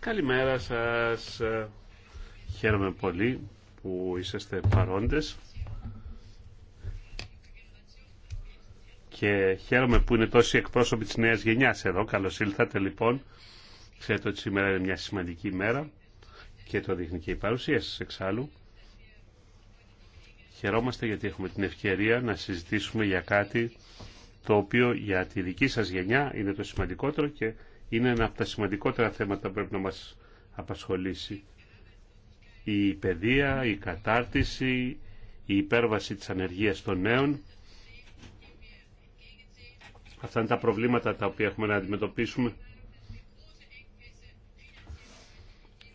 Καλημέρα σας. Χαίρομαι πολύ που είσαστε παρόντες. Και χαίρομαι που είναι τόσοι εκπρόσωποι της νέας γενιάς εδώ. Καλώς ήλθατε λοιπόν. Ξέρετε ότι σήμερα είναι μια σημαντική μέρα και το δείχνει και η παρουσία σας εξάλλου. Χαιρόμαστε γιατί έχουμε την ευκαιρία να συζητήσουμε για κάτι το οποίο για τη δική σας γενιά είναι το σημαντικότερο και είναι ένα από τα σημαντικότερα θέματα που πρέπει να μας απασχολήσει. Η παιδεία, η κατάρτιση, η υπέρβαση της ανεργίας των νέων. Αυτά είναι τα προβλήματα τα οποία έχουμε να αντιμετωπίσουμε.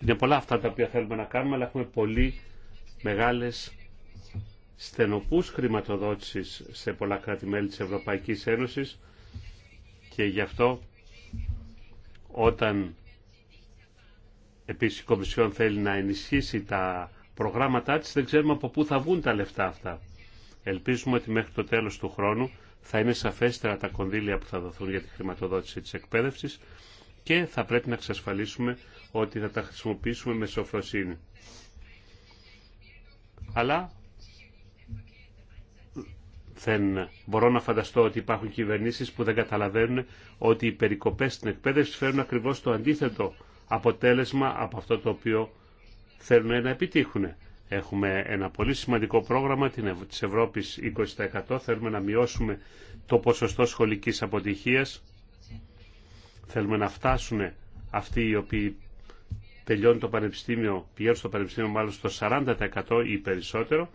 Είναι πολλά αυτά τα οποία θέλουμε να κάνουμε, αλλά έχουμε πολύ μεγάλες στενοπούς χρηματοδότησης σε πολλά κράτη-μέλη της Ευρωπαϊκής Ένωσης και γι' αυτό όταν επίσης η Κομισιόν θέλει να ενισχύσει τα προγράμματά της, δεν ξέρουμε από πού θα βγουν τα λεφτά αυτά. Ελπίζουμε ότι μέχρι το τέλος του χρόνου θα είναι σαφέστερα τα κονδύλια που θα δοθούν για τη χρηματοδότηση της εκπαίδευσης και θα πρέπει να εξασφαλίσουμε ότι θα τα χρησιμοποιήσουμε με σοφροσύνη. Αλλά δεν μπορώ να φανταστώ ότι υπάρχουν κυβερνήσεις που δεν καταλαβαίνουν ότι οι περικοπές στην εκπαίδευση φέρουν ακριβώς το αντίθετο αποτέλεσμα από αυτό το οποίο θέλουν να επιτύχουν. Έχουμε ένα πολύ σημαντικό πρόγραμμα της Ευρώπης 20%. Θέλουμε να μειώσουμε το ποσοστό σχολικής αποτυχίας. Θέλουμε να φτάσουν αυτοί οι οποίοι τελειώνουν το πανεπιστήμιο, πηγαίνουν στο πανεπιστήμιο μάλλον στο 40% ή περισσότερο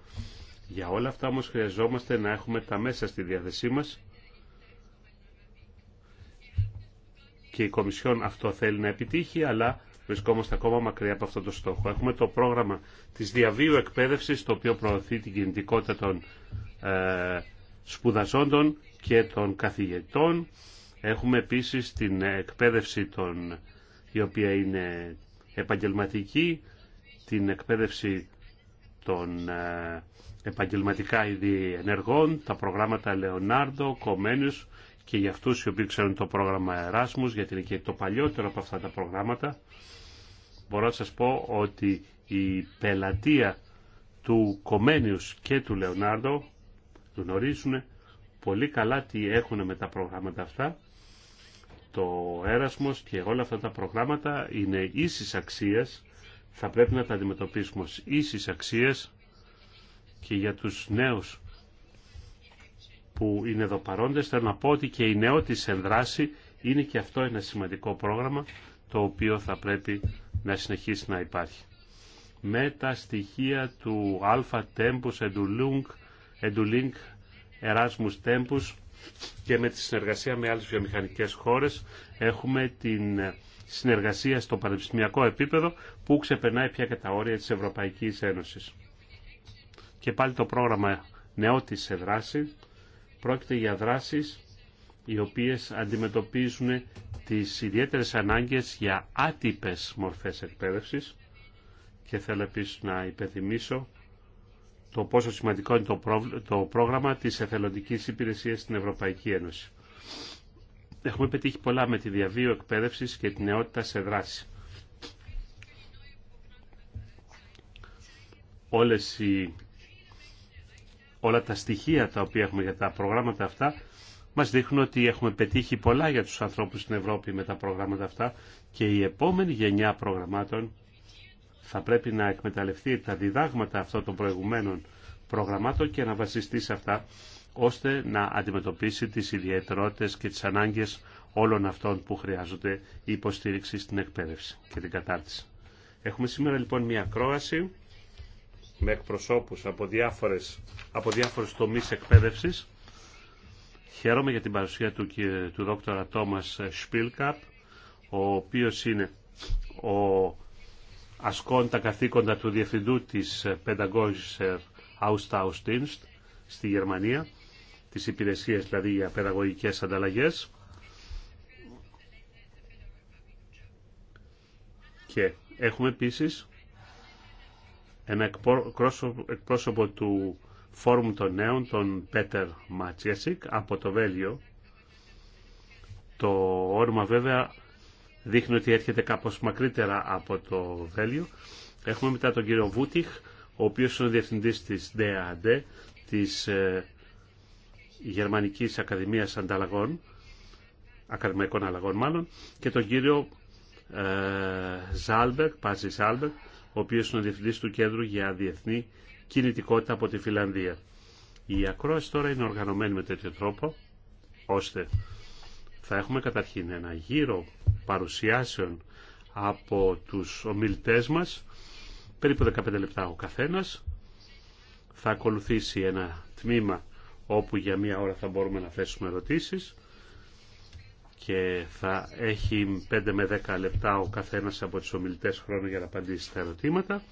για όλα αυτά όμως χρειαζόμαστε να έχουμε τα μέσα στη διάθεσή μας και η Κομισιόν αυτό θέλει να επιτύχει, αλλά βρισκόμαστε ακόμα μακριά από αυτό το στόχο. Έχουμε το πρόγραμμα της διαβίου εκπαίδευσης, το οποίο προωθεί την κινητικότητα των ε, σπουδαζόντων και των καθηγητών. Έχουμε επίσης την εκπαίδευση η οποία είναι επαγγελματική, την εκπαίδευση των ε, επαγγελματικά είδη ενεργών, τα προγράμματα Λεωνάρντο, Κομένιους και για αυτούς οι οποίοι ξέρουν το πρόγραμμα Εράσμους, γιατί είναι και το παλιότερο από αυτά τα προγράμματα, μπορώ να σας πω ότι η πελατεία του Κομένιους και του Λεωνάρντο γνωρίζουν πολύ καλά τι έχουν με τα προγράμματα αυτά. Το Έρασμος και όλα αυτά τα προγράμματα είναι ίσης αξίας, θα πρέπει να τα αντιμετωπίσουμε ως ίσης αξίας και για τους νέους που είναι εδώ παρόντες, θέλω να πω ότι και η νεότης ενδράση είναι και αυτό ένα σημαντικό πρόγραμμα το οποίο θα πρέπει να συνεχίσει να υπάρχει. Με τα στοιχεία του Alpha Tempus, Edulink, Edulink Erasmus Tempus και με τη συνεργασία με άλλες βιομηχανικές χώρες έχουμε την συνεργασία στο πανεπιστημιακό επίπεδο που ξεπερνάει πια και τα όρια της Ευρωπαϊκής Ένωσης. Και πάλι το πρόγραμμα νεότης σε δράση πρόκειται για δράσεις οι οποίες αντιμετωπίζουν τις ιδιαίτερες ανάγκες για άτυπες μορφές εκπαίδευσης και θέλω επίση να υπενθυμίσω το πόσο σημαντικό είναι το, πρόγραμμα της εθελοντικής υπηρεσίας στην Ευρωπαϊκή Ένωση. Έχουμε πετύχει πολλά με τη διαβίω εκπαίδευση και τη νεότητα σε δράση. Όλες οι όλα τα στοιχεία τα οποία έχουμε για τα προγράμματα αυτά μας δείχνουν ότι έχουμε πετύχει πολλά για τους ανθρώπους στην Ευρώπη με τα προγράμματα αυτά και η επόμενη γενιά προγραμμάτων θα πρέπει να εκμεταλλευτεί τα διδάγματα αυτών των προηγουμένων προγραμμάτων και να βασιστεί σε αυτά ώστε να αντιμετωπίσει τις ιδιαιτερότητες και τις ανάγκες όλων αυτών που χρειάζονται υποστήριξη στην εκπαίδευση και την κατάρτιση. Έχουμε σήμερα λοιπόν μια ακρόαση με εκπροσώπους από, διάφορες, από διάφορες τομείς εκπαίδευσης. Χαίρομαι για την παρουσία του, του δόκτωρα Τόμας Σπίλκαπ, ο οποίος είναι ο ασκόντα καθήκοντα του διευθυντού της Pädagogischer Austauschdienst στη Γερμανία, της υπηρεσίες δηλαδή για παιδαγωγικές ανταλλαγές. Και έχουμε επίσης ένα εκπρόσωπο του Φόρουμ των Νέων, τον Πέτερ Ματσιασικ, από το Βέλιο Το όρμα βέβαια δείχνει ότι έρχεται κάπως μακρύτερα από το Βέλιο Έχουμε μετά τον κύριο Βούτιχ, ο οποίος είναι ο διευθυντής της DAD, της ε, Γερμανικής Ακαδημίας Ανταλλαγών, Ακαδημαϊκών Αλλαγών μάλλον, και τον κύριο Ζάλμπερκ, Πάζη Ζάλμπερκ, ο οποίος είναι ο διευθυντής του Κέντρου για Διεθνή Κινητικότητα από τη Φιλανδία. Η ακρόαση τώρα είναι οργανωμένη με τέτοιο τρόπο, ώστε θα έχουμε καταρχήν ένα γύρο παρουσιάσεων από τους ομιλητές μας, περίπου 15 λεπτά ο καθένας. Θα ακολουθήσει ένα τμήμα όπου για μία ώρα θα μπορούμε να θέσουμε ερωτήσεις και θα έχει 5 με 10 λεπτά ο καθένας από τους ομιλητές χρόνο για να απαντήσει στα ερωτήματα.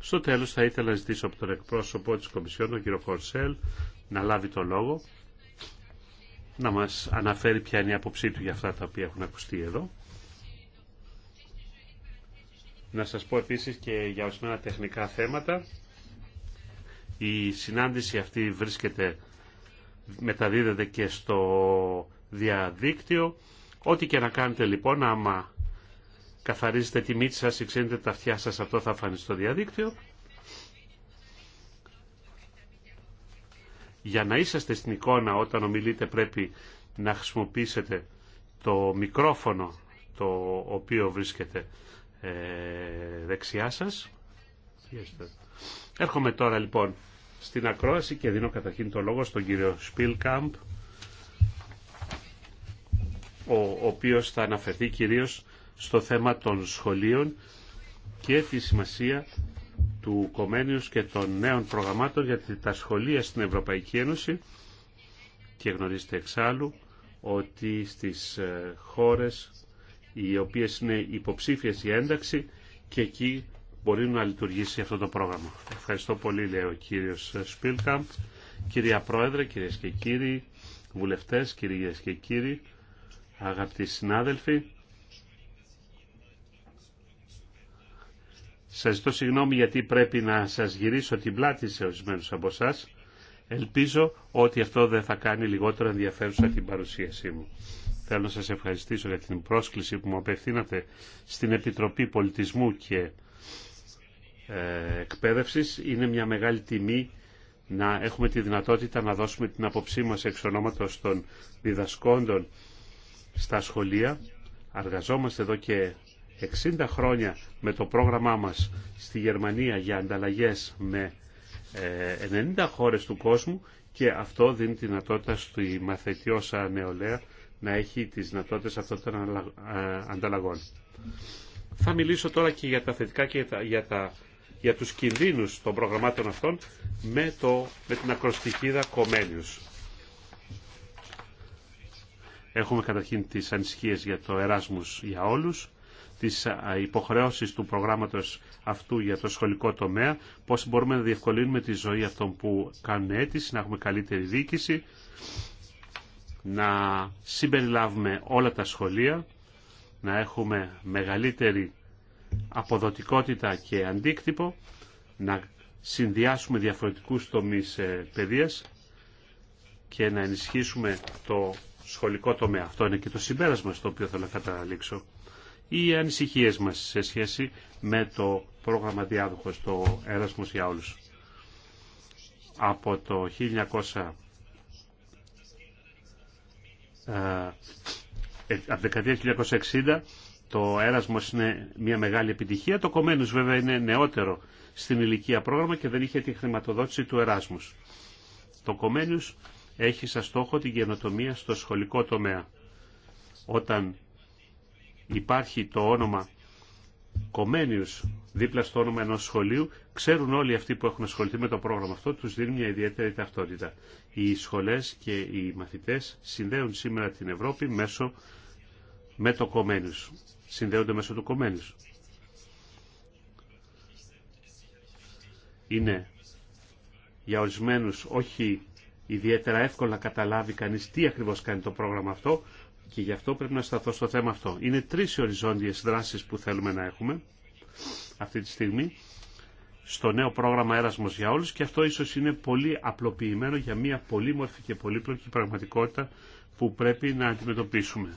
Στο τέλος θα ήθελα να ζητήσω από τον εκπρόσωπο της Κομισιόν, τον κύριο Κορσέλ, να λάβει το λόγο, να μας αναφέρει ποια είναι η άποψή του για αυτά τα οποία έχουν ακουστεί εδώ. Να σας πω επίσης και για ορισμένα τεχνικά θέματα. Η συνάντηση αυτή βρίσκεται, μεταδίδεται και στο διαδίκτυο. Ό,τι και να κάνετε λοιπόν, άμα καθαρίζετε τη μύτη σας ή τα αυτιά σας, αυτό θα φανεί στο διαδίκτυο. Για να είσαστε στην εικόνα όταν ομιλείτε πρέπει να χρησιμοποιήσετε το μικρόφωνο το οποίο βρίσκεται ε, δεξιά σας. Έρχομαι τώρα λοιπόν στην ακρόαση και δίνω καταρχήν το λόγο στον κύριο Σπίλκαμπ ο οποίος θα αναφερθεί κυρίως στο θέμα των σχολείων και τη σημασία του Κομένιους και των νέων προγραμμάτων για τα σχολεία στην Ευρωπαϊκή Ένωση και γνωρίζετε εξάλλου ότι στις ε, χώρες οι οποίες είναι υποψήφιες για ένταξη και εκεί μπορεί να λειτουργήσει αυτό το πρόγραμμα. Ευχαριστώ πολύ, λέει ο κύριος Σπίλκαμπ. Κυρία Πρόεδρε, κυρίες και κύριοι βουλευτές, κυρίες και κύριοι, Αγαπητοί συνάδελφοι, σας ζητώ συγγνώμη γιατί πρέπει να σας γυρίσω την πλάτη σε ορισμένου από εσά. Ελπίζω ότι αυτό δεν θα κάνει λιγότερο ενδιαφέρουσα την παρουσίασή μου. Θέλω να σας ευχαριστήσω για την πρόσκληση που μου απευθύνατε στην Επιτροπή Πολιτισμού και ε, Εκπαίδευσης. Είναι μια μεγάλη τιμή να έχουμε τη δυνατότητα να δώσουμε την απόψή μας εξ ονόματος των διδασκόντων στα σχολεία. Αργαζόμαστε εδώ και 60 χρόνια με το πρόγραμμά μας στη Γερμανία για ανταλλαγές με 90 ε, χώρες του κόσμου και αυτό δίνει τη δυνατότητα στη μαθητιώσα νεολαία να έχει τις δυνατότητες αυτών των ε, ανταλλαγών. Θα μιλήσω τώρα και για τα θετικά και για, τα, για, τους κινδύνους των προγραμμάτων αυτών με, το, με την ακροστιχιδα Κομένιους. Έχουμε καταρχήν τις ανησυχίες για το Εράσμους για όλους, τις υποχρεώσεις του προγράμματος αυτού για το σχολικό τομέα, πώς μπορούμε να διευκολύνουμε τη ζωή αυτών που κάνουν αίτηση, να έχουμε καλύτερη δίκηση, να συμπεριλάβουμε όλα τα σχολεία, να έχουμε μεγαλύτερη αποδοτικότητα και αντίκτυπο, να συνδυάσουμε διαφορετικούς τομείς ε, παιδείας και να ενισχύσουμε το σχολικό τομέα. Αυτό είναι και το συμπέρασμα στο οποίο θέλω να καταλήξω. Οι ανησυχίε μα σε σχέση με το πρόγραμμα διάδοχο, το Έρασμο για όλου. Από το ε, ε, από δεκαετία 1960 το Έρασμος είναι μια μεγάλη επιτυχία. Το Κομένους βέβαια είναι νεότερο στην ηλικία πρόγραμμα και δεν είχε τη χρηματοδότηση του Εράσμου. Το Κομένους έχει σαν στόχο την καινοτομία στο σχολικό τομέα. Όταν υπάρχει το όνομα Κομένιους δίπλα στο όνομα ενός σχολείου, ξέρουν όλοι αυτοί που έχουν ασχοληθεί με το πρόγραμμα αυτό, τους δίνει μια ιδιαίτερη ταυτότητα. Οι σχολές και οι μαθητές συνδέουν σήμερα την Ευρώπη μέσω με το Κομένιους. Συνδέονται μέσω του Κομένιους. Είναι για ορισμένους όχι ιδιαίτερα εύκολα καταλάβει κανείς τι ακριβώς κάνει το πρόγραμμα αυτό και γι' αυτό πρέπει να σταθώ στο θέμα αυτό. Είναι τρεις οριζόντιες δράσεις που θέλουμε να έχουμε αυτή τη στιγμή στο νέο πρόγραμμα Έρασμος για όλους και αυτό ίσως είναι πολύ απλοποιημένο για μια πολύ πολύμορφη και πολύπλοκη πραγματικότητα που πρέπει να αντιμετωπίσουμε.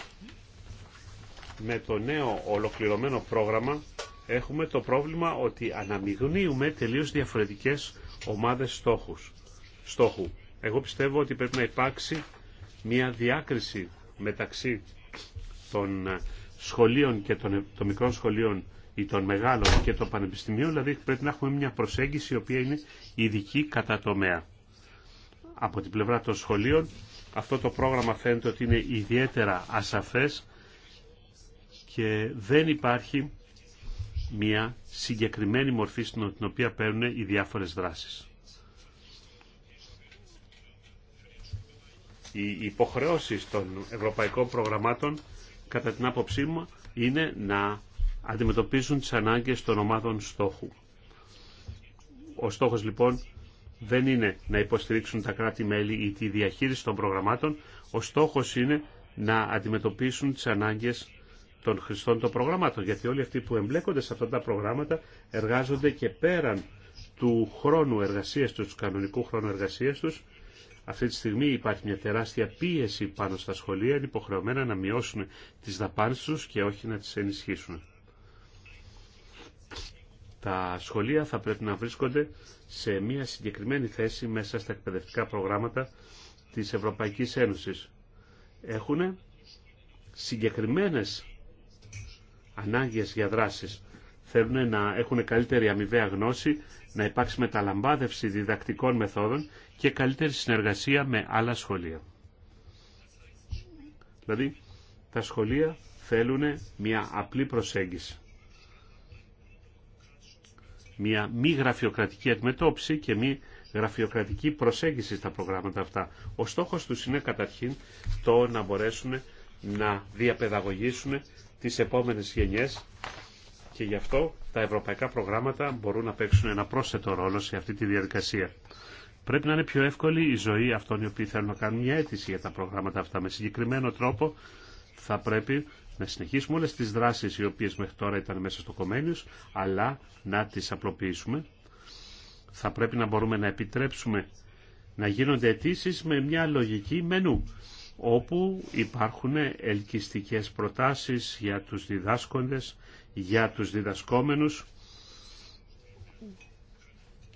Με το νέο ολοκληρωμένο πρόγραμμα έχουμε το πρόβλημα ότι αναμειγνύουμε τελείως διαφορετικές ομάδες στόχους. στόχου. Εγώ πιστεύω ότι πρέπει να υπάρξει μια διάκριση μεταξύ των ε, σχολείων και των, ε, των μικρών σχολείων ή των μεγάλων και των πανεπιστημίων, δηλαδή πρέπει να έχουμε μια προσέγγιση η οποία είναι ειδική κατά τομέα. Από την πλευρά των σχολείων αυτό το πρόγραμμα φαίνεται ότι είναι ιδιαίτερα ασαφές και δεν υπάρχει μια συγκεκριμένη μορφή στην οποία παίρνουν οι διάφορες δράσεις. οι υποχρεώσεις των ευρωπαϊκών προγραμμάτων κατά την άποψή μου είναι να αντιμετωπίσουν τις ανάγκες των ομάδων στόχου. Ο στόχος λοιπόν δεν είναι να υποστηρίξουν τα κράτη-μέλη ή τη διαχείριση των προγραμμάτων. Ο στόχος είναι να αντιμετωπίσουν τις ανάγκες των χρηστών των προγραμμάτων. Γιατί όλοι αυτοί που εμπλέκονται σε αυτά τα προγράμματα εργάζονται και πέραν του χρόνου εργασίας τους, του κανονικού χρόνου εργασίας τους αυτή τη στιγμή υπάρχει μια τεράστια πίεση πάνω στα σχολεία, είναι υποχρεωμένα να μειώσουν τις δαπάνες τους και όχι να τις ενισχύσουν. Τα σχολεία θα πρέπει να βρίσκονται σε μια συγκεκριμένη θέση μέσα στα εκπαιδευτικά προγράμματα της Ευρωπαϊκής Ένωσης. Έχουν συγκεκριμένες ανάγκες για δράσεις. Θέλουν να έχουν καλύτερη αμοιβαία γνώση, να υπάρξει μεταλαμπάδευση διδακτικών μεθόδων και καλύτερη συνεργασία με άλλα σχολεία. Δηλαδή, τα σχολεία θέλουν μια απλή προσέγγιση. Μια μη γραφειοκρατική αντιμετώπιση και μη γραφειοκρατική προσέγγιση στα προγράμματα αυτά. Ο στόχος τους είναι καταρχήν το να μπορέσουν να διαπαιδαγωγήσουν τις επόμενες γενιές και γι' αυτό τα ευρωπαϊκά προγράμματα μπορούν να παίξουν ένα πρόσθετο ρόλο σε αυτή τη διαδικασία. Πρέπει να είναι πιο εύκολη η ζωή αυτών οι οποίοι θέλουν να κάνουν μια αίτηση για τα προγράμματα αυτά. Με συγκεκριμένο τρόπο θα πρέπει να συνεχίσουμε όλες τις δράσεις οι οποίες μέχρι τώρα ήταν μέσα στο κομμένιος, αλλά να τις απλοποιήσουμε. Θα πρέπει να μπορούμε να επιτρέψουμε να γίνονται αιτήσει με μια λογική μενού, όπου υπάρχουν ελκυστικές προτάσεις για τους διδάσκοντες, για τους διδασκόμενους,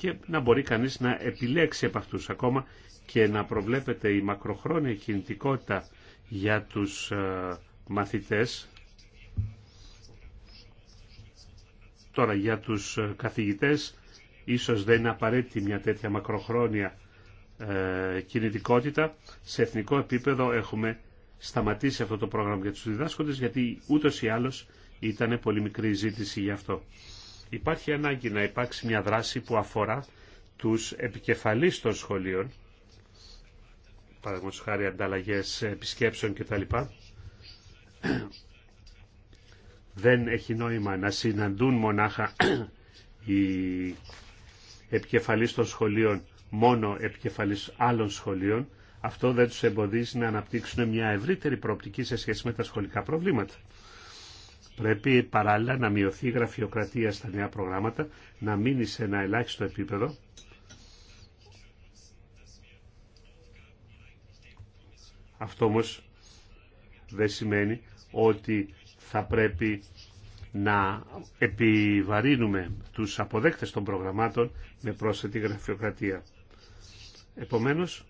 και να μπορεί κανείς να επιλέξει από αυτούς ακόμα και να προβλέπεται η μακροχρόνια κινητικότητα για τους ε, μαθητές. Τώρα για τους ε, καθηγητές ίσως δεν είναι απαραίτητη μια τέτοια μακροχρόνια ε, κινητικότητα. Σε εθνικό επίπεδο έχουμε σταματήσει αυτό το πρόγραμμα για τους διδάσκοντες γιατί ούτως ή άλλως ήταν πολύ μικρή ζήτηση γι' αυτό. Υπάρχει ανάγκη να υπάρξει μια δράση που αφορά τους επικεφαλείς των σχολείων, παραδείγματος χάρη ανταλλαγές επισκέψεων κτλ. Δεν έχει νόημα να συναντούν μονάχα οι επικεφαλής των σχολείων μόνο επικεφαλής άλλων σχολείων. Αυτό δεν τους εμποδίζει να αναπτύξουν μια ευρύτερη προοπτική σε σχέση με τα σχολικά προβλήματα. Πρέπει παράλληλα να μειωθεί η γραφειοκρατία στα νέα προγράμματα, να μείνει σε ένα ελάχιστο επίπεδο Αυτό όμω δεν σημαίνει ότι θα πρέπει να επιβαρύνουμε τους αποδέκτες των προγραμμάτων με πρόσθετη γραφειοκρατία. Επομένως,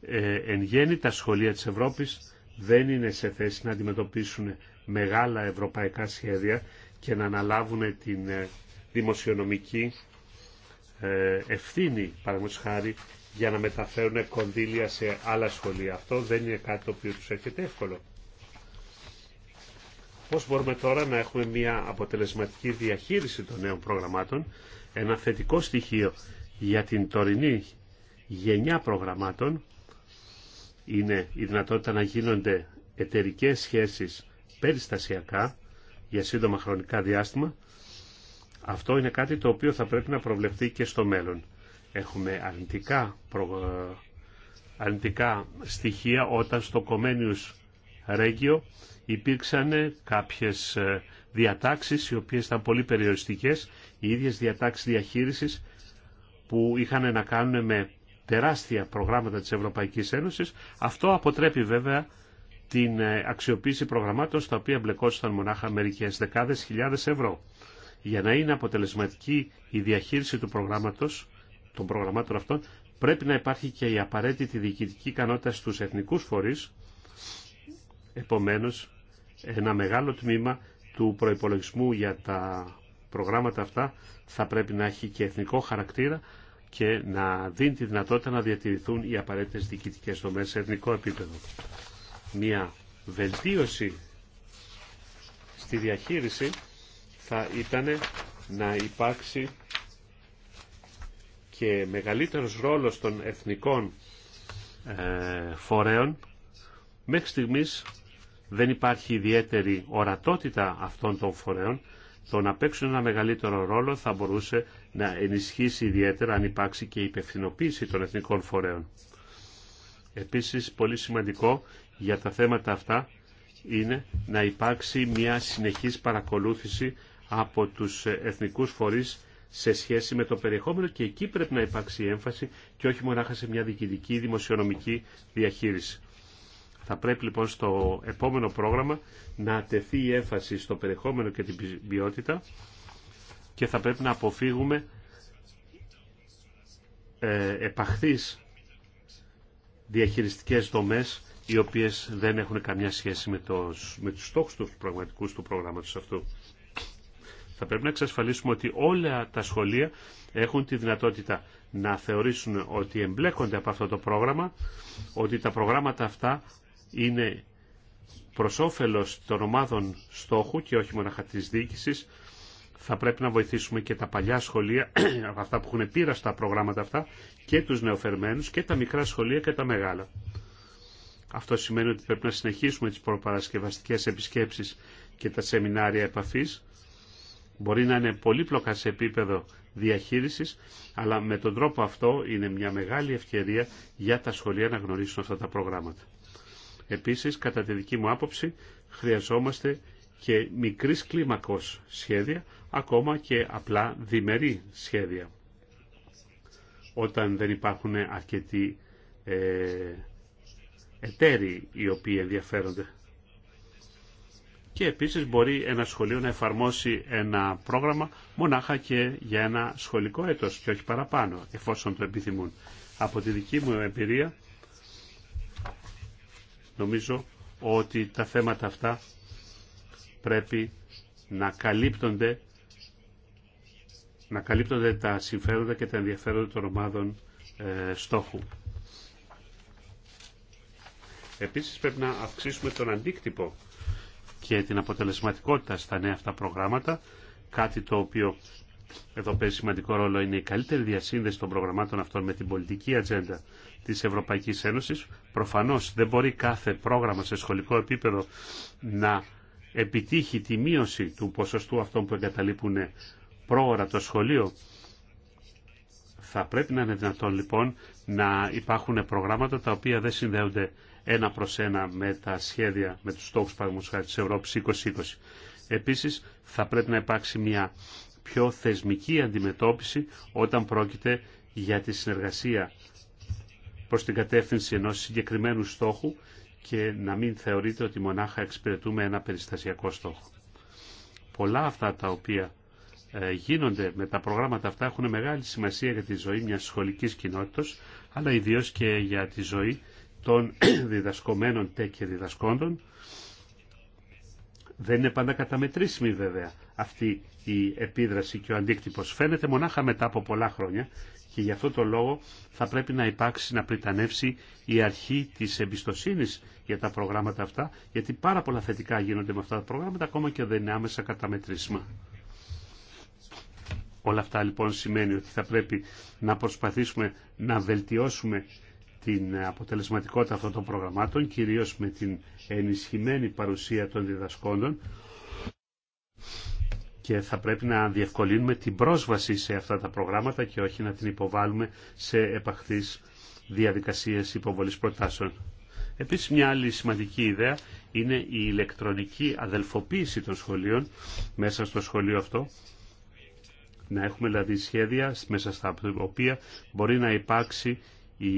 ε, εν γέννη τα σχολεία της Ευρώπης δεν είναι σε θέση να αντιμετωπίσουν μεγάλα ευρωπαϊκά σχέδια και να αναλάβουν την ε, δημοσιονομική ε, ευθύνη, παραδείγματος χάρη, για να μεταφέρουν κονδύλια σε άλλα σχολεία. Αυτό δεν είναι κάτι το οποίο τους έρχεται εύκολο. Πώς μπορούμε τώρα να έχουμε μια αποτελεσματική διαχείριση των νέων προγραμμάτων, ένα θετικό στοιχείο για την τωρινή γενιά προγραμμάτων είναι η δυνατότητα να γίνονται εταιρικέ σχέσεις περιστασιακά για σύντομα χρονικά διάστημα. Αυτό είναι κάτι το οποίο θα πρέπει να προβλεφθεί και στο μέλλον. Έχουμε αρνητικά, προ... στοιχεία όταν στο Κομένιους Ρέγγιο υπήρξαν κάποιες ε, διατάξεις οι οποίες ήταν πολύ περιοριστικές, οι ίδιες διατάξεις διαχείρισης που είχαν να κάνουν με τεράστια προγράμματα της Ευρωπαϊκής Ένωσης. Αυτό αποτρέπει βέβαια την ε, αξιοποίηση προγραμμάτων στα οποία μπλεκόσασταν μονάχα μερικές δεκάδες χιλιάδες ευρώ. Για να είναι αποτελεσματική η διαχείριση του προγράμματος, των προγραμμάτων αυτών, πρέπει να υπάρχει και η απαραίτητη διοικητική ικανότητα στους εθνικούς φορείς. Επομένως, ένα μεγάλο τμήμα του προϋπολογισμού για τα προγράμματα αυτά θα πρέπει να έχει και εθνικό χαρακτήρα, και να δίνει τη δυνατότητα να διατηρηθούν οι απαραίτητες διοικητικέ δομές σε εθνικό επίπεδο. Μια βελτίωση στη διαχείριση θα ήταν να υπάρξει και μεγαλύτερος ρόλος των εθνικών ε, φορέων. Μέχρι στιγμής δεν υπάρχει ιδιαίτερη ορατότητα αυτών των φορέων το να παίξουν ένα μεγαλύτερο ρόλο θα μπορούσε να ενισχύσει ιδιαίτερα αν υπάρξει και η υπευθυνοποίηση των εθνικών φορέων. Επίσης, πολύ σημαντικό για τα θέματα αυτά είναι να υπάρξει μια συνεχής παρακολούθηση από τους εθνικούς φορείς σε σχέση με το περιεχόμενο και εκεί πρέπει να υπάρξει έμφαση και όχι μονάχα σε μια διοικητική δημοσιονομική διαχείριση. Θα πρέπει λοιπόν στο επόμενο πρόγραμμα να τεθεί η έμφαση στο περιεχόμενο και την ποιότητα και θα πρέπει να αποφύγουμε ε, επαχθείς διαχειριστικές δομές οι οποίες δεν έχουν καμιά σχέση με, το, με τους στόχους του πραγματικούς του προγράμματος αυτού. Θα πρέπει να εξασφαλίσουμε ότι όλα τα σχολεία έχουν τη δυνατότητα να θεωρήσουν ότι εμπλέκονται από αυτό το πρόγραμμα, ότι τα προγράμματα αυτά είναι προς όφελος των ομάδων στόχου και όχι μόνο της διοίκησης, θα πρέπει να βοηθήσουμε και τα παλιά σχολεία, αυτά που έχουν πείρα στα προγράμματα αυτά, και τους νεοφερμένους και τα μικρά σχολεία και τα μεγάλα. Αυτό σημαίνει ότι πρέπει να συνεχίσουμε τις προπαρασκευαστικές επισκέψεις και τα σεμινάρια επαφής. Μπορεί να είναι πολύπλοκα σε επίπεδο διαχείρισης, αλλά με τον τρόπο αυτό είναι μια μεγάλη ευκαιρία για τα σχολεία να γνωρίσουν αυτά τα προγράμματα. Επίσης, κατά τη δική μου άποψη, χρειαζόμαστε και μικρής κλίμακος σχέδια, ακόμα και απλά διμερή σχέδια. Όταν δεν υπάρχουν αρκετοί ε, εταίροι οι οποίοι ενδιαφέρονται. Και επίσης μπορεί ένα σχολείο να εφαρμόσει ένα πρόγραμμα μονάχα και για ένα σχολικό έτος και όχι παραπάνω, εφόσον το επιθυμούν. Από τη δική μου εμπειρία Νομίζω ότι τα θέματα αυτά πρέπει να καλύπτονται να καλύπτονται τα συμφέροντα και τα ενδιαφέροντα των ομάδων ε, στόχου. Επίσης πρέπει να αυξήσουμε τον αντίκτυπο και την αποτελεσματικότητα στα νέα αυτά προγράμματα, κάτι το οποίο εδώ παίζει σημαντικό ρόλο είναι η καλύτερη διασύνδεση των προγραμμάτων αυτών με την πολιτική ατζέντα της Ευρωπαϊκής Ένωσης. Προφανώς δεν μπορεί κάθε πρόγραμμα σε σχολικό επίπεδο να επιτύχει τη μείωση του ποσοστού αυτών που εγκαταλείπουν πρόωρα το σχολείο. Θα πρέπει να είναι δυνατόν λοιπόν να υπάρχουν προγράμματα τα οποία δεν συνδέονται ένα προς ένα με τα σχέδια, με τους στόχους παραδείγματος της Ευρώπης 2020. Επίσης θα πρέπει να υπάρξει μια πιο θεσμική αντιμετώπιση όταν πρόκειται για τη συνεργασία προς την κατεύθυνση ενός συγκεκριμένου στόχου και να μην θεωρείται ότι μονάχα εξυπηρετούμε ένα περιστασιακό στόχο. Πολλά αυτά τα οποία ε, γίνονται με τα προγράμματα αυτά έχουν μεγάλη σημασία για τη ζωή μιας σχολικής κοινότητας, αλλά ιδίως και για τη ζωή των διδασκομένων τε και διδασκόντων. Δεν είναι πάντα καταμετρήσιμη βέβαια αυτή η επίδραση και ο αντίκτυπος. Φαίνεται μονάχα μετά από πολλά χρόνια και γι' αυτό το λόγο θα πρέπει να υπάρξει, να πριτανεύσει η αρχή της εμπιστοσύνης για τα προγράμματα αυτά, γιατί πάρα πολλά θετικά γίνονται με αυτά τα προγράμματα, ακόμα και δεν είναι άμεσα καταμετρήσιμα. Όλα αυτά λοιπόν σημαίνει ότι θα πρέπει να προσπαθήσουμε να βελτιώσουμε την αποτελεσματικότητα αυτών των προγραμμάτων, κυρίως με την ενισχυμένη παρουσία των διδασκόντων, και θα πρέπει να διευκολύνουμε την πρόσβαση σε αυτά τα προγράμματα και όχι να την υποβάλουμε σε επαχθείς διαδικασίες υποβολής προτάσεων. Επίσης μια άλλη σημαντική ιδέα είναι η ηλεκτρονική αδελφοποίηση των σχολείων μέσα στο σχολείο αυτό. Να έχουμε δηλαδή σχέδια μέσα στα οποία μπορεί να υπάρξει η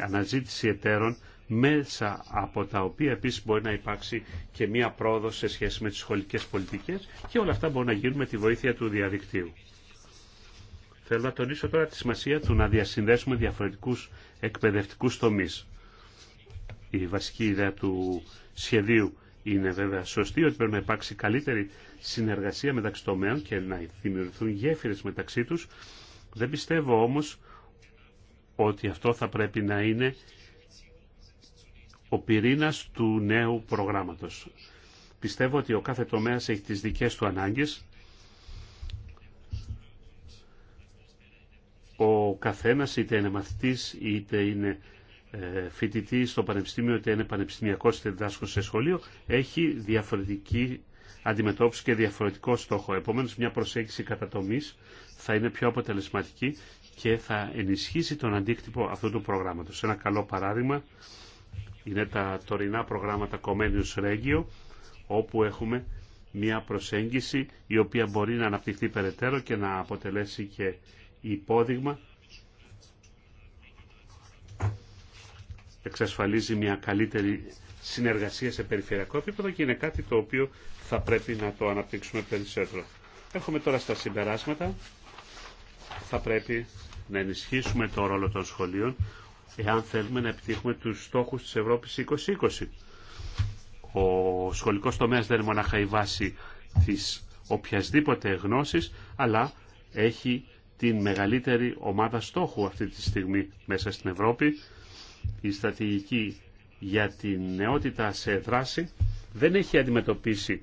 αναζήτηση εταίρων μέσα από τα οποία επίσης μπορεί να υπάρξει και μία πρόοδος σε σχέση με τις σχολικές πολιτικές και όλα αυτά μπορούν να γίνουν με τη βοήθεια του διαδικτύου. Θέλω να τονίσω τώρα τη σημασία του να διασυνδέσουμε διαφορετικούς εκπαιδευτικούς τομείς. Η βασική ιδέα του σχεδίου είναι βέβαια σωστή ότι πρέπει να υπάρξει καλύτερη συνεργασία μεταξύ τομέων και να δημιουργηθούν γέφυρες μεταξύ τους. Δεν πιστεύω όμως ότι αυτό θα πρέπει να είναι ο πυρήνας του νέου προγράμματος. Πιστεύω ότι ο κάθε τομέας έχει τις δικές του ανάγκες. Ο καθένας είτε είναι μαθητής είτε είναι ε, φοιτητή στο πανεπιστήμιο είτε είναι πανεπιστημιακός είτε διδάσκω σε σχολείο έχει διαφορετική αντιμετώπιση και διαφορετικό στόχο. Επομένως μια προσέγγιση κατά θα είναι πιο αποτελεσματική και θα ενισχύσει τον αντίκτυπο αυτού του προγράμματος. Ένα καλό παράδειγμα είναι τα τωρινά προγράμματα Comenius Regio, όπου έχουμε μια προσέγγιση η οποία μπορεί να αναπτυχθεί περαιτέρω και να αποτελέσει και υπόδειγμα. Εξασφαλίζει μια καλύτερη συνεργασία σε περιφερειακό επίπεδο και είναι κάτι το οποίο θα πρέπει να το αναπτύξουμε περισσότερο. Έχουμε τώρα στα συμπεράσματα. Θα πρέπει να ενισχύσουμε το ρόλο των σχολείων εάν θέλουμε να επιτύχουμε τους στόχους της Ευρώπης 2020. Ο σχολικός τομέας δεν είναι μονάχα η βάση της οποιασδήποτε γνώσης, αλλά έχει την μεγαλύτερη ομάδα στόχου αυτή τη στιγμή μέσα στην Ευρώπη. Η στρατηγική για την νεότητα σε δράση δεν έχει αντιμετωπίσει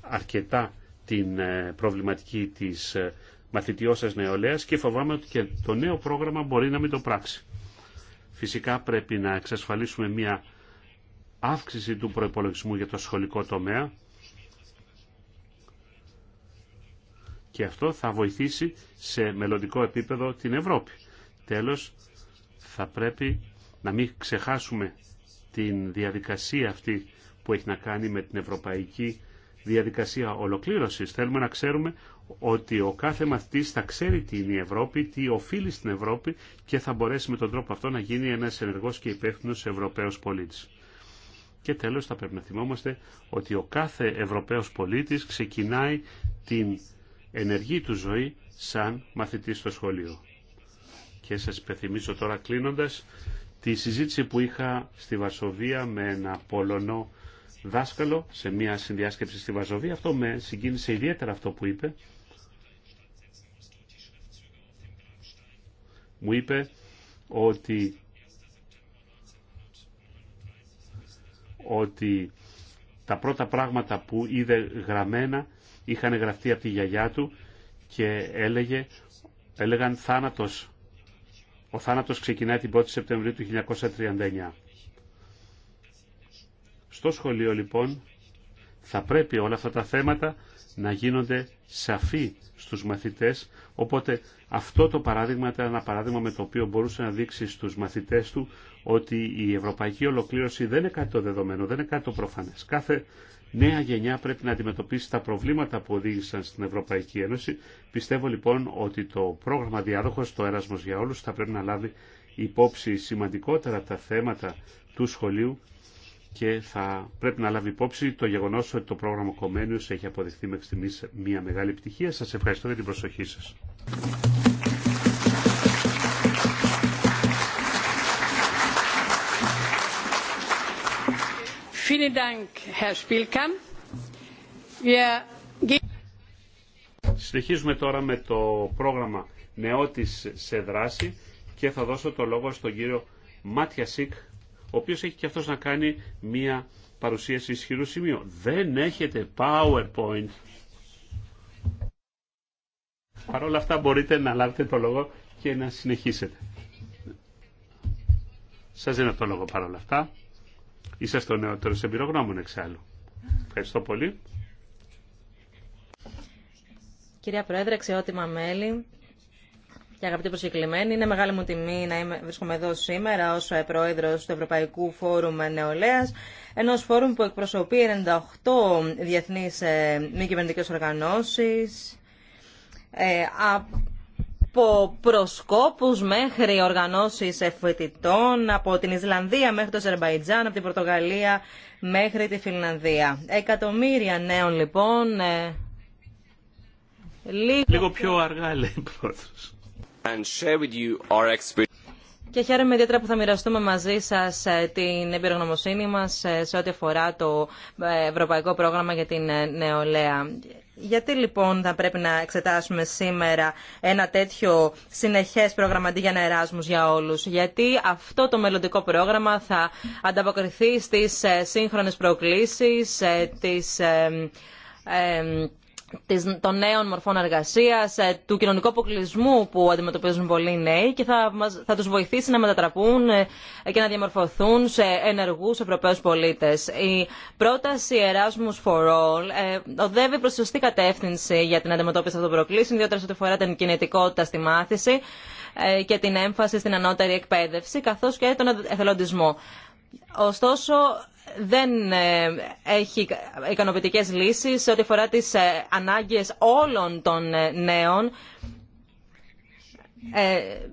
αρκετά την ε, προβληματική της ε, μαθητιώσας νεολαίας και φοβάμαι ότι και το νέο πρόγραμμα μπορεί να μην το πράξει. Φυσικά πρέπει να εξασφαλίσουμε μια αύξηση του προϋπολογισμού για το σχολικό τομέα και αυτό θα βοηθήσει σε μελλοντικό επίπεδο την Ευρώπη. Τέλος, θα πρέπει να μην ξεχάσουμε την διαδικασία αυτή που έχει να κάνει με την ευρωπαϊκή διαδικασία ολοκλήρωσης. Θέλουμε να ξέρουμε ότι ο κάθε μαθητής θα ξέρει τι είναι η Ευρώπη, τι οφείλει στην Ευρώπη και θα μπορέσει με τον τρόπο αυτό να γίνει ένας ενεργός και υπεύθυνος Ευρωπαίος πολίτης. Και τέλος θα πρέπει να θυμόμαστε ότι ο κάθε Ευρωπαίος πολίτης ξεκινάει την ενεργή του ζωή σαν μαθητής στο σχολείο. Και σας υπενθυμίσω τώρα κλείνοντας τη συζήτηση που είχα στη Βαρσοβία με ένα Πολωνό δάσκαλο σε μια συνδιάσκεψη στη Βαζοβία. Αυτό με συγκίνησε ιδιαίτερα αυτό που είπε. Μου είπε ότι ότι τα πρώτα πράγματα που είδε γραμμένα είχαν γραφτεί από τη γιαγιά του και έλεγε, έλεγαν θάνατος. Ο θάνατος ξεκινάει την 1η Σεπτεμβρίου του 1939. Στο σχολείο λοιπόν θα πρέπει όλα αυτά τα θέματα να γίνονται σαφή στους μαθητές, οπότε αυτό το παράδειγμα ήταν ένα παράδειγμα με το οποίο μπορούσε να δείξει στους μαθητές του ότι η ευρωπαϊκή ολοκλήρωση δεν είναι κάτι το δεδομένο, δεν είναι κάτι το προφανές. Κάθε νέα γενιά πρέπει να αντιμετωπίσει τα προβλήματα που οδήγησαν στην Ευρωπαϊκή Ένωση. Πιστεύω λοιπόν ότι το πρόγραμμα διάδοχος, το Έρασμος για όλους, θα πρέπει να λάβει υπόψη σημαντικότερα τα θέματα του σχολείου και θα πρέπει να λάβει υπόψη το γεγονός ότι το πρόγραμμα Κομμένιους έχει αποδειχθεί μέχρι στιγμή μια μεγάλη επιτυχία. Σας ευχαριστώ για την προσοχή σας. Συνεχίζουμε τώρα με το πρόγραμμα Νεότης σε δράση και θα δώσω το λόγο στον κύριο Μάτια Σικ ο οποίος έχει και αυτός να κάνει μία παρουσίαση ισχυρού σημείου. Δεν έχετε PowerPoint. Παρ' όλα αυτά μπορείτε να λάβετε το λόγο και να συνεχίσετε. Σας δίνω το λόγο παρ' όλα αυτά. Είσαστε ο νεότερος εμπειρογνώμων εξάλλου. Ευχαριστώ πολύ. Κυρία Πρόεδρε, αξιότιμα μέλη, και αγαπητοί προσκεκλημένοι, είναι μεγάλη μου τιμή να είμαι, βρίσκομαι εδώ σήμερα ως ε, πρόεδρος του Ευρωπαϊκού Φόρουμ Νεολαίας, ενός φόρουμ που εκπροσωπεί 98 διεθνείς ε, μη κυβερνητικές οργανώσεις, ε, από προσκόπους μέχρι οργανώσεις φοιτητών, από την Ισλανδία μέχρι το Αζερμπαϊτζάν, από την Πορτογαλία μέχρι τη Φιλανδία. Εκατομμύρια νέων λοιπόν... Λίγο, πιο αργά λέει και χαίρομαι ιδιαίτερα που θα μοιραστούμε μαζί σας ε, την εμπειρογνωμοσύνη μας ε, σε ό,τι αφορά το ε, Ευρωπαϊκό Πρόγραμμα για την Νεολαία. Γιατί λοιπόν θα πρέπει να εξετάσουμε σήμερα ένα τέτοιο συνεχές πρόγραμμα αντί για ένα Εράσμου για όλους. Γιατί αυτό το μελλοντικό πρόγραμμα θα ανταποκριθεί στις σύγχρονες προκλήσεις, της των νέων μορφών εργασίας, ε, του κοινωνικού αποκλεισμού που αντιμετωπίζουν πολλοί νέοι και θα, μας, τους βοηθήσει να μετατραπούν ε, και να διαμορφωθούν σε ενεργούς Ευρωπαίους πολίτες. Η πρόταση Erasmus for All ε, οδεύει προς σωστή κατεύθυνση για την αντιμετώπιση αυτών των προκλήσεων, ιδιαίτερα σε ό,τι αφορά την κινητικότητα στη μάθηση και την έμφαση στην ανώτερη εκπαίδευση, καθώς και τον εθελοντισμό. Ωστόσο, δεν ε, έχει ικανοποιητικές λύσεις σε ό,τι αφορά τις ε, ανάγκες όλων των ε, νέων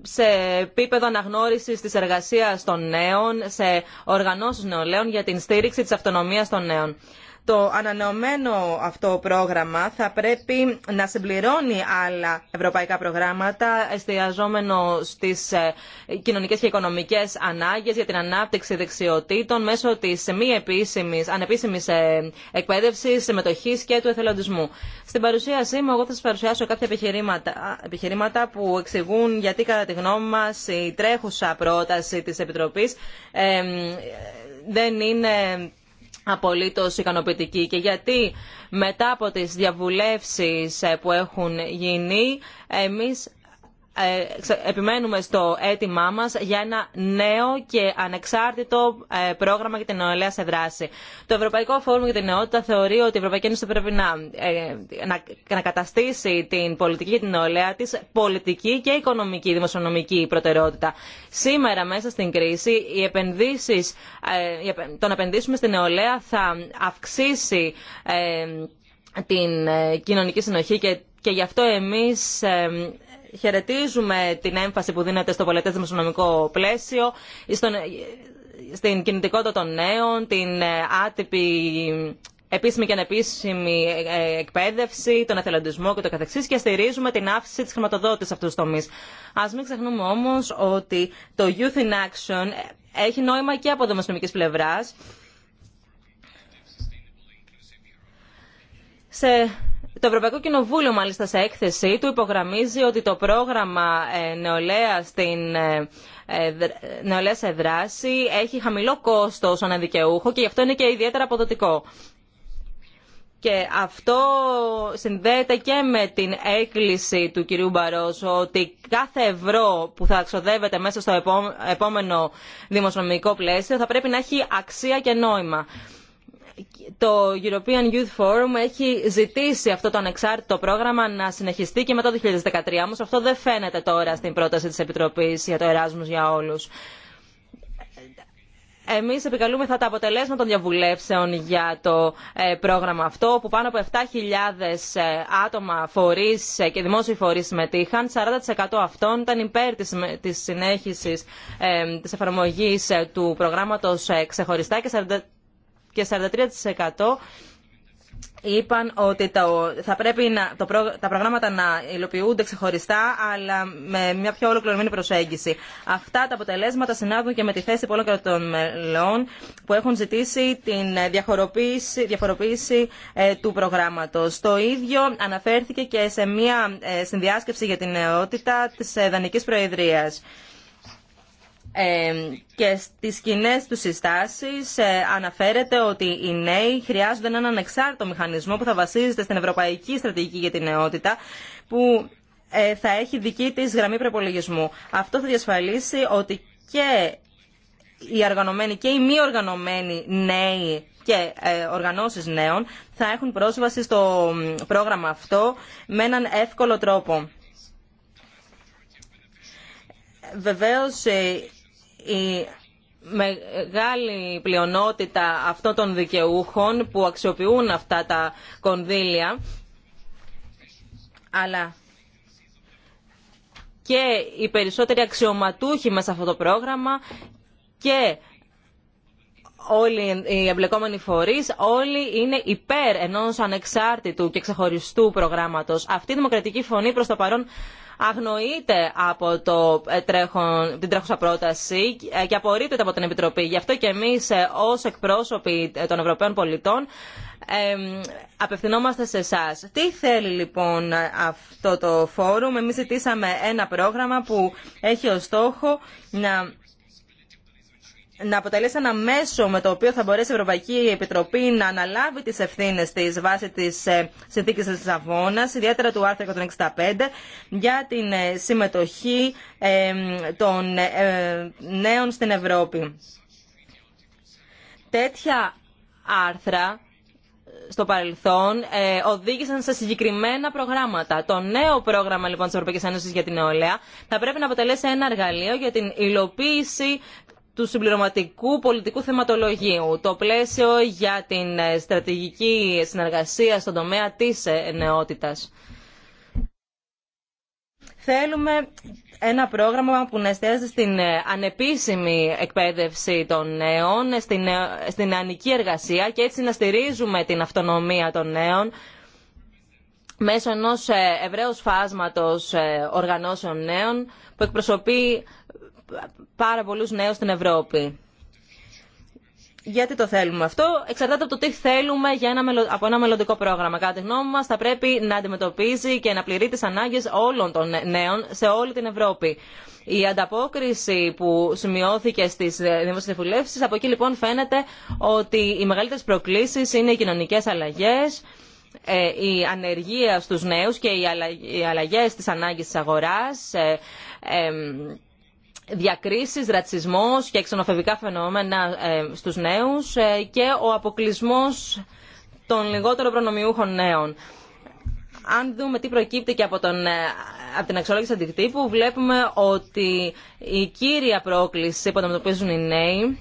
σε επίπεδο αναγνώριση της εργασίας των νέων, σε οργανώσεις νεολαίων για την στήριξη της αυτονομίας των νέων. Το ανανεωμένο αυτό πρόγραμμα θα πρέπει να συμπληρώνει άλλα ευρωπαϊκά προγράμματα εστιαζόμενο στις ε, κοινωνικές και οικονομικές ανάγκες για την ανάπτυξη δεξιοτήτων μέσω της μη επίσημης, ανεπίσημης ε, εκπαίδευσης, συμμετοχής και του εθελοντισμού. Στην παρουσίασή μου εγώ θα σας παρουσιάσω κάποια επιχειρήματα, επιχειρήματα που εξηγούν γιατί κατά τη γνώμη μας η τρέχουσα πρόταση της Επιτροπής δεν είναι Απολύτω ικανοποιητική και γιατί μετά από τι διαβουλεύσεις ε, που έχουν γίνει εμεί ε, επιμένουμε στο αίτημά μα για ένα νέο και ανεξάρτητο ε, πρόγραμμα για την νεολαία σε δράση. Το Ευρωπαϊκό Φόρουμ για την Νεότητα θεωρεί ότι η Ευρωπαϊκή Ένωση πρέπει ε, να, να καταστήσει την πολιτική για την νεολαία της πολιτική και οικονομική, δημοσιονομική προτεραιότητα. Σήμερα μέσα στην κρίση οι επενδύσεις, το να επενδύσουμε στην νεολαία θα αυξήσει την κοινωνική συνοχή και, και γι' αυτό εμείς χαιρετίζουμε την έμφαση που δίνεται στο πολιτές δημοσιονομικό πλαίσιο, στον, στην κινητικότητα των νέων, την ε, άτυπη επίσημη και ανεπίσημη ε, ε, εκπαίδευση, τον εθελοντισμό και το καθεξής και στηρίζουμε την αύξηση της χρηματοδότησης αυτού τους τομείς. Ας μην ξεχνούμε όμως ότι το Youth in Action έχει νόημα και από δημοσιονομικής πλευράς. Σε το Ευρωπαϊκό Κοινοβούλιο, μάλιστα, σε έκθεσή του υπογραμμίζει ότι το πρόγραμμα ε, νεολαία στην ε, ε, νεολαία σε δράση έχει χαμηλό κόστο ως αναδικαιούχο και γι' αυτό είναι και ιδιαίτερα αποδοτικό. Και αυτό συνδέεται και με την έκκληση του κυρίου Μπαρός ότι κάθε ευρώ που θα ξοδεύεται μέσα στο επόμενο δημοσιονομικό πλαίσιο θα πρέπει να έχει αξία και νόημα το European Youth Forum έχει ζητήσει αυτό το ανεξάρτητο πρόγραμμα να συνεχιστεί και μετά το 2013. Όμως αυτό δεν φαίνεται τώρα στην πρόταση της Επιτροπής για το Εράσμους για όλους. Εμείς επικαλούμεθα τα αποτελέσματα των διαβουλεύσεων για το ε, πρόγραμμα αυτό, όπου πάνω από 7.000 ε, άτομα, φορείς ε, και δημόσιοι φορείς συμμετείχαν. 40% αυτών ήταν υπέρ της συνέχισης της εφαρμογής του προγράμματος ξεχωριστά και και 43% είπαν ότι το, θα πρέπει να, το, τα προγράμματα να υλοποιούνται ξεχωριστά, αλλά με μια πιο ολοκληρωμένη προσέγγιση. Αυτά τα αποτελέσματα συνάδουν και με τη θέση πολλών κρατών μελών που έχουν ζητήσει τη διαφοροποίηση, ε, του προγράμματος. Το ίδιο αναφέρθηκε και σε μια ε, συνδιάσκεψη για την νεότητα της ε, Δανικής Προεδρίας και στις κοινέ του συστάσεις ε, αναφέρεται ότι οι νέοι χρειάζονται έναν ανεξάρτητο μηχανισμό που θα βασίζεται στην Ευρωπαϊκή Στρατηγική για την Νεότητα που ε, θα έχει δική της γραμμή προπολογισμού. Αυτό θα διασφαλίσει ότι και οι οργανωμένοι και οι μη οργανωμένοι νέοι και ε, οργανώσεις νέων θα έχουν πρόσβαση στο πρόγραμμα αυτό με έναν εύκολο τρόπο. Βεβαίως η μεγάλη πλειονότητα αυτών των δικαιούχων που αξιοποιούν αυτά τα κονδύλια αλλά και οι περισσότεροι αξιωματούχοι μέσα σε αυτό το πρόγραμμα και όλοι οι εμπλεκόμενοι φορείς, όλοι είναι υπέρ ενός ανεξάρτητου και ξεχωριστού προγράμματος. Αυτή η δημοκρατική φωνή προς το παρόν αγνοείται από το ε, την τρέχουσα πρόταση και απορρίπτεται από την Επιτροπή. Γι' αυτό και εμείς ε, ως εκπρόσωποι ε, των Ευρωπαίων πολιτών απευθυνόμαστε σε εσά. Τι θέλει λοιπόν αυτό το φόρουμ. Εμείς ζητήσαμε ένα πρόγραμμα που έχει ως στόχο να να αποτελέσει ένα μέσο με το οποίο θα μπορέσει η Ευρωπαϊκή Επιτροπή να αναλάβει τις ευθύνες της βάσει της ε, συνθήκης της Λισαβόνα, ιδιαίτερα του άρθρου 165, για την ε, συμμετοχή ε, των νέων στην Ευρώπη. Τέτοια άρθρα στο παρελθόν οδήγησαν σε συγκεκριμένα προγράμματα. Το νέο πρόγραμμα λοιπόν τη Ευρωπαϊκή για την Νεολαία θα πρέπει να αποτελέσει ένα εργαλείο για την υλοποίηση του συμπληρωματικού πολιτικού θεματολογίου, το πλαίσιο για την ε, στρατηγική συνεργασία στον τομέα της ε, νεότητας. Θέλουμε ένα πρόγραμμα που να εστιάζει στην ε, ανεπίσημη εκπαίδευση των νέων, στην, στην εργασία και έτσι να στηρίζουμε την αυτονομία των νέων μέσω ενός ευρέως φάσματος οργανώσεων νέων που εκπροσωπεί πάρα πολλού νέου στην Ευρώπη. Γιατί το θέλουμε αυτό. Εξαρτάται από το τι θέλουμε για ένα, από ένα μελλοντικό πρόγραμμα. Κατά τη γνώμη μα, θα πρέπει να αντιμετωπίζει και να πληρεί τι ανάγκε όλων των νέων σε όλη την Ευρώπη. Η ανταπόκριση που σημειώθηκε στι δημόσιε από εκεί λοιπόν φαίνεται ότι οι μεγαλύτερε προκλήσει είναι οι κοινωνικέ αλλαγέ, ε, η ανεργία στους νέους και οι αλλαγές της ανάγκης της αγοράς, ε, ε, διακρίσεις, ρατσισμός και εξονοφοβικά φαινόμενα ε, στους νέους ε, και ο αποκλισμός των λιγότερο προνομιούχων νέων. Αν δούμε τι προκύπτει και από, τον, ε, από την αξιολόγηση αντικτύπου, βλέπουμε ότι η κύρια πρόκληση που αντιμετωπίζουν οι νέοι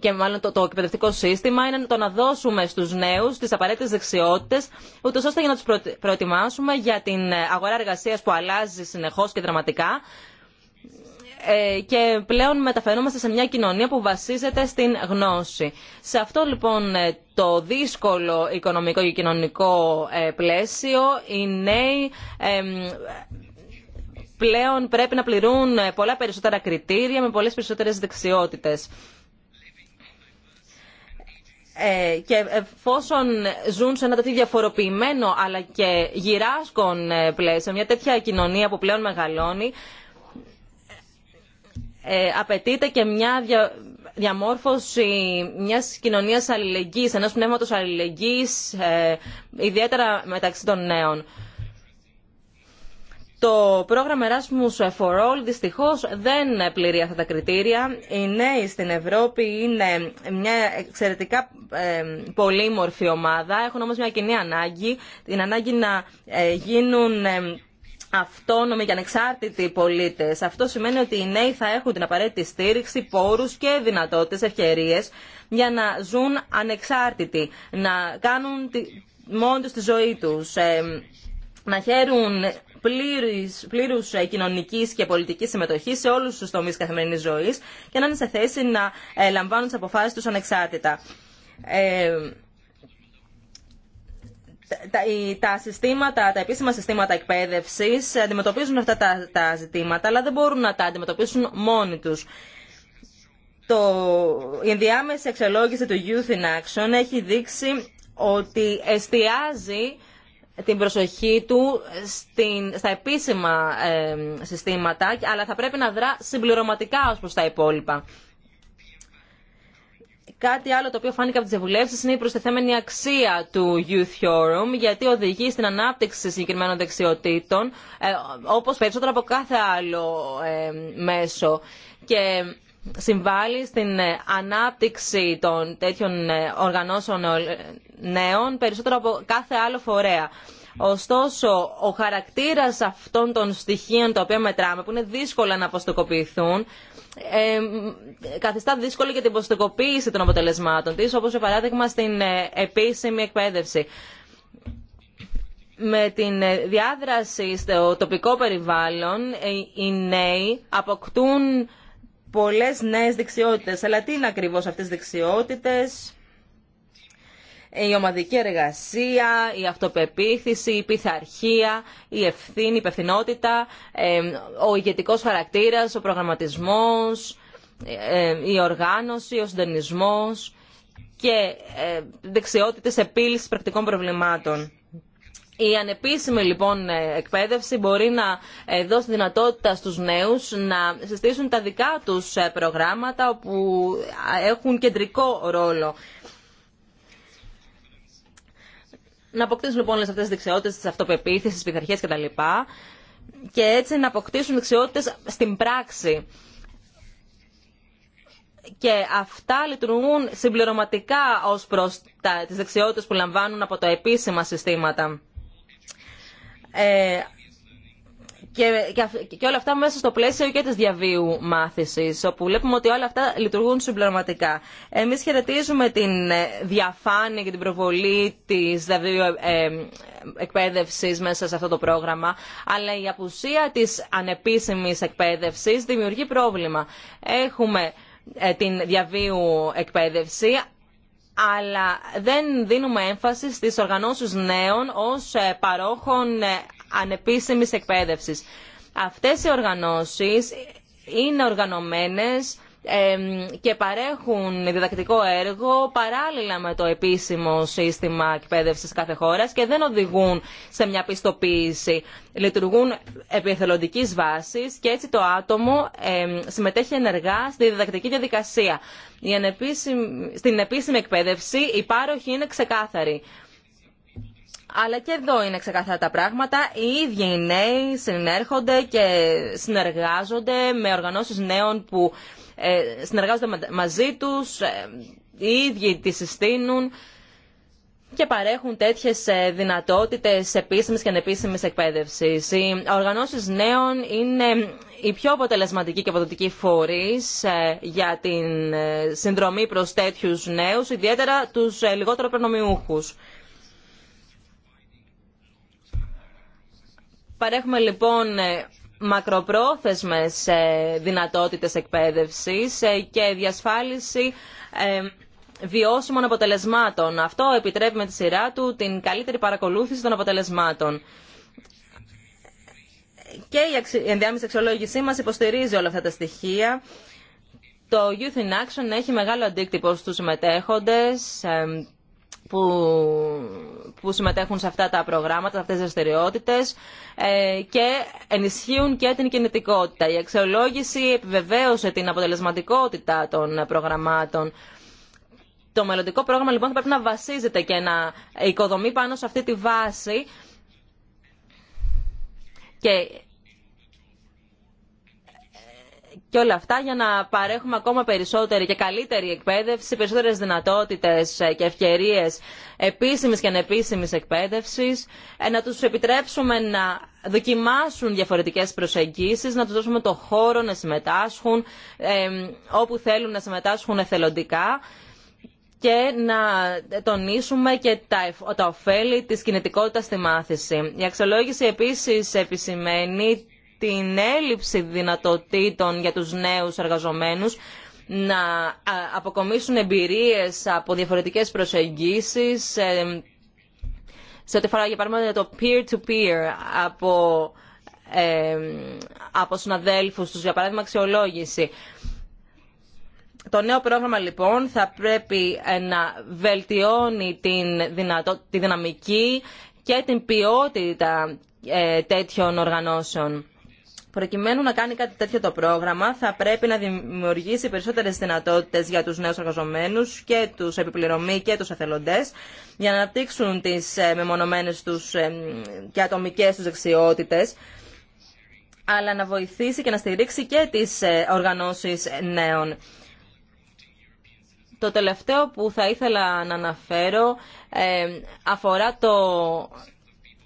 και μάλλον το, το εκπαιδευτικό σύστημα είναι το να δώσουμε στους νέους τις απαραίτητες δεξιότητες ούτως ώστε για να τους προετοιμάσουμε για την αγορά εργασίας που αλλάζει συνεχώς και δραματικά ε, και πλέον μεταφερόμαστε σε μια κοινωνία που βασίζεται στην γνώση. Σε αυτό λοιπόν ε, το δύσκολο οικονομικό και κοινωνικό ε, πλαίσιο οι νέοι πλέον πρέπει να πληρούν πολλά περισσότερα κριτήρια με πολλές περισσότερες δεξιότητες. Και εφόσον ζουν σε ένα τέτοιο διαφοροποιημένο αλλά και γυράσκον πλαίσιο, μια τέτοια κοινωνία που πλέον μεγαλώνει, ε, απαιτείται και μια διαμόρφωση μιας κοινωνίας αλληλεγγύης, ενός πνεύματος αλληλεγγύης, ε, ιδιαίτερα μεταξύ των νέων. Το πρόγραμμα Erasmus for All δυστυχώς δεν πληρεί αυτά τα κριτήρια. Οι νέοι στην Ευρώπη είναι μια εξαιρετικά ε, πολύμορφη ομάδα. Έχουν όμως μια κοινή ανάγκη, την ανάγκη να γίνουν αυτόνομοι και ανεξάρτητοι πολίτες. Αυτό σημαίνει ότι οι νέοι θα έχουν την απαραίτητη στήριξη, πόρου και δυνατότητες, ευκαιρίε, για να ζουν ανεξάρτητοι, να κάνουν μόνο του τη ζωή τους, ε, να χαίρουν πλήρου πλήρους ε, και πολιτικής συμμετοχής σε όλους τους τομείς καθημερινής ζωής και να είναι σε θέση να ε, λαμβάνουν τι αποφάσει του ανεξάρτητα τα, συστήματα, επίσημα συστήματα εκπαίδευσης αντιμετωπίζουν αυτά τα, ζητήματα, αλλά δεν μπορούν να τα αντιμετωπίσουν μόνοι του. Το, η ενδιάμεση εξελόγηση του Youth in Action έχει δείξει ότι εστιάζει την προσοχή του στην, στα επίσημα ε, συστήματα, αλλά θα πρέπει να δρά συμπληρωματικά ως προς τα υπόλοιπα. Κάτι άλλο το οποίο φάνηκε από τι διαβουλεύσει είναι η προστεθέμενη αξία του Youth Forum, γιατί οδηγεί στην ανάπτυξη συγκεκριμένων δεξιοτήτων, ε, όπω περισσότερο από κάθε άλλο ε, μέσο. Και συμβάλλει στην ε, ανάπτυξη των τέτοιων οργανώσεων νέων περισσότερο από κάθε άλλο φορέα. Ωστόσο, ο χαρακτήρας αυτών των στοιχείων τα οποία μετράμε, που είναι δύσκολα να αποστοκοποιηθούν, καθιστά δύσκολη και την τον των αποτελεσμάτων της, όπως για παράδειγμα στην ε, επίσημη εκπαίδευση. Με την ε, διάδραση στο τοπικό περιβάλλον, ε, οι νέοι αποκτούν πολλές νέες δεξιότητες. Αλλά τι είναι ακριβώς αυτές τις δεξιότητες, η ομαδική εργασία, η αυτοπεποίθηση, η πειθαρχία, η ευθύνη, η υπευθυνότητα, ε, ο ηγετικός χαρακτήρας, ο προγραμματισμός, ε, η οργάνωση, ο συντονισμός και ε, δεξιότητες επίλυσης πρακτικών προβλημάτων. Η ανεπίσημη λοιπόν εκπαίδευση μπορεί να δώσει δυνατότητα στους νέους να συστήσουν τα δικά τους προγράμματα όπου έχουν κεντρικό ρόλο Να αποκτήσουν λοιπόν όλε αυτέ τι δεξιότητε τη αυτοπεποίθηση, τη πειθαρχία κτλ. Και έτσι να αποκτήσουν δεξιότητε στην πράξη. Και αυτά λειτουργούν συμπληρωματικά ω προ τι δεξιότητε που λαμβάνουν από τα επίσημα συστήματα. Ε, και, όλα αυτά μέσα στο πλαίσιο και της διαβίου μάθησης, όπου βλέπουμε ότι όλα αυτά λειτουργούν συμπληρωματικά. Εμείς χαιρετίζουμε την ε, διαφάνεια και την προβολή της διαβίου ε, ε, εκπαίδευσης μέσα σε αυτό το πρόγραμμα, αλλά η απουσία της ανεπίσημης εκπαίδευση δημιουργεί πρόβλημα. Έχουμε ε, την διαβίου εκπαίδευση, αλλά δεν δίνουμε έμφαση στις οργανώσεις νέων ως ε, παρόχων ανεπίσημης εκπαίδευσης. Αυτές οι οργανώσεις είναι οργανωμένες και παρέχουν διδακτικό έργο παράλληλα με το επίσημο σύστημα εκπαίδευσης κάθε χώρας και δεν οδηγούν σε μια πιστοποίηση. Λειτουργούν επί εθελοντικής βάσης και έτσι το άτομο συμμετέχει ενεργά στη διδακτική διαδικασία. Στην επίσημη εκπαίδευση η πάροχη είναι ξεκάθαρη. Αλλά και εδώ είναι ξεκαθαρά τα πράγματα. Οι ίδιοι οι νέοι συνέρχονται και συνεργάζονται με οργανώσεις νέων που ε, συνεργάζονται μαζί τους, ε, οι ίδιοι τις συστήνουν και παρέχουν τέτοιε δυνατότητε επίσημη και ανεπίσημη εκπαίδευση. Οι οργανώσει νέων είναι οι πιο αποτελεσματική και αποδοτικοί φορεί ε, για την συνδρομή προ τέτοιου νέου, ιδιαίτερα του λιγότερο προνομιούχου. παρέχουμε λοιπόν ε, μακροπρόθεσμες ε, δυνατότητες εκπαίδευσης ε, και διασφάλιση βιώσιμων αποτελεσμάτων. Αυτό επιτρέπει με τη σειρά του την καλύτερη παρακολούθηση των αποτελεσμάτων. Και η ενδιάμεση αξιολόγησή μας υποστηρίζει όλα αυτά τα στοιχεία. Το Youth in Action έχει μεγάλο αντίκτυπο στους συμμετέχοντες, που, που συμμετέχουν σε αυτά τα προγράμματα, σε αυτές τις δραστηριότητε ε, και ενισχύουν και την κινητικότητα. Η αξιολόγηση επιβεβαίωσε την αποτελεσματικότητα των προγραμμάτων. Το μελλοντικό πρόγραμμα λοιπόν θα πρέπει να βασίζεται και να οικοδομεί πάνω σε αυτή τη βάση και και όλα αυτά για να παρέχουμε ακόμα περισσότερη και καλύτερη εκπαίδευση, περισσότερες δυνατότητε και ευκαιρίε επίσημη και ανεπίσημης εκπαίδευση ε, να τους επιτρέψουμε να δοκιμάσουν διαφορετικές προσεγγίσεις, να τους δώσουμε το χώρο να συμμετάσχουν ε, όπου θέλουν να συμμετάσχουν εθελοντικά και να τονίσουμε και τα, τα ωφέλη της κινητικότητας στη μάθηση. Η αξιολόγηση επίσης επισημαίνει την έλλειψη δυνατοτήτων για τους νέους εργαζομένους να αποκομίσουν εμπειρίες από διαφορετικές προσεγγίσεις ε, σε ό,τι φορά για παράδειγμα το peer-to-peer -peer, to peer απο ε, από συναδέλφους τους, για παράδειγμα αξιολόγηση. Το νέο πρόγραμμα λοιπόν θα πρέπει ε, να βελτιώνει τη δυναμική και την ποιότητα ε, τέτοιων οργανώσεων. Προκειμένου να κάνει κάτι τέτοιο το πρόγραμμα, θα πρέπει να δημιουργήσει περισσότερε δυνατότητε για του νέου εργαζομένου και του επιπληρωμή και του εθελοντέ, για να αναπτύξουν τι ε, μεμονωμένε του ε, και ατομικέ του δεξιότητε, αλλά να βοηθήσει και να στηρίξει και τι ε, οργανώσει νέων. Το τελευταίο που θα ήθελα να αναφέρω αφορά το.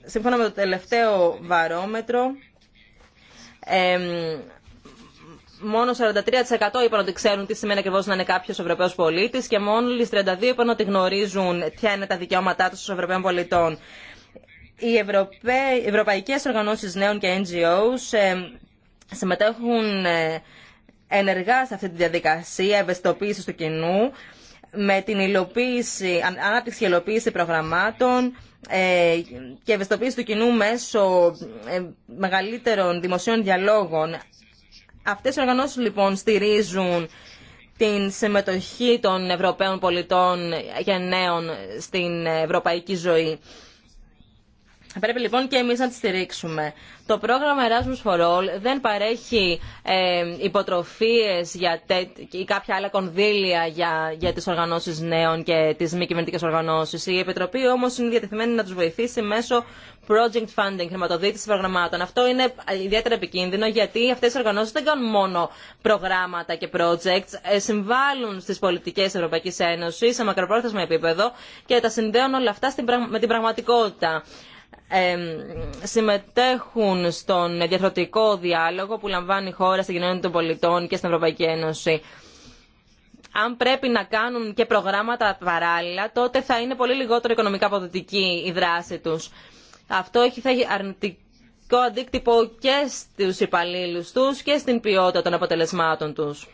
Σύμφωνα με το τελευταίο βαρόμετρο, μόνο 43% είπαν ότι ξέρουν τι σημαίνει ακριβώ να είναι κάποιο Ευρωπαίο πολίτη και μόνο 32% είπαν ότι γνωρίζουν ποια είναι τα δικαιώματά του στου Ευρωπαίων πολιτών. Οι Ευρωπαί... Ευρωπαϊκές Οργανώσεις Νέων και NGOs συμμετέχουν ε, ενεργά σε αυτή τη διαδικασία ευαισθητοποίηση του κοινού με την υλοποίηση, ανάπτυξη και υλοποίηση προγραμμάτων ε, και ευαισθητοποίηση του κοινού μέσω ε, μεγαλύτερων δημοσίων διαλόγων. Αυτές οι οργανώσεις λοιπόν στηρίζουν την συμμετοχή των Ευρωπαίων πολιτών και νέων στην ευρωπαϊκή ζωή. Πρέπει λοιπόν και εμείς να τη στηρίξουμε. Το πρόγραμμα Erasmus for All δεν παρέχει ε, υποτροφίες για ή κάποια άλλα κονδύλια για, για τις οργανώσεις νέων και τις μη κυβερνητικές οργανώσεις. Η Επιτροπή όμως είναι διατεθειμένη να τους βοηθήσει μέσω project funding, χρηματοδότηση προγραμμάτων. Αυτό είναι ιδιαίτερα επικίνδυνο γιατί αυτές οι οργανώσεις δεν κάνουν μόνο προγράμματα και projects, ε, συμβάλλουν στις πολιτικές Ευρωπαϊκή Ευρωπαϊκής Ένωσης σε μακροπρόθεσμο επίπεδο και τα συνδέουν όλα αυτά με την πραγματικότητα συμμετέχουν στον διαθροτικό διάλογο που λαμβάνει η χώρα στην κοινωνία των πολιτών και στην Ευρωπαϊκή Ένωση. Αν πρέπει να κάνουν και προγράμματα παράλληλα, τότε θα είναι πολύ λιγότερο οικονομικά αποδοτική η δράση τους. Αυτό έχει, θα έχει αρνητικό αντίκτυπο και στους υπαλλήλους τους και στην ποιότητα των αποτελεσμάτων τους.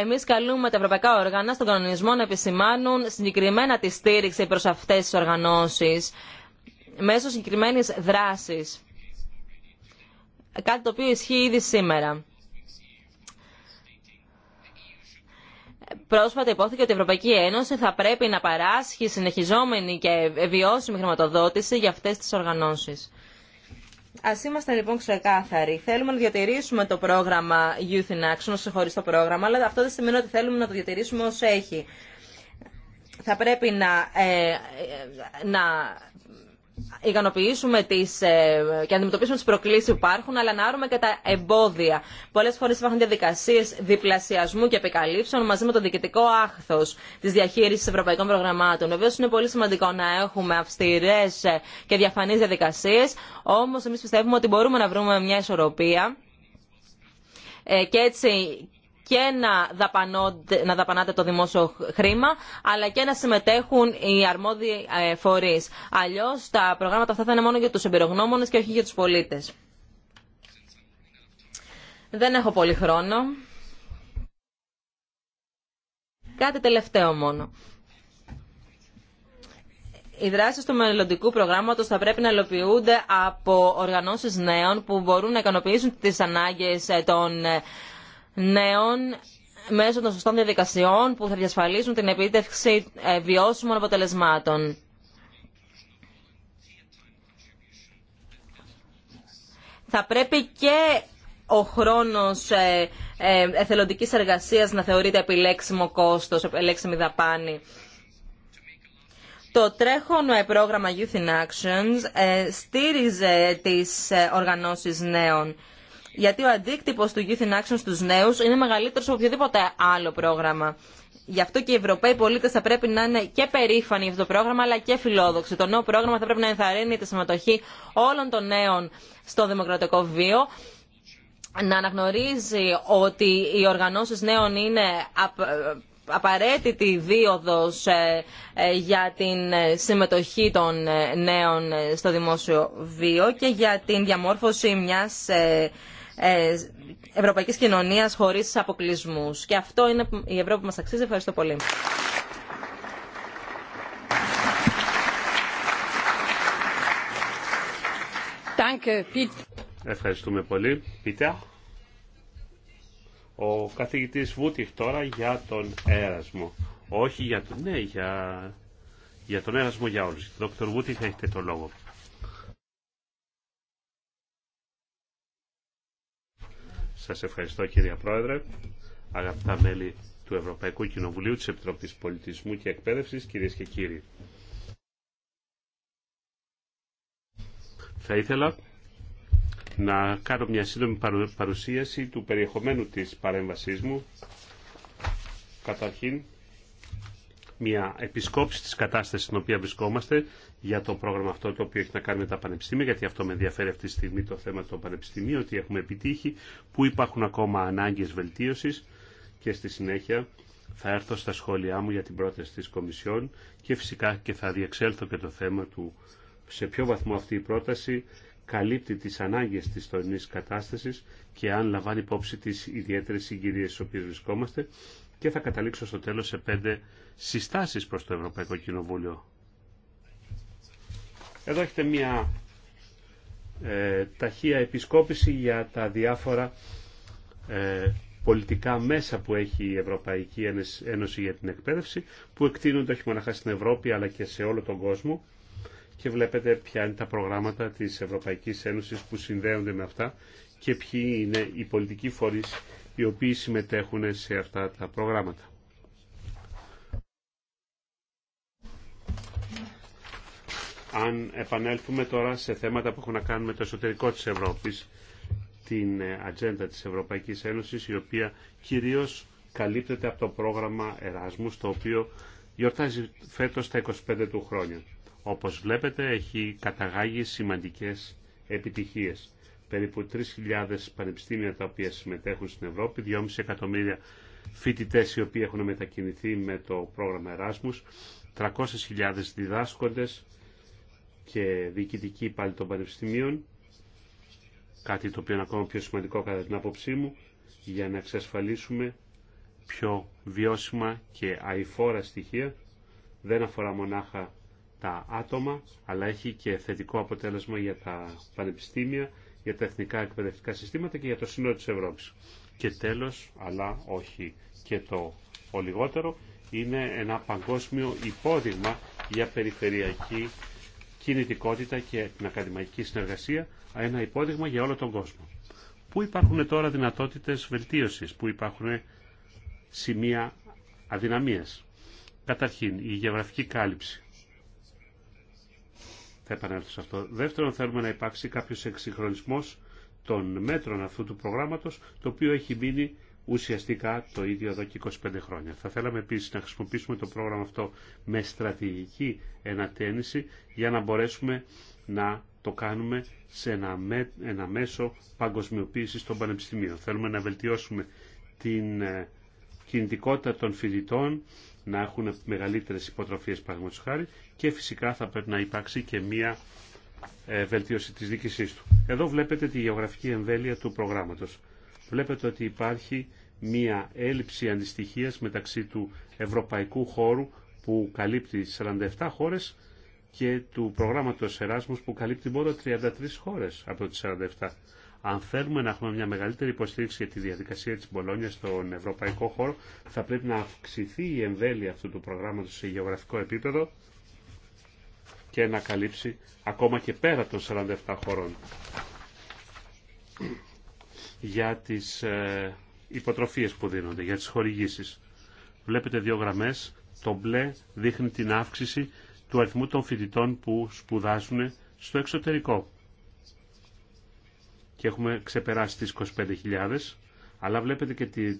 Εμεί καλούμε τα ευρωπαϊκά όργανα στον κανονισμό να επισημάνουν συγκεκριμένα τη στήριξη προ αυτέ τι οργανώσει μέσω συγκεκριμένη δράση. Κάτι το οποίο ισχύει ήδη σήμερα. Πρόσφατα υπόθηκε ότι η Ευρωπαϊκή Ένωση θα πρέπει να παράσχει συνεχιζόμενη και βιώσιμη χρηματοδότηση για αυτές τις οργανώσεις. Α είμαστε λοιπόν ξεκάθαροι. Θέλουμε να διατηρήσουμε το πρόγραμμα Youth in Action ω χωριστό πρόγραμμα, αλλά αυτό δεν σημαίνει ότι θέλουμε να το διατηρήσουμε ω έχει. Θα πρέπει να, ε, ε, να ικανοποιήσουμε τις, ε, και αντιμετωπίσουμε τι προκλήσει που υπάρχουν, αλλά να άρουμε και τα εμπόδια. Πολλέ φορέ υπάρχουν διαδικασίε διπλασιασμού και επικαλύψεων μαζί με το διοικητικό άχθο τη διαχείριση ευρωπαϊκών προγραμμάτων. Βεβαίω είναι πολύ σημαντικό να έχουμε αυστηρέ και διαφανεί διαδικασίε, όμω εμεί πιστεύουμε ότι μπορούμε να βρούμε μια ισορροπία ε, και έτσι και να, να δαπανάτε το δημόσιο χρήμα, αλλά και να συμμετέχουν οι αρμόδιοι ε, φορεί. Αλλιώ τα προγράμματα αυτά θα είναι μόνο για του εμπειρογνώμονε και όχι για του πολίτε. Δεν έχω πολύ χρόνο. Κάτι τελευταίο μόνο. Οι δράσει του μελλοντικού προγράμματο θα πρέπει να ελοποιούνται από οργανώσει νέων που μπορούν να ικανοποιήσουν τι ανάγκε ε, των ε, νέων μέσω των σωστών διαδικασιών που θα διασφαλίσουν την επίτευξη ε, βιώσιμων αποτελεσμάτων. Θα πρέπει και ο χρόνος ε, ε, εθελοντικής εργασίας να θεωρείται επιλέξιμο κόστος, επιλέξιμη δαπάνη. Το τρέχον πρόγραμμα Youth in Actions στήριζε τις οργανώσεις νέων γιατί ο αντίκτυπο του Youth in Action στους νέους είναι μεγαλύτερο από οποιοδήποτε άλλο πρόγραμμα. Γι' αυτό και οι Ευρωπαίοι πολίτε θα πρέπει να είναι και περήφανοι για αυτό το πρόγραμμα, αλλά και φιλόδοξοι. Το νέο πρόγραμμα θα πρέπει να ενθαρρύνει τη συμμετοχή όλων των νέων στο δημοκρατικό βίο, να αναγνωρίζει ότι οι οργανώσει νέων είναι απαραίτητη δίωδος ε, ε, για την συμμετοχή των ε, νέων στο δημόσιο βίο και για την διαμόρφωση μιας ε, Ευρωπαϊκή Κοινωνία χωρί αποκλεισμού. Και αυτό είναι η Ευρώπη που μα αξίζει. Ευχαριστώ πολύ. Ευχαριστούμε πολύ. Πίτερ. Ο καθηγητής Βούτιχ τώρα για τον έρασμο. Όχι για τον... Ναι, για, τον έρασμο για όλους. Δόκτωρ Βούτιχ έχετε το λόγο. Σας ευχαριστώ κυρία Πρόεδρε, αγαπητά μέλη του Ευρωπαϊκού Κοινοβουλίου της Επιτροπής Πολιτισμού και Εκπαίδευσης, κυρίες και κύριοι. Θα ήθελα να κάνω μια σύντομη παρουσίαση του περιεχομένου της παρέμβασής μου. Καταρχήν, μια επισκόπηση της κατάστασης στην οποία βρισκόμαστε για το πρόγραμμα αυτό το οποίο έχει να κάνει με τα πανεπιστήμια, γιατί αυτό με ενδιαφέρει αυτή τη στιγμή το θέμα των πανεπιστημίων, ότι έχουμε επιτύχει, που υπάρχουν ακόμα ανάγκες βελτίωσης και στη συνέχεια θα έρθω στα σχόλιά μου για την πρόταση της Κομισιόν και φυσικά και θα διεξέλθω και το θέμα του σε ποιο βαθμό αυτή η πρόταση καλύπτει τις ανάγκες της τωρινής κατάστασης και αν λαμβάνει υπόψη τις ιδιαίτερες συγκυρίες στις οποίες βρισκόμαστε και θα καταλήξω στο τέλος σε πέντε συστάσεις προς το Ευρωπαϊκό Κοινοβούλιο. Εδώ έχετε μια ε, ταχεία επισκόπηση για τα διάφορα ε, πολιτικά μέσα που έχει η Ευρωπαϊκή Ένωση για την εκπαίδευση που εκτείνονται όχι μόνο στην Ευρώπη αλλά και σε όλο τον κόσμο και βλέπετε ποια είναι τα προγράμματα της Ευρωπαϊκής Ένωσης που συνδέονται με αυτά και ποιοι είναι οι πολιτικοί φορείς οι οποίοι συμμετέχουν σε αυτά τα προγράμματα. Αν επανέλθουμε τώρα σε θέματα που έχουν να κάνουν με το εσωτερικό της Ευρώπης, την ε, ατζέντα της Ευρωπαϊκής Ένωσης, η οποία κυρίως καλύπτεται από το πρόγραμμα Εράσμου, το οποίο γιορτάζει φέτος τα 25 του χρόνια. Όπως βλέπετε, έχει καταγάγει σημαντικές επιτυχίες. Περίπου 3.000 πανεπιστήμια τα οποία συμμετέχουν στην Ευρώπη, 2,5 εκατομμύρια φοιτητέ οι οποίοι έχουν μετακινηθεί με το πρόγραμμα Εράσμους, 300.000 διδάσκοντες, και διοικητική πάλι των πανεπιστημίων, κάτι το οποίο είναι ακόμα πιο σημαντικό κατά την άποψή μου, για να εξασφαλίσουμε πιο βιώσιμα και αηφόρα στοιχεία. Δεν αφορά μονάχα τα άτομα, αλλά έχει και θετικό αποτέλεσμα για τα πανεπιστήμια, για τα εθνικά εκπαιδευτικά συστήματα και για το σύνολο της Ευρώπης. Και τέλος, αλλά όχι και το ο είναι ένα παγκόσμιο υπόδειγμα για περιφερειακή κινητικότητα και την ακαδημαϊκή συνεργασία ένα υπόδειγμα για όλο τον κόσμο. Πού υπάρχουν τώρα δυνατότητες βελτίωσης, πού υπάρχουν σημεία αδυναμίας. Καταρχήν, η γεωγραφική κάλυψη. Θα επανέλθω σε αυτό. Δεύτερον, θέλουμε να υπάρξει κάποιος εξυγχρονισμός των μέτρων αυτού του προγράμματος, το οποίο έχει μείνει ουσιαστικά το ίδιο εδώ και 25 χρόνια. Θα θέλαμε επίσης να χρησιμοποιήσουμε το πρόγραμμα αυτό με στρατηγική ενατένιση για να μπορέσουμε να το κάνουμε σε ένα, ένα μέσο παγκοσμιοποίησης των πανεπιστημίων. Θέλουμε να βελτιώσουμε την ε, κινητικότητα των φοιτητών, να έχουν μεγαλύτερες υποτροφίες παραδείγματος χάρη και φυσικά θα πρέπει να υπάρξει και μία ε, βελτίωση της δίκησής του. Εδώ βλέπετε τη γεωγραφική εμβέλεια του προγράμματος. Βλέπετε ότι υπάρχει μία έλλειψη αντιστοιχίας μεταξύ του ευρωπαϊκού χώρου που καλύπτει 47 χώρες και του προγράμματος Εράσμους που καλύπτει μόνο 33 χώρες από τις 47. Αν θέλουμε να έχουμε μια μεγαλύτερη υποστήριξη για τη διαδικασία της Μπολόνια στον ευρωπαϊκό χώρο, θα πρέπει να αυξηθεί η εμβέλεια αυτού του προγράμματος σε γεωγραφικό επίπεδο και να καλύψει ακόμα και πέρα των 47 χωρών. Για τις ε, υποτροφίες που δίνονται, για τις χορηγήσεις. Βλέπετε δύο γραμμές. Το μπλε δείχνει την αύξηση του αριθμού των φοιτητών που σπουδάζουν στο εξωτερικό. Και έχουμε ξεπεράσει τις 25.000, αλλά βλέπετε και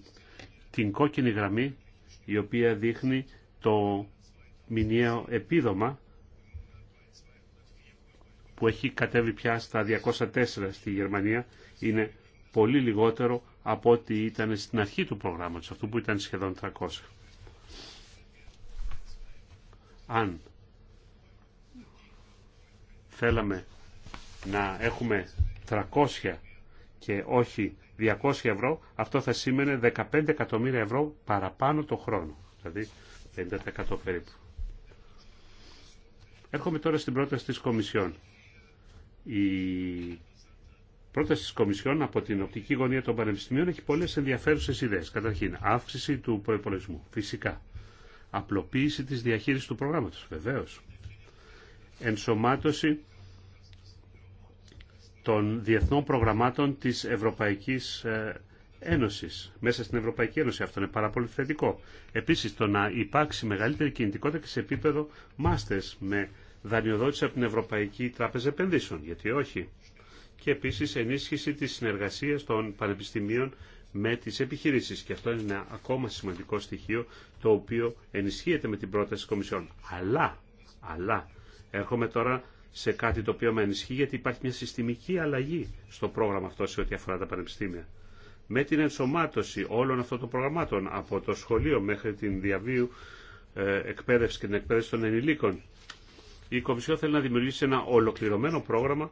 την κόκκινη γραμμή η οποία δείχνει το μηνιαίο επίδομα που έχει κατέβει πια στα 204 στη Γερμανία είναι πολύ λιγότερο από ό,τι ήταν στην αρχή του προγράμματος, αυτού που ήταν σχεδόν 300. Αν θέλαμε να έχουμε 300 και όχι 200 ευρώ, αυτό θα σήμαινε 15 εκατομμύρια ευρώ παραπάνω το χρόνο, δηλαδή 50% περίπου. Έρχομαι τώρα στην πρόταση της Κομισιόν. Η πρόταση τη Κομισιόν από την οπτική γωνία των πανεπιστημίων έχει πολλέ ενδιαφέρουσε ιδέε. Καταρχήν, αύξηση του προπολογισμού. φυσικά. Απλοποίηση τη διαχείριση του προγράμματο, βεβαίω. Ενσωμάτωση των διεθνών προγραμμάτων τη Ευρωπαϊκή ε, Ένωση, μέσα στην Ευρωπαϊκή Ένωση. Αυτό είναι πάρα πολύ θετικό. Επίση, το να υπάρξει μεγαλύτερη κινητικότητα και σε επίπεδο μάστε με δανειοδότηση από την Ευρωπαϊκή Τράπεζα Επενδύσεων. Γιατί όχι και επίσης ενίσχυση της συνεργασίας των πανεπιστημίων με τις επιχειρήσεις. Και αυτό είναι ένα ακόμα σημαντικό στοιχείο το οποίο ενισχύεται με την πρόταση της Κομισιόν. Αλλά, αλλά, έρχομαι τώρα σε κάτι το οποίο με ενισχύει γιατί υπάρχει μια συστημική αλλαγή στο πρόγραμμα αυτό σε ό,τι αφορά τα πανεπιστήμια. Με την ενσωμάτωση όλων αυτών των προγραμμάτων από το σχολείο μέχρι την διαβίου ε, εκπαίδευση και την εκπαίδευση των ενηλίκων, η Κομισιόν θέλει να δημιουργήσει ένα ολοκληρωμένο πρόγραμμα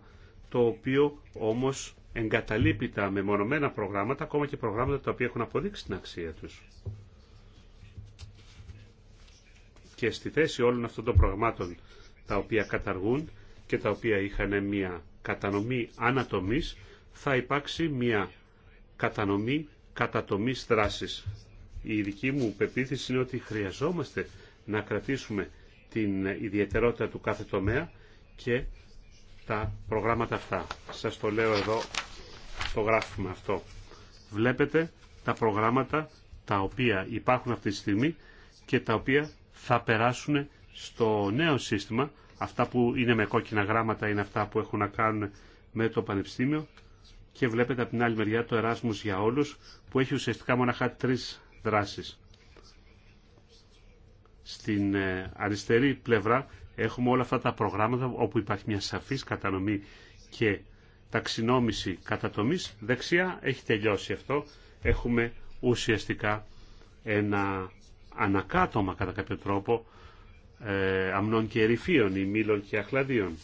το οποίο όμως εγκαταλείπει τα μεμονωμένα προγράμματα, ακόμα και προγράμματα τα οποία έχουν αποδείξει την αξία τους. Και στη θέση όλων αυτών των προγραμμάτων τα οποία καταργούν και τα οποία είχαν μια κατανομή ανατομής, θα υπάρξει μια κατανομή κατατομής δράσης. Η δική μου πεποίθηση είναι ότι χρειαζόμαστε να κρατήσουμε την ιδιαιτερότητα του κάθε τομέα και τα προγράμματα αυτά. Σας το λέω εδώ το γράφημα αυτό. Βλέπετε τα προγράμματα τα οποία υπάρχουν αυτή τη στιγμή και τα οποία θα περάσουν στο νέο σύστημα. Αυτά που είναι με κόκκινα γράμματα είναι αυτά που έχουν να κάνουν με το Πανεπιστήμιο και βλέπετε από την άλλη μεριά το Εράσμους για όλους που έχει ουσιαστικά μοναχά τρεις δράσεις. Στην ε, αριστερή πλευρά έχουμε όλα αυτά τα προγράμματα όπου υπάρχει μια σαφής κατανομή και ταξινόμηση κατατομής. Δεξιά έχει τελειώσει αυτό. Έχουμε ουσιαστικά ένα ανακάτωμα κατά κάποιο τρόπο ε, αμνών και ερυφίων ή μήλων και αχλαδίων.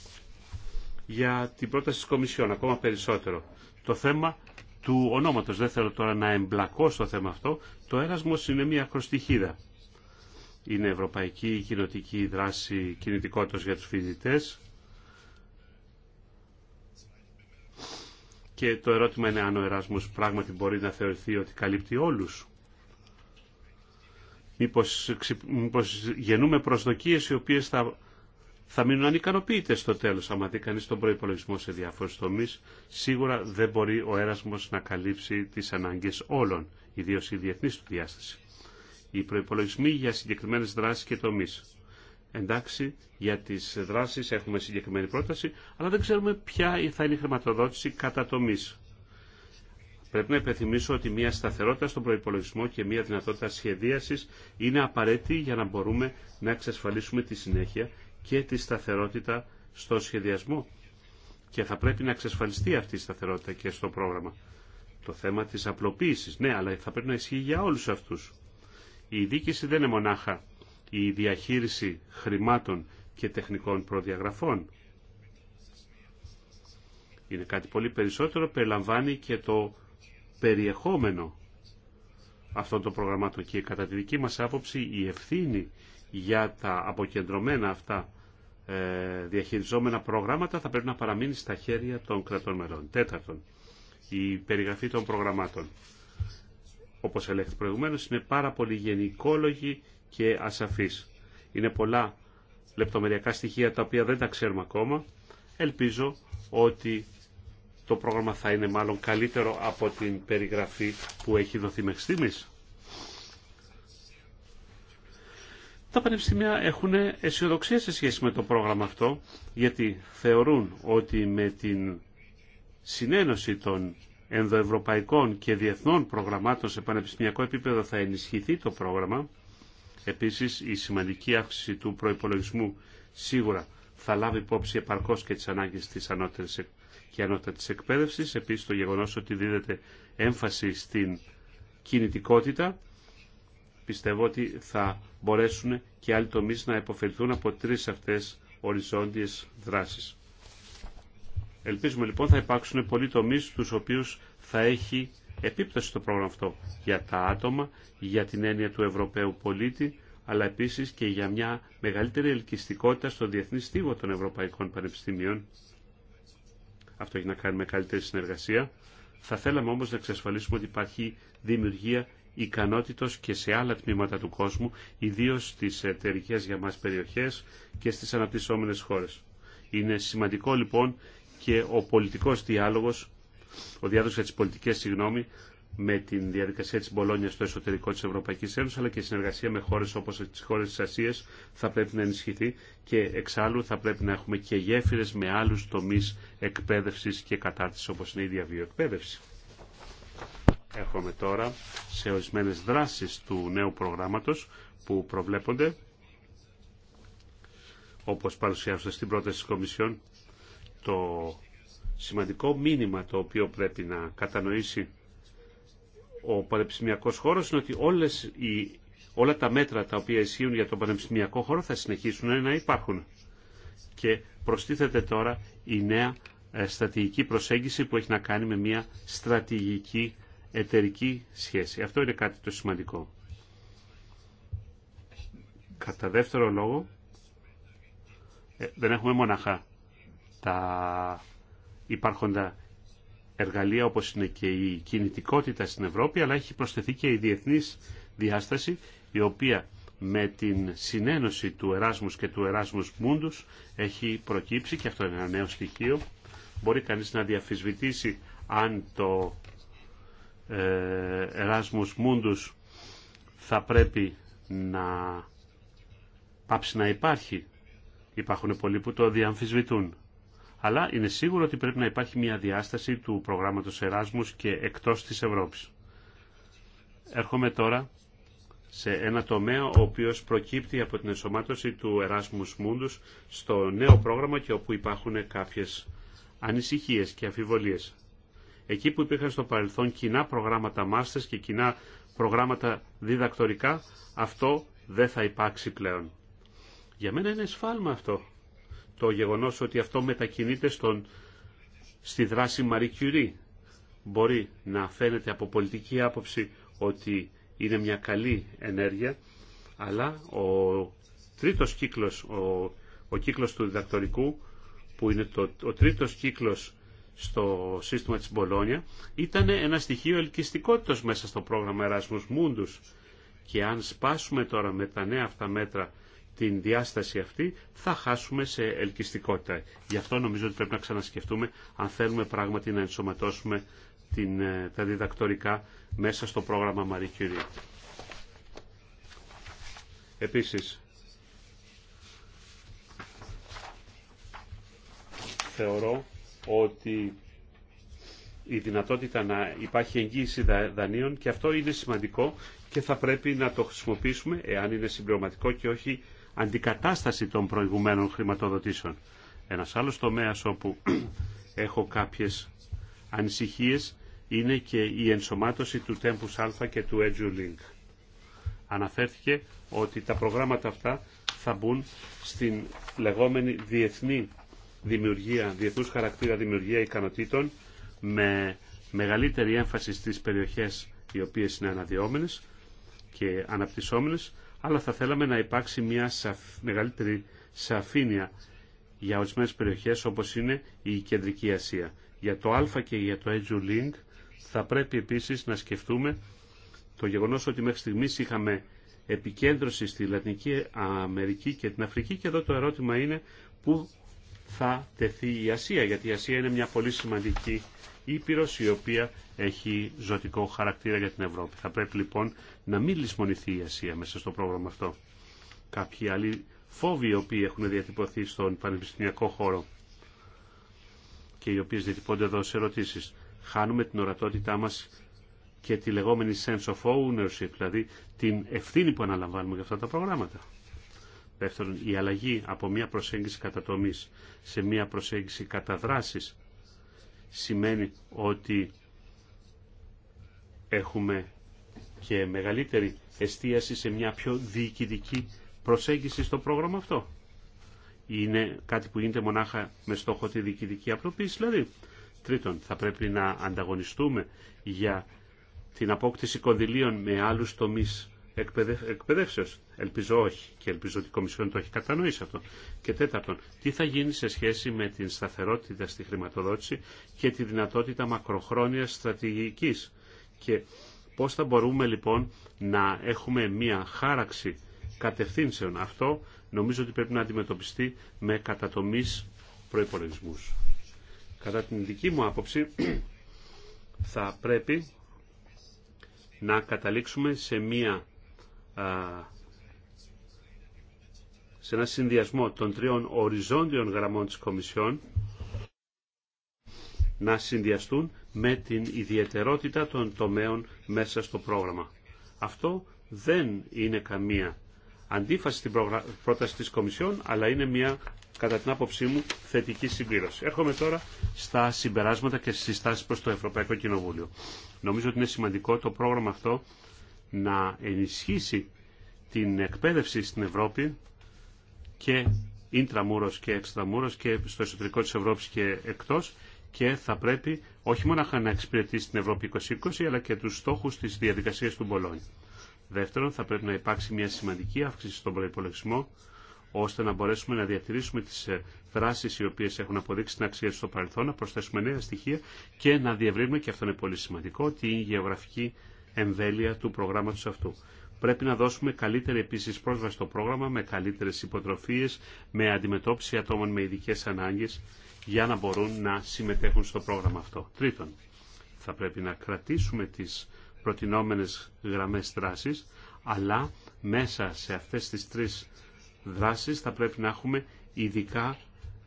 Για την πρόταση της Κομισιόν ακόμα περισσότερο. Το θέμα του ονόματος. Δεν θέλω τώρα να εμπλακώ στο θέμα αυτό. Το έρασμος είναι μια ακροστιχίδα είναι Ευρωπαϊκή Κοινοτική Δράση Κινητικότητας για τους Φοιτητές. Και το ερώτημα είναι αν ο Εράσμος πράγματι μπορεί να θεωρηθεί ότι καλύπτει όλους. Μήπως, μήπως γεννούμε προσδοκίες οι οποίες θα, θα μείνουν ανικανοποιητές στο τέλος. Αν δει κανείς τον προϋπολογισμό σε διάφορους τομείς, σίγουρα δεν μπορεί ο Έρασμος να καλύψει τις ανάγκες όλων, ιδίως η διεθνής του διάσταση οι προπολογισμοί για συγκεκριμένε δράσει και τομεί. Εντάξει, για τι δράσει έχουμε συγκεκριμένη πρόταση, αλλά δεν ξέρουμε ποια θα είναι η χρηματοδότηση κατά τομεί. Πρέπει να υπενθυμίσω ότι μια σταθερότητα στον προπολογισμό και μια δυνατότητα σχεδίαση είναι απαραίτητη για να μπορούμε να εξασφαλίσουμε τη συνέχεια και τη σταθερότητα στο σχεδιασμό. Και θα πρέπει να εξασφαλιστεί αυτή η σταθερότητα και στο πρόγραμμα. Το θέμα της απλοποίηση. ναι, αλλά θα πρέπει να ισχύει για όλους αυτούς. Η δίκηση δεν είναι μονάχα η διαχείριση χρημάτων και τεχνικών προδιαγραφών. Είναι κάτι πολύ περισσότερο, περιλαμβάνει και το περιεχόμενο αυτών των προγραμμάτων και κατά τη δική μας άποψη η ευθύνη για τα αποκεντρωμένα αυτά ε, διαχειριζόμενα προγράμματα θα πρέπει να παραμείνει στα χέρια των κρατών μελών. Τέταρτον, η περιγραφή των προγραμμάτων όπως ελέγχθη προηγουμένως, είναι πάρα πολύ γενικόλογη και ασαφής. Είναι πολλά λεπτομεριακά στοιχεία τα οποία δεν τα ξέρουμε ακόμα. Ελπίζω ότι το πρόγραμμα θα είναι μάλλον καλύτερο από την περιγραφή που έχει δοθεί μέχρι στιγμής. Τα πανεπιστήμια έχουν αισιοδοξία σε σχέση με το πρόγραμμα αυτό, γιατί θεωρούν ότι με την συνένωση των ενδοευρωπαϊκών και διεθνών προγραμμάτων σε πανεπιστημιακό επίπεδο θα ενισχυθεί το πρόγραμμα. Επίσης, η σημαντική αύξηση του προϋπολογισμού σίγουρα θα λάβει υπόψη επαρκώς και τις ανάγκες της ανώτερης και ανώτατης εκπαίδευσης. Επίσης, το γεγονός ότι δίδεται έμφαση στην κινητικότητα πιστεύω ότι θα μπορέσουν και άλλοι τομείς να υποφελθούν από τρεις αυτές οριζόντιες δράσεις. Ελπίζουμε λοιπόν θα υπάρξουν πολλοί τομείς στου οποίου θα έχει επίπτωση το πρόγραμμα αυτό για τα άτομα, για την έννοια του Ευρωπαίου πολίτη, αλλά επίση και για μια μεγαλύτερη ελκυστικότητα στο διεθνή στίβο των Ευρωπαϊκών Πανεπιστημίων. Αυτό έχει να κάνει με καλύτερη συνεργασία. Θα θέλαμε όμως να εξασφαλίσουμε ότι υπάρχει δημιουργία ικανότητος και σε άλλα τμήματα του κόσμου, ιδίως στις εταιρικέ για μας περιοχές και στις αναπτυσσόμενες χώρες. Είναι σημαντικό λοιπόν και ο πολιτικός διάλογος, ο διάλογος για τις πολιτικές, συγγνώμη, με την διαδικασία της Μπολόνια στο εσωτερικό της Ευρωπαϊκής Ένωσης, αλλά και η συνεργασία με χώρες όπως τις χώρες της Ασίας θα πρέπει να ενισχυθεί και εξάλλου θα πρέπει να έχουμε και γέφυρες με άλλους τομείς εκπαίδευσης και κατάρτισης όπως είναι η διαβιοεκπαίδευση. Έχουμε τώρα σε ορισμένε δράσεις του νέου προγράμματος που προβλέπονται όπως παρουσιάζονται στην πρόταση της Κομισιόν το σημαντικό μήνυμα το οποίο πρέπει να κατανοήσει ο πανεπιστημιακός χώρος είναι ότι όλες οι, όλα τα μέτρα τα οποία ισχύουν για τον πανεπιστημιακό χώρο θα συνεχίσουν να υπάρχουν. Και προστίθεται τώρα η νέα ε, στρατηγική προσέγγιση που έχει να κάνει με μια στρατηγική εταιρική σχέση. Αυτό είναι κάτι το σημαντικό. Κατά δεύτερο λόγο, ε, δεν έχουμε μοναχά τα υπάρχοντα εργαλεία όπως είναι και η κινητικότητα στην Ευρώπη, αλλά έχει προσθεθεί και η διεθνής διάσταση, η οποία με την συνένωση του Εράσμους και του Εράσμους Μούντους έχει προκύψει και αυτό είναι ένα νέο στοιχείο. Μπορεί κανείς να διαφυσβητήσει αν το ε, Εράσμους Μούντους θα πρέπει να πάψει να υπάρχει. Υπάρχουν πολλοί που το διαμφισβητούν αλλά είναι σίγουρο ότι πρέπει να υπάρχει μια διάσταση του προγράμματος Εράσμους και εκτός της Ευρώπης. Έρχομαι τώρα σε ένα τομέα ο οποίος προκύπτει από την ενσωμάτωση του Εράσμους Μούντους στο νέο πρόγραμμα και όπου υπάρχουν κάποιες ανησυχίες και αφιβολίες. Εκεί που υπήρχαν στο παρελθόν κοινά προγράμματα μάστες και κοινά προγράμματα διδακτορικά, αυτό δεν θα υπάρξει πλέον. Για μένα είναι σφάλμα αυτό το γεγονός ότι αυτό μετακινείται στον, στη δράση Marie Curie. Μπορεί να φαίνεται από πολιτική άποψη ότι είναι μια καλή ενέργεια, αλλά ο τρίτος κύκλος, ο, ο κύκλος του διδακτορικού, που είναι το, ο τρίτος κύκλος στο σύστημα της Μπολόνια, ήταν ένα στοιχείο ελκυστικότητας μέσα στο πρόγραμμα Erasmus Mundus. Και αν σπάσουμε τώρα με τα νέα αυτά μέτρα την διάσταση αυτή θα χάσουμε σε ελκυστικότητα. Γι' αυτό νομίζω ότι πρέπει να ξανασκεφτούμε αν θέλουμε πράγματι να ενσωματώσουμε την, ε, τα διδακτορικά μέσα στο πρόγραμμα Marie Curie. Επίσης, θεωρώ ότι η δυνατότητα να υπάρχει εγγύηση δανείων και αυτό είναι σημαντικό και θα πρέπει να το χρησιμοποιήσουμε εάν είναι συμπληρωματικό και όχι αντικατάσταση των προηγουμένων χρηματοδοτήσεων. Ένας άλλος τομέας όπου έχω κάποιες ανησυχίες είναι και η ενσωμάτωση του Tempus Α και του EduLink. Αναφέρθηκε ότι τα προγράμματα αυτά θα μπουν στην λεγόμενη διεθνή δημιουργία, διεθνούς χαρακτήρα δημιουργία ικανοτήτων με μεγαλύτερη έμφαση στις περιοχές οι οποίες είναι αναδυόμενες και αναπτυσσόμενες αλλά θα θέλαμε να υπάρξει μια σαφ... μεγαλύτερη σαφήνεια για ορισμένες περιοχές όπως είναι η Κεντρική Ασία. Για το Α και για το Edge Link θα πρέπει επίσης να σκεφτούμε το γεγονός ότι μέχρι στιγμής είχαμε επικέντρωση στη Λατινική Αμερική και την Αφρική και εδώ το ερώτημα είναι πού θα τεθεί η Ασία, γιατί η Ασία είναι μια πολύ σημαντική Ήπειρος η οποία έχει ζωτικό χαρακτήρα για την Ευρώπη. Θα πρέπει λοιπόν να μην λησμονηθεί η Ασία μέσα στο πρόγραμμα αυτό. Κάποιοι άλλοι φόβοι οι οποίοι έχουν διατυπωθεί στον πανεπιστημιακό χώρο και οι οποίες διατυπώνται εδώ σε ερωτήσεις. Χάνουμε την ορατότητά μας και τη λεγόμενη sense of ownership, δηλαδή την ευθύνη που αναλαμβάνουμε για αυτά τα προγράμματα. Δεύτερον, η αλλαγή από μια προσέγγιση κατατομής σε μια προσέγγιση καταδράσης σημαίνει ότι έχουμε και μεγαλύτερη εστίαση σε μια πιο διοικητική προσέγγιση στο πρόγραμμα αυτό. Είναι κάτι που γίνεται μονάχα με στόχο τη διοικητική απλοποίηση. Δηλαδή, τρίτον, θα πρέπει να ανταγωνιστούμε για την απόκτηση κονδυλίων με άλλους τομείς εκπαιδεύσεως. Ελπίζω όχι και ελπίζω ότι η Κομισιόν το έχει κατανοήσει αυτό. Και τέταρτον, τι θα γίνει σε σχέση με την σταθερότητα στη χρηματοδότηση και τη δυνατότητα μακροχρόνιας στρατηγικής και πώς θα μπορούμε λοιπόν να έχουμε μία χάραξη κατευθύνσεων. Αυτό νομίζω ότι πρέπει να αντιμετωπιστεί με κατατομής προϋπολογισμούς. Κατά την δική μου άποψη θα πρέπει να καταλήξουμε σε μία σε ένα συνδυασμό των τριών οριζόντιων γραμμών της Κομισιόν να συνδυαστούν με την ιδιαιτερότητα των τομέων μέσα στο πρόγραμμα. Αυτό δεν είναι καμία αντίφαση στην πρόταση της Κομισιόν, αλλά είναι μια, κατά την άποψή μου, θετική συμπλήρωση. Έρχομαι τώρα στα συμπεράσματα και στις συστάσεις προς το Ευρωπαϊκό Κοινοβούλιο. Νομίζω ότι είναι σημαντικό το πρόγραμμα αυτό να ενισχύσει την εκπαίδευση στην Ευρώπη και ίντραμούρος και εξτραμούρος και στο εσωτερικό της Ευρώπης και εκτός και θα πρέπει όχι μόνο να εξυπηρετήσει την Ευρώπη 2020 αλλά και τους στόχους της διαδικασίας του Μπολόνι. Δεύτερον, θα πρέπει να υπάρξει μια σημαντική αύξηση στον προπολογισμό ώστε να μπορέσουμε να διατηρήσουμε τις ε, δράσεις οι οποίες έχουν αποδείξει την αξία στο παρελθόν, να προσθέσουμε νέα στοιχεία και να διευρύνουμε, και αυτό είναι πολύ σημαντικό, την γεωγραφική εμβέλεια του προγράμματος αυτού. Πρέπει να δώσουμε καλύτερη επίσης πρόσβαση στο πρόγραμμα με καλύτερες υποτροφίες, με αντιμετώπιση ατόμων με ειδικέ ανάγκες για να μπορούν να συμμετέχουν στο πρόγραμμα αυτό. Τρίτον, θα πρέπει να κρατήσουμε τις προτινόμενες γραμμές δράσης, αλλά μέσα σε αυτές τις τρεις δράσεις θα πρέπει να έχουμε ειδικά,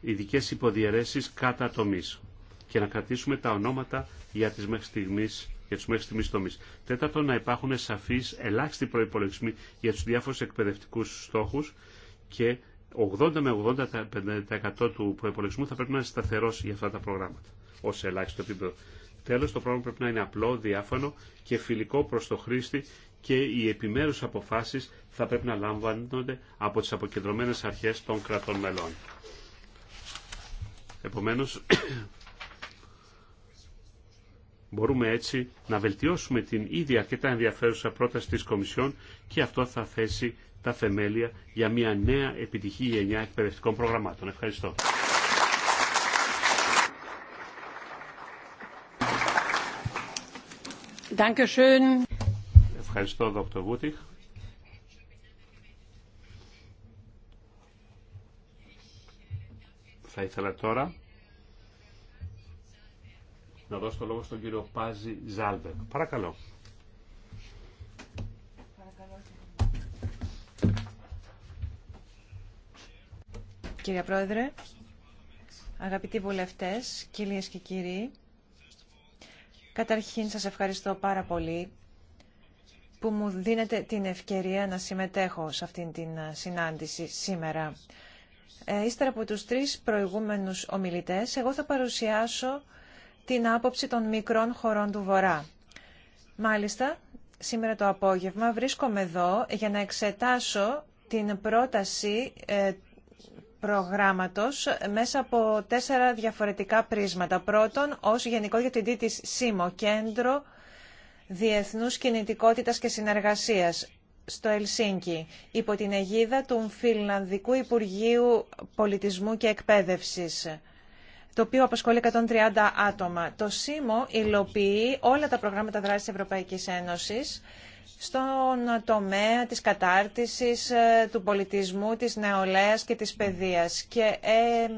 ειδικές υποδιαιρέσεις κατά τομής και να κρατήσουμε τα ονόματα για τις μέχρι στιγμής για του μέχρι στιγμή τομεί. Τέταρτον, να υπάρχουν σαφεί ελάχιστοι προπολογισμοί για του διάφορου εκπαιδευτικού στόχου και 80 με 85% του προπολογισμού θα πρέπει να είναι σταθερό για αυτά τα προγράμματα ω ελάχιστο επίπεδο. Τέλο, το πρόγραμμα πρέπει να είναι απλό, διάφανο και φιλικό προ το χρήστη και οι επιμέρους αποφάσεις θα πρέπει να λαμβάνονται από τις αποκεντρωμένες αρχές των κρατών μελών. Επομένως, Μπορούμε έτσι να βελτιώσουμε την ήδη αρκετά ενδιαφέρουσα πρόταση της Κομισιόν και αυτό θα θέσει τα θεμέλια για μια νέα επιτυχή γενιά εκπαιδευτικών προγραμμάτων. Ευχαριστώ. Ευχαριστώ, Δ. Βούτιχ. Θα ήθελα τώρα να δώσω το λόγο στον κύριο Πάζη Ζάλβερ. Παρακαλώ. Κύριε Πρόεδρε, αγαπητοί βουλευτές, κυρίες και κύριοι, καταρχήν σας ευχαριστώ πάρα πολύ που μου δίνετε την ευκαιρία να συμμετέχω σε αυτήν την συνάντηση σήμερα. Ε, ύστερα από τους τρεις προηγούμενους ομιλητές, εγώ θα παρουσιάσω την άποψη των μικρών χωρών του Βορρά. Μάλιστα, σήμερα το απόγευμα βρίσκομαι εδώ για να εξετάσω την πρόταση ε, προγράμματος μέσα από τέσσερα διαφορετικά πρίσματα. Πρώτον, ως Γενικό Διευθυντή της ΣΥΜΟ, Κέντρο Διεθνούς Κινητικότητας και Συνεργασίας στο Ελσίνκι, υπό την αιγίδα του Φιλανδικού Υπουργείου Πολιτισμού και Εκπαίδευσης το οποίο απασχολεί 130 άτομα. Το ΣΥΜΟ υλοποιεί όλα τα προγράμματα δράσης Ευρωπαϊκής Ένωσης στον τομέα της κατάρτισης, ε, του πολιτισμού, της νεολαίας και της παιδείας. Και ε,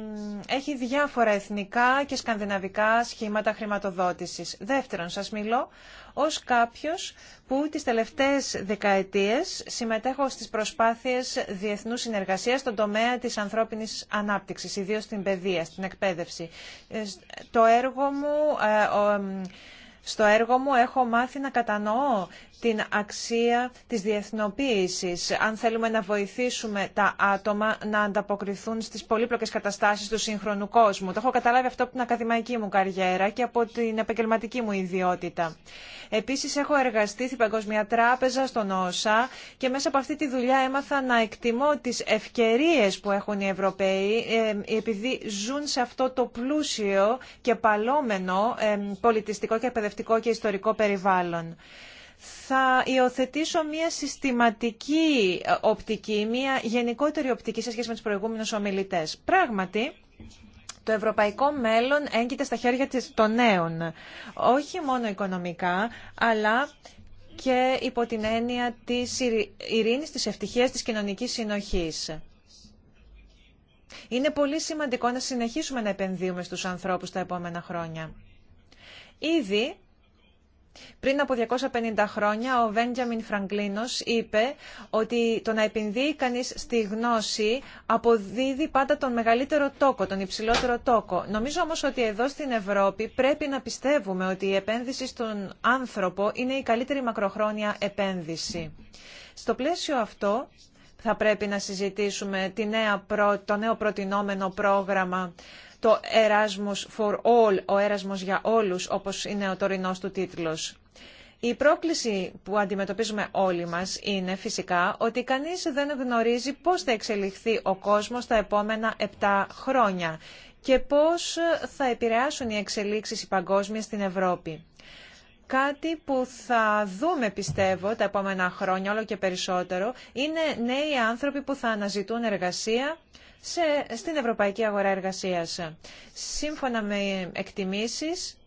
έχει διάφορα εθνικά και σκανδιναβικά σχήματα χρηματοδότησης. Δεύτερον, σας μιλώ ως κάποιος που τις τελευταίες δεκαετίες συμμετέχω στις προσπάθειες διεθνούς συνεργασίας στον τομέα της ανθρώπινης ανάπτυξης, ιδίως στην παιδεία, στην εκπαίδευση. Ε, το έργο ε, Στο έργο μου έχω μάθει να κατανοώ την αξία της διεθνοποίησης, αν θέλουμε να βοηθήσουμε τα άτομα να ανταποκριθούν στις πολύπλοκες καταστάσεις του σύγχρονου κόσμου. Το έχω καταλάβει αυτό από την ακαδημαϊκή μου καριέρα και από την επαγγελματική μου ιδιότητα. Επίσης έχω εργαστεί στην Παγκόσμια Τράπεζα, στον ΩΣΑ και μέσα από αυτή τη δουλειά έμαθα να εκτιμώ τις ευκαιρίες που έχουν οι Ευρωπαίοι επειδή ζουν σε αυτό το πλούσιο και παλόμενο πολιτιστικό και εκπαιδευτικό και ιστορικό περιβάλλον θα υιοθετήσω μια συστηματική ε, οπτική, μια γενικότερη οπτική σε σχέση με τους προηγούμενους ομιλητές. Πράγματι, το ευρωπαϊκό μέλλον έγκυται στα χέρια των νέων, όχι μόνο οικονομικά, αλλά και υπό την έννοια της ειρήνης, της ευτυχίας, της κοινωνικής συνοχής. Είναι πολύ σημαντικό να συνεχίσουμε να επενδύουμε στους ανθρώπους τα επόμενα χρόνια. Ήδη πριν από 250 χρόνια ο Βέντιαμιν Φραγκλίνος είπε ότι το να επενδύει κανείς στη γνώση αποδίδει πάντα τον μεγαλύτερο τόκο, τον υψηλότερο τόκο. Νομίζω όμως ότι εδώ στην Ευρώπη πρέπει να πιστεύουμε ότι η επένδυση στον άνθρωπο είναι η καλύτερη μακροχρόνια επένδυση. Στο πλαίσιο αυτό θα πρέπει να συζητήσουμε το νέο προτινόμενο πρόγραμμα το Erasmus for All, ο Erasmus για όλους, όπως είναι ο τωρινός του τίτλος. Η πρόκληση που αντιμετωπίζουμε όλοι μας είναι φυσικά ότι κανείς δεν γνωρίζει πώς θα εξελιχθεί ο κόσμος τα επόμενα 7 χρόνια και πώς θα επηρεάσουν οι εξελίξεις οι παγκόσμιες στην Ευρώπη. Κάτι που θα δούμε, πιστεύω, τα επόμενα χρόνια όλο και περισσότερο είναι νέοι άνθρωποι που θα αναζητούν εργασία, σε, στην ευρωπαϊκή αγορά εργασίας. Σύμφωνα με εκτιμήσεις,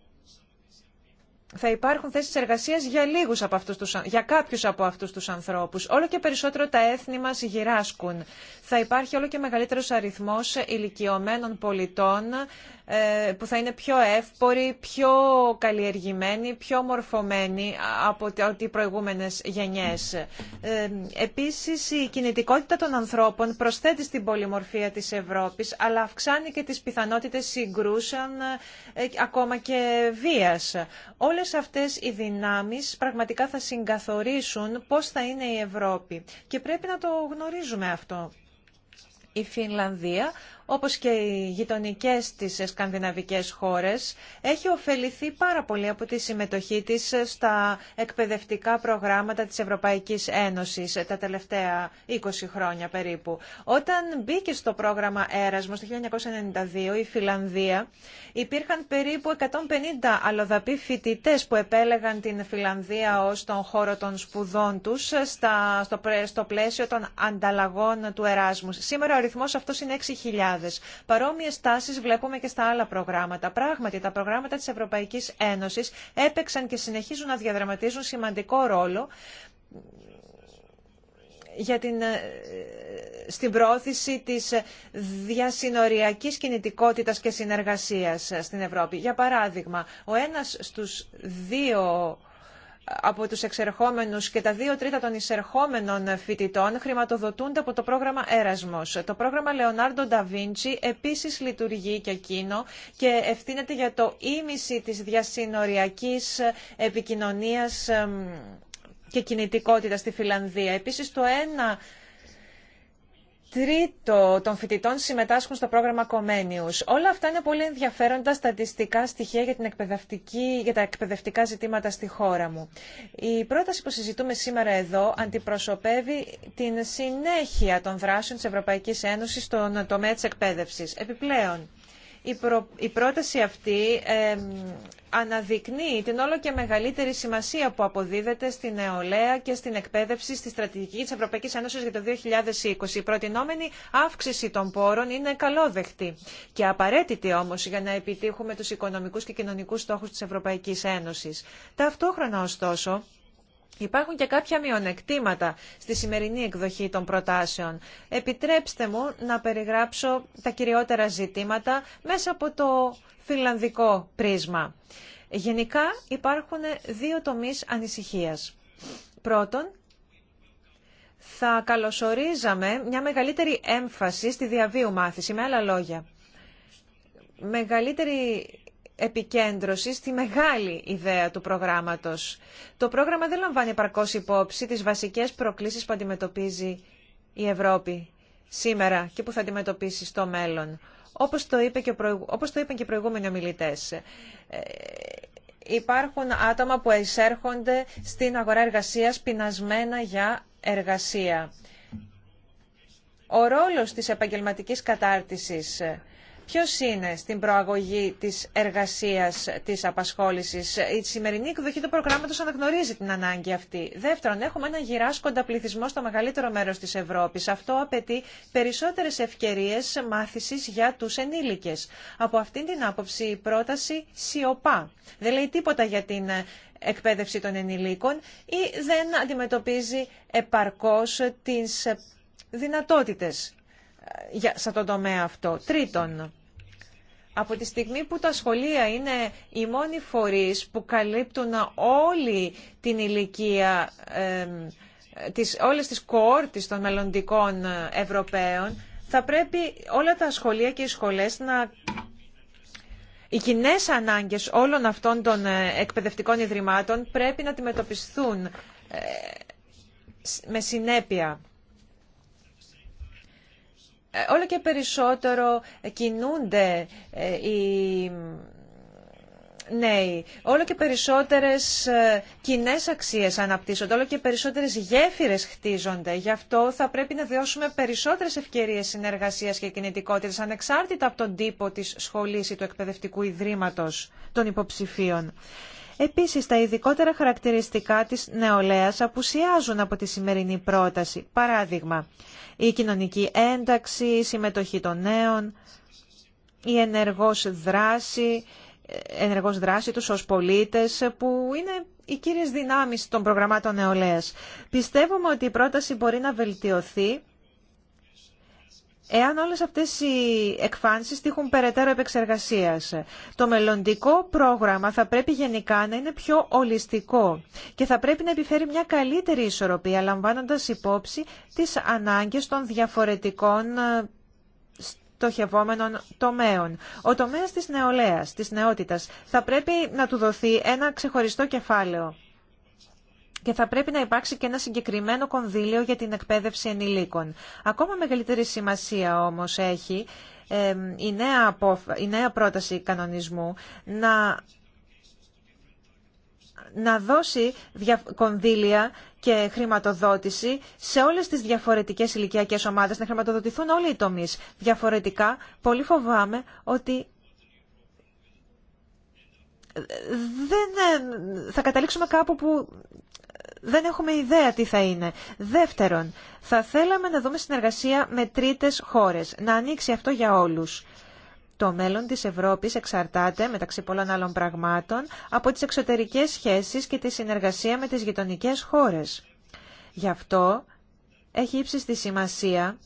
θα υπάρχουν θέσεις εργασίας για, λίγους από αυτούς τους, για κάποιους από αυτούς τους ανθρώπους. Όλο και περισσότερο τα έθνη μας γυράσκουν θα υπάρχει όλο και μεγαλύτερος αριθμός ηλικιωμένων πολιτών ε, που θα είναι πιο εύποροι, πιο καλλιεργημένοι, πιο μορφωμένοι από τι προηγούμενες γενιές. Ε, επίσης, η κινητικότητα των ανθρώπων προσθέτει στην πολυμορφία της Ευρώπης, αλλά αυξάνει και τις πιθανότητες συγκρούσεων, ε, ακόμα και βίας. Όλες αυτές οι δυνάμεις πραγματικά θα συγκαθορίσουν πώς θα είναι η Ευρώπη και πρέπει να το γνωρίζουμε αυτό η Φινλανδία όπως και οι γειτονικές της σκανδιναβικές χώρες, έχει ωφεληθεί πάρα πολύ από τη συμμετοχή της στα εκπαιδευτικά προγράμματα της Ευρωπαϊκής Ένωσης τα τελευταία 20 χρόνια περίπου. Όταν μπήκε στο πρόγραμμα Έρασμος το 1992 η Φιλανδία, υπήρχαν περίπου 150 αλλοδαποί φοιτητέ που επέλεγαν την Φιλανδία ως τον χώρο των σπουδών τους στο, πλαίσιο των ανταλλαγών του εράσμου. Σήμερα ο αριθμός αυτός είναι 6.000 ομάδες. Παρόμοιες τάσεις βλέπουμε και στα άλλα προγράμματα. Πράγματι, τα προγράμματα της Ευρωπαϊκής Ένωσης έπαιξαν και συνεχίζουν να διαδραματίζουν σημαντικό ρόλο για την, ε, στην πρόθεση της διασυνοριακής κινητικότητας και συνεργασίας στην Ευρώπη. Για παράδειγμα, ο ένας στους δύο από τους εξερχόμενους και τα δύο τρίτα των εισερχόμενων φοιτητών χρηματοδοτούνται από το πρόγραμμα Erasmus. Το πρόγραμμα Λεωνάρντο Νταβίντσι επίσης λειτουργεί και εκείνο και ευθύνεται για το ίμιση της διασυνοριακής επικοινωνίας και κινητικότητα στη Φιλανδία. Επίσης το ένα τρίτο των φοιτητών συμμετάσχουν στο πρόγραμμα Κομένιους. Όλα αυτά είναι πολύ ενδιαφέροντα στατιστικά στοιχεία για, την εκπαιδευτική, για τα εκπαιδευτικά ζητήματα στη χώρα μου. Η πρόταση που συζητούμε σήμερα εδώ αντιπροσωπεύει την συνέχεια των δράσεων της Ευρωπαϊκής Ένωσης στον τομέα της εκπαίδευσης. Επιπλέον, η, πρόταση αυτή αναδεικνύει την όλο και μεγαλύτερη σημασία που αποδίδεται στην νεολαία και στην εκπαίδευση στη στρατηγική της Ευρωπαϊκής Ένωσης για το 2020. Η προτινόμενη αύξηση των πόρων είναι καλόδεκτη και απαραίτητη όμως για να επιτύχουμε τους οικονομικούς και κοινωνικούς στόχους της Ευρωπαϊκής Ένωσης. Ταυτόχρονα ωστόσο, Υπάρχουν και κάποια μειονεκτήματα στη σημερινή εκδοχή των προτάσεων. Επιτρέψτε μου να περιγράψω τα κυριότερα ζητήματα μέσα από το φιλανδικό πρίσμα. Γενικά υπάρχουν δύο τομείς ανησυχίας. Πρώτον, θα καλωσορίζαμε μια μεγαλύτερη έμφαση στη διαβίου μάθηση, με άλλα λόγια. Μεγαλύτερη επικέντρωση στη μεγάλη ιδέα του προγράμματος. Το πρόγραμμα δεν λαμβάνει επαρκώς υπόψη τις βασικές προκλήσεις που αντιμετωπίζει η Ευρώπη σήμερα και που θα αντιμετωπίσει στο μέλλον. Όπως το, είπε και Όπως το είπαν και οι προηγούμενοι ομιλητές, ε, υπάρχουν άτομα που εισέρχονται στην αγορά εργασίας πεινασμένα για εργασία. Ο ρόλος της επαγγελματικής κατάρτισης ε, Ποιος είναι στην προαγωγή της εργασίας της απασχόλησης. Η σημερινή εκδοχή του προγράμματος αναγνωρίζει την ανάγκη αυτή. Δεύτερον, έχουμε ένα γυράσκοντα πληθυσμό στο μεγαλύτερο μέρος της Ευρώπης. Αυτό απαιτεί περισσότερες ευκαιρίες μάθησης για τους ενήλικες. Από αυτή την άποψη η πρόταση σιωπά. Δεν λέει τίποτα για την ε, εκπαίδευση των ενηλίκων ή δεν αντιμετωπίζει επαρκώς τις ε, δυνατότητες ε, για, τον τομέα αυτό. Τρίτον, από τη στιγμή που τα σχολεία είναι οι μόνοι φορείς που καλύπτουν όλη την ηλικία, ε, τις, όλες τις κόρτες των μελλοντικών ε, Ευρωπαίων, θα πρέπει όλα τα σχολεία και οι σχολές να... Οι κοινέ ανάγκες όλων αυτών των ε, εκπαιδευτικών ιδρυμάτων πρέπει να αντιμετωπιστούν ε, με συνέπεια. Ε, όλο και περισσότερο κινούνται ε, οι νέοι. Όλο και περισσότερες ε, κοινέ αξίες αναπτύσσονται, όλο και περισσότερες γέφυρες χτίζονται. Γι' αυτό θα πρέπει να διώσουμε περισσότερες ευκαιρίες συνεργασίας και κινητικότητας, ανεξάρτητα από τον τύπο της σχολής ή του εκπαιδευτικού ιδρύματος των υποψηφίων. Επίσης, τα ειδικότερα χαρακτηριστικά της νεολαίας απουσιάζουν από τη σημερινή πρόταση. Παράδειγμα, η κοινωνική ένταξη, η συμμετοχή των νέων, η ενεργός δράση, ε, ενεργός δράση τους ως πολίτες που είναι οι κύριες δυνάμεις των προγραμμάτων νεολαίας. Πιστεύουμε ότι η πρόταση μπορεί να βελτιωθεί εάν όλες αυτές οι εκφάνσεις τύχουν περαιτέρω επεξεργασίας. Το μελλοντικό πρόγραμμα θα πρέπει γενικά να είναι πιο ολιστικό και θα πρέπει να επιφέρει μια καλύτερη ισορροπία λαμβάνοντας υπόψη τις ανάγκες των διαφορετικών ε, στοχευόμενων τομέων. Ο τομέας της νεολαίας, της νεότητας, θα πρέπει να του δοθεί ένα ξεχωριστό κεφάλαιο και θα πρέπει να υπάρξει και ένα συγκεκριμένο κονδύλιο για την εκπαίδευση ενηλίκων. Ακόμα μεγαλύτερη σημασία όμως έχει η νέα, η νέα πρόταση κανονισμού να να δώσει κονδύλια και χρηματοδότηση σε όλες τις διαφορετικές ηλικιακές ομάδες, να χρηματοδοτηθούν όλοι οι τομείς. Διαφορετικά, πολύ φοβάμαι ότι δεν θα καταλήξουμε κάπου που δεν έχουμε ιδέα τι θα είναι. Δεύτερον, θα θέλαμε να δούμε συνεργασία με τρίτες χώρες, να ανοίξει αυτό για όλους. Το μέλλον της Ευρώπης εξαρτάται, μεταξύ πολλών άλλων πραγμάτων, από τις εξωτερικές σχέσεις και τη συνεργασία με τις γειτονικές χώρες. Γι' αυτό έχει ύψιστη σημασία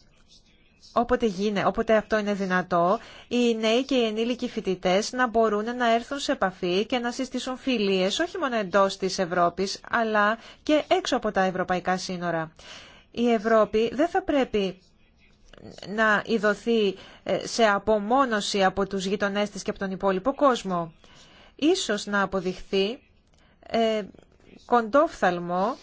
όποτε γίνεται, όποτε αυτό είναι δυνατό, οι νέοι και οι ενήλικοι φοιτητέ να μπορούν να έρθουν σε επαφή και να συστήσουν φιλίε όχι μόνο εντό τη Ευρώπη, αλλά και έξω από τα ευρωπαϊκά σύνορα. Η Ευρώπη δεν θα πρέπει να ιδωθεί ε, σε απομόνωση από τους γειτονές της και από τον υπόλοιπο κόσμο. Ίσως να αποδειχθεί ε, κοντόφθαλμο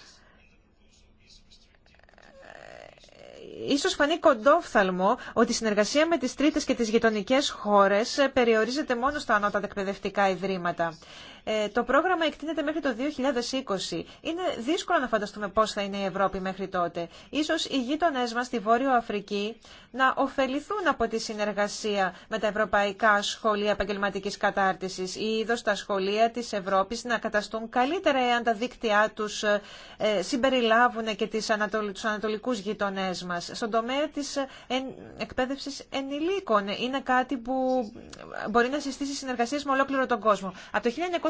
ίσως φανεί κοντόφθαλμο ότι η συνεργασία με τις τρίτες και τις γειτονικές χώρες ε, περιορίζεται μόνο στα ανώτατα εκπαιδευτικά ιδρύματα. Ε, το πρόγραμμα εκτείνεται μέχρι το 2020. Είναι δύσκολο να φανταστούμε πώ θα είναι η Ευρώπη μέχρι τότε. Ίσως οι γείτονέ μα στη Βόρειο Αφρική να ωφεληθούν από τη συνεργασία με τα ευρωπαϊκά σχολεία επαγγελματική κατάρτιση, ή είδο τα σχολεία τη Ευρώπη, να καταστούν καλύτερα εάν τα δίκτυά τους ε, συμπεριλάβουν και ανατολ, ανατολικούς γειτονέ μα Στον τομέα τη ε, εν, εκπαίδευση ενηλίκων είναι κάτι που μπορεί να συστήσει συνεργασίε με ολόκληρο τον κόσμο. Από το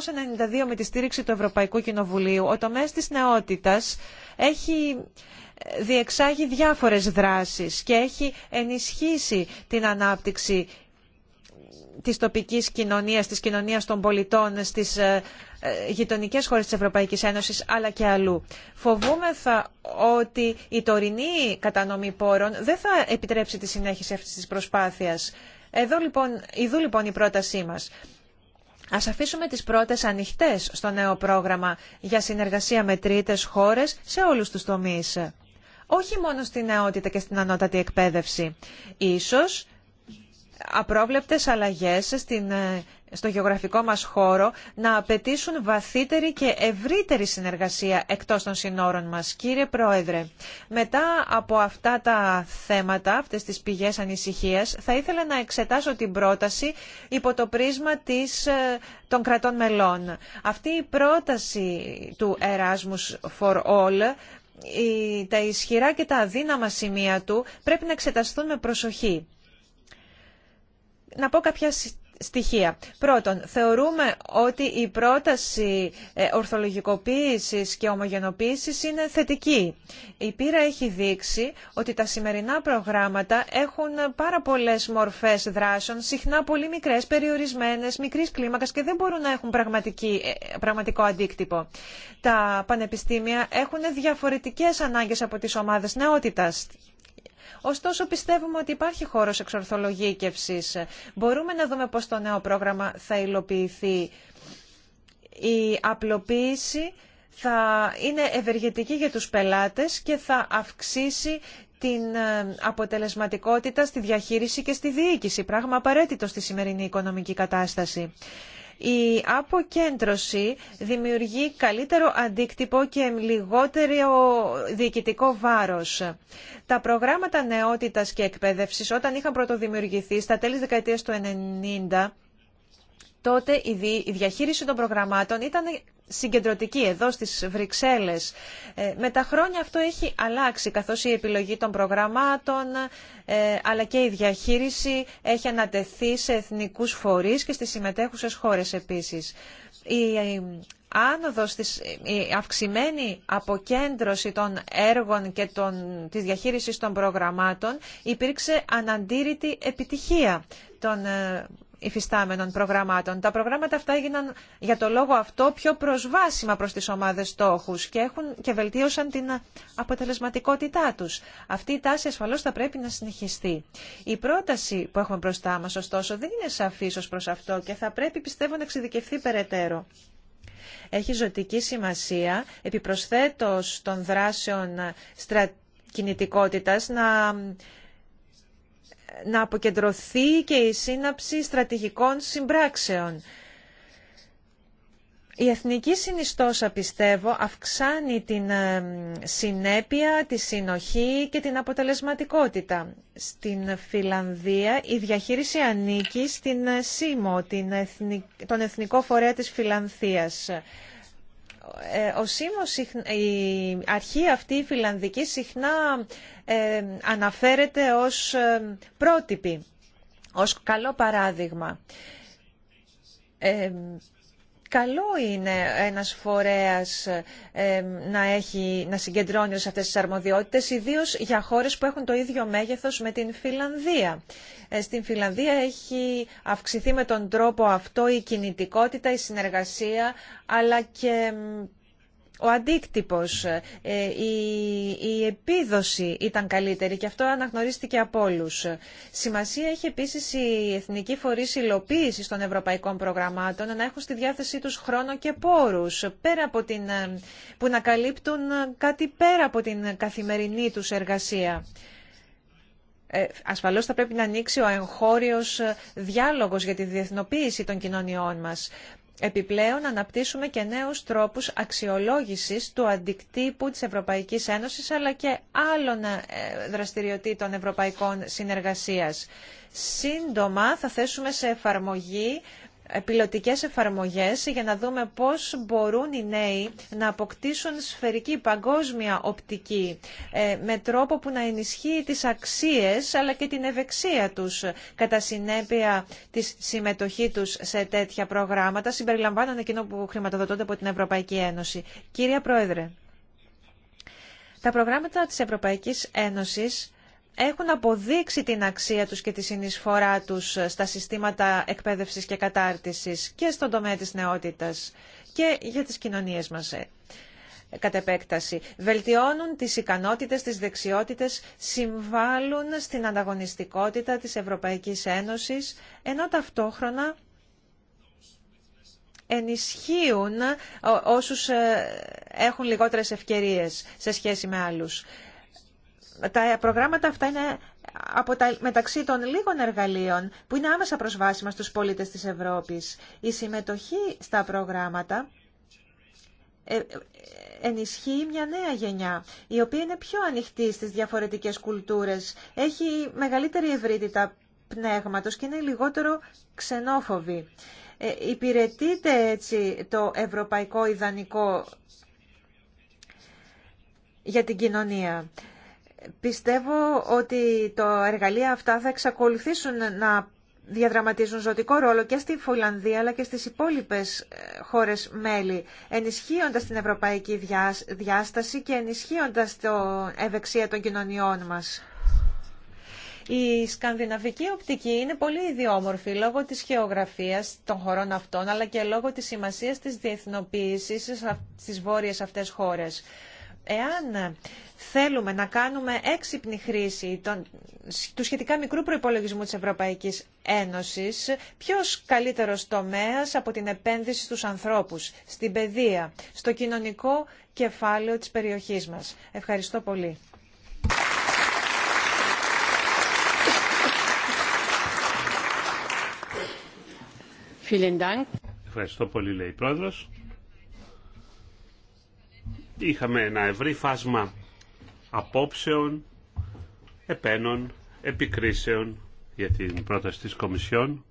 με τη στήριξη του Ευρωπαϊκού Κοινοβουλίου, ο τομέας της νεότητας έχει ε, διεξάγει διάφορες δράσεις και έχει ενισχύσει την ανάπτυξη της τοπικής κοινωνίας, της κοινωνίας των πολιτών, στις ε, ε, γειτονικές χώρες της Ευρωπαϊκής Ένωσης, αλλά και αλλού. Φοβούμεθα ότι η τωρινή κατανομή πόρων δεν θα επιτρέψει τη συνέχιση αυτής της προσπάθειας. Εδώ λοιπόν, ειδού λοιπόν η πρότασή μας. Ας αφήσουμε τις πρώτες ανοιχτές στο νέο πρόγραμμα για συνεργασία με τρίτες χώρες σε όλους τους τομείς. Όχι μόνο στην νεότητα και στην ανώτατη εκπαίδευση. Ίσως απρόβλεπτες αλλαγές στην ε, στο γεωγραφικό μας χώρο να απαιτήσουν βαθύτερη και ευρύτερη συνεργασία εκτός των συνόρων μας. Κύριε Πρόεδρε, μετά από αυτά τα θέματα, αυτές τις πηγές ανησυχίας, θα ήθελα να εξετάσω την πρόταση υπό το πρίσμα ε, των κρατών μελών. Αυτή η πρόταση του Erasmus for All τα ισχυρά και τα αδύναμα σημεία του πρέπει να εξεταστούν με προσοχή. Να πω κάποια στοιχεία. Πρώτον, θεωρούμε ότι η πρόταση ε, ορθολογικοποίησης και ομογενοποίησης είναι θετική. Η πείρα έχει δείξει ότι τα σημερινά προγράμματα έχουν πάρα πολλές μορφές δράσεων, συχνά πολύ μικρές, περιορισμένες, μικρής κλίμακας και δεν μπορούν να έχουν ε, πραγματικό αντίκτυπο. Τα πανεπιστήμια έχουν διαφορετικές ανάγκες από τις ομάδες νεότητας Ωστόσο, πιστεύουμε ότι υπάρχει χώρο εξορθολογήκευση. Μπορούμε να δούμε πώ το νέο πρόγραμμα θα υλοποιηθεί. Η απλοποίηση θα είναι ευεργετική για τους πελάτες και θα αυξήσει την ε, αποτελεσματικότητα στη διαχείριση και στη διοίκηση, πράγμα απαραίτητο στη σημερινή οικονομική κατάσταση. Η αποκέντρωση δημιουργεί καλύτερο αντίκτυπο και λιγότερο διοικητικό βάρος. Τα προγράμματα νεότητας και εκπαίδευσης όταν είχαν πρωτοδημιουργηθεί στα τέλη δεκαετίας του 90 τότε η διαχείριση των προγραμμάτων ήταν συγκεντρωτική εδώ στις Βρυξέλλες. Ε, με τα χρόνια αυτό έχει αλλάξει καθώς η επιλογή των προγραμμάτων ε, αλλά και η διαχείριση έχει ανατεθεί σε εθνικούς φορείς και στις συμμετέχουσες χώρες επίσης. Η άνοδος, της, αυξημένη αποκέντρωση των έργων και των, της διαχείρισης των προγραμμάτων υπήρξε αναντήρητη επιτυχία των ε, υφιστάμενων προγραμμάτων. Τα προγράμματα αυτά έγιναν για το λόγο αυτό πιο προσβάσιμα προς τις ομάδες στόχους και, έχουν, και βελτίωσαν την αποτελεσματικότητά τους. Αυτή η τάση ασφαλώς θα πρέπει να συνεχιστεί. Η πρόταση που έχουμε μπροστά μας ωστόσο δεν είναι σαφής ως προς αυτό και θα πρέπει πιστεύω να εξειδικευθεί περαιτέρω έχει ζωτική σημασία επιπροσθέτως των δράσεων στρα... κινητικότητας να να αποκεντρωθεί και η σύναψη στρατηγικών συμπράξεων. Η εθνική συνιστόσα, πιστεύω, αυξάνει την ε, συνέπεια, τη συνοχή και την αποτελεσματικότητα. Στην Φιλανδία η διαχείριση ανήκει στην ε, ΣΥΜΟ, τον Εθνικό Φορέα της Φιλανδίας. Ε, ο Σίμος, η αρχή αυτή η φιλανδική συχνά ε, αναφέρεται ως ε, πρότυπη, ως καλό παράδειγμα. Καλό είναι ένας φορέας ε, να, έχει, να συγκεντρώνει σε αυτές τις αρμοδιότητες, ιδίως για χώρες που έχουν το ίδιο μέγεθος με την Φιλανδία. Ε, στην Φιλανδία έχει αυξηθεί με τον τρόπο αυτό η κινητικότητα, η συνεργασία, αλλά και ο αντίκτυπος, ε, ε, η επίδοση ήταν καλύτερη και αυτό αναγνωρίστηκε από όλους. Σημασία έχει επίσης η Εθνική Φορή Υλοποίησης των Ευρωπαϊκών Προγραμμάτων να έχουν στη διάθεσή τους χρόνο και πόρους πέρα από την, ε, που να καλύπτουν κάτι πέρα από την καθημερινή τους εργασία. Ε, ασφαλώς θα πρέπει να ανοίξει ο εγχώριος διάλογος για τη διεθνοποίηση των κοινωνιών μας. Επιπλέον, αναπτύσσουμε και νέους τρόπους αξιολόγησης του αντικτύπου της Ευρωπαϊκής Ένωσης, αλλά και άλλων ε, δραστηριοτήτων ευρωπαϊκών συνεργασίας. Σύντομα, θα θέσουμε σε εφαρμογή πιλωτικές εφαρμογές για να δούμε πώς μπορούν οι νέοι να αποκτήσουν σφαιρική παγκόσμια οπτική ε, με τρόπο που να ενισχύει τις αξίες αλλά και την ευεξία τους κατά συνέπεια της συμμετοχή τους σε τέτοια προγράμματα συμπεριλαμβάνουν εκείνο που χρηματοδοτούνται από την Ευρωπαϊκή Ένωση. Κύριε Πρόεδρε, τα προγράμματα της Ευρωπαϊκής Ένωσης έχουν αποδείξει την αξία τους και τη συνεισφορά τους στα συστήματα εκπαίδευσης και κατάρτισης και στον τομέα της νεότητας και για τις κοινωνίες μας ε, κατ' επέκταση. Βελτιώνουν τις ικανότητες, τις δεξιότητες, συμβάλλουν στην ανταγωνιστικότητα της Ευρωπαϊκής Ένωσης, ενώ ταυτόχρονα ενισχύουν ε, όσους ε, έχουν λιγότερες ευκαιρίες σε σχέση με άλλους τα προγράμματα αυτά είναι από μεταξύ των λίγων εργαλείων που είναι άμεσα προσβάσιμα στους πολίτες της Ευρώπης. Η συμμετοχή στα προγράμματα ε, ε, ενισχύει μια νέα γενιά, η οποία είναι πιο ανοιχτή στις διαφορετικές κουλτούρες, έχει μεγαλύτερη ευρύτητα πνεύματος και είναι λιγότερο ξενόφοβη. Ε, υπηρετείται έτσι το ευρωπαϊκό ιδανικό για την κοινωνία. Πιστεύω ότι τα εργαλεία αυτά θα εξακολουθήσουν να διαδραματίζουν ζωτικό ρόλο και στη Φουλανδία αλλά και στις υπόλοιπες ε, χώρες μέλη, ενισχύοντας την ευρωπαϊκή διάσταση και ενισχύοντας το ευεξία των κοινωνιών μας. Η σκανδιναβική οπτική είναι πολύ ιδιόμορφη λόγω της γεωγραφίας των χωρών αυτών αλλά και λόγω της σημασίας της διεθνοποίησης στις βόρειες αυτές χώρες. Εάν θέλουμε να κάνουμε έξυπνη χρήση των, του σχετικά μικρού προϋπολογισμού της Ευρωπαϊκής Ένωσης, ποιος καλύτερος τομέας από την επένδυση στους ανθρώπους, στην παιδεία, στο κοινωνικό κεφάλαιο της περιοχής μας. Ευχαριστώ πολύ. Ευχαριστώ πολύ, λέει η Πρόεδρος είχαμε ένα ευρύ φάσμα απόψεων, επένων, επικρίσεων για την πρόταση της Κομισιόν.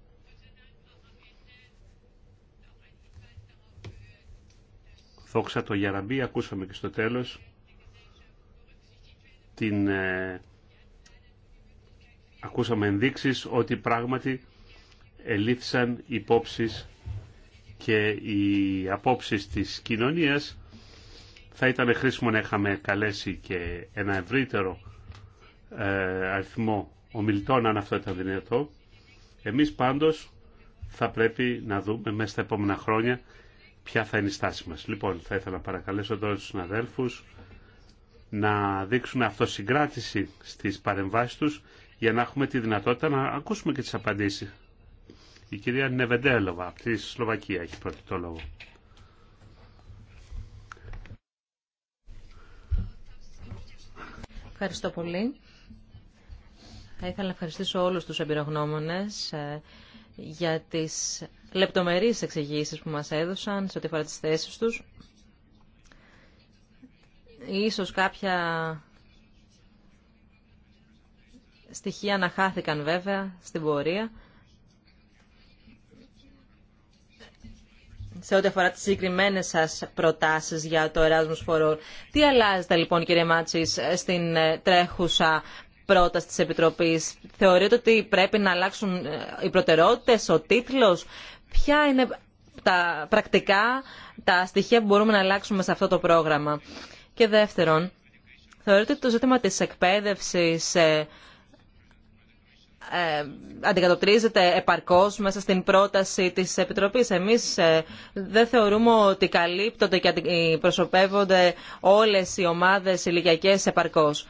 Δόξα το Γιαραμπή, ακούσαμε και στο τέλος την, ε, ακούσαμε ενδείξεις ότι πράγματι ελήφθησαν υπόψεις και οι απόψεις της κοινωνίας θα ήταν χρήσιμο να είχαμε καλέσει και ένα ευρύτερο ε, αριθμό ομιλητών αν αυτό ήταν δυνατό. Εμείς πάντως θα πρέπει να δούμε μέσα στα επόμενα χρόνια ποια θα είναι η στάση μας. Λοιπόν, θα ήθελα να παρακαλέσω τώρα τους συναδέλφους να δείξουν αυτοσυγκράτηση στις παρεμβάσεις τους για να έχουμε τη δυνατότητα να ακούσουμε και τις απαντήσεις. Η κυρία Νεβεντέλοβα από τη Σλοβακία έχει πρώτη το λόγο. Ευχαριστώ πολύ. Θα ήθελα να ευχαριστήσω όλους τους εμπειρογνώμονες ε, για τις λεπτομερείς εξηγήσεις που μας έδωσαν σε ό,τι αφορά τις θέσεις τους. Ίσως κάποια στοιχεία να χάθηκαν βέβαια στην πορεία. σε ό,τι αφορά τι συγκεκριμένε σα προτάσεις για το Erasmus for Τι αλλάζετε λοιπόν κύριε Μάτσης στην ε, τρέχουσα πρόταση της Επιτροπής. Θεωρείτε ότι πρέπει να αλλάξουν ε, οι προτεραιότητε, ο τίτλο, Ποια είναι τα πρακτικά, τα στοιχεία που μπορούμε να αλλάξουμε σε αυτό το πρόγραμμα. Και δεύτερον, θεωρείτε ότι το ζήτημα της εκπαίδευσης ε, ε, αντικατοπτρίζεται επαρκώς μέσα στην πρόταση της Επιτροπής. Εμείς ε, δεν θεωρούμε ότι καλύπτονται και προσωπεύονται όλες οι ομάδες ηλικιακές επαρκώς.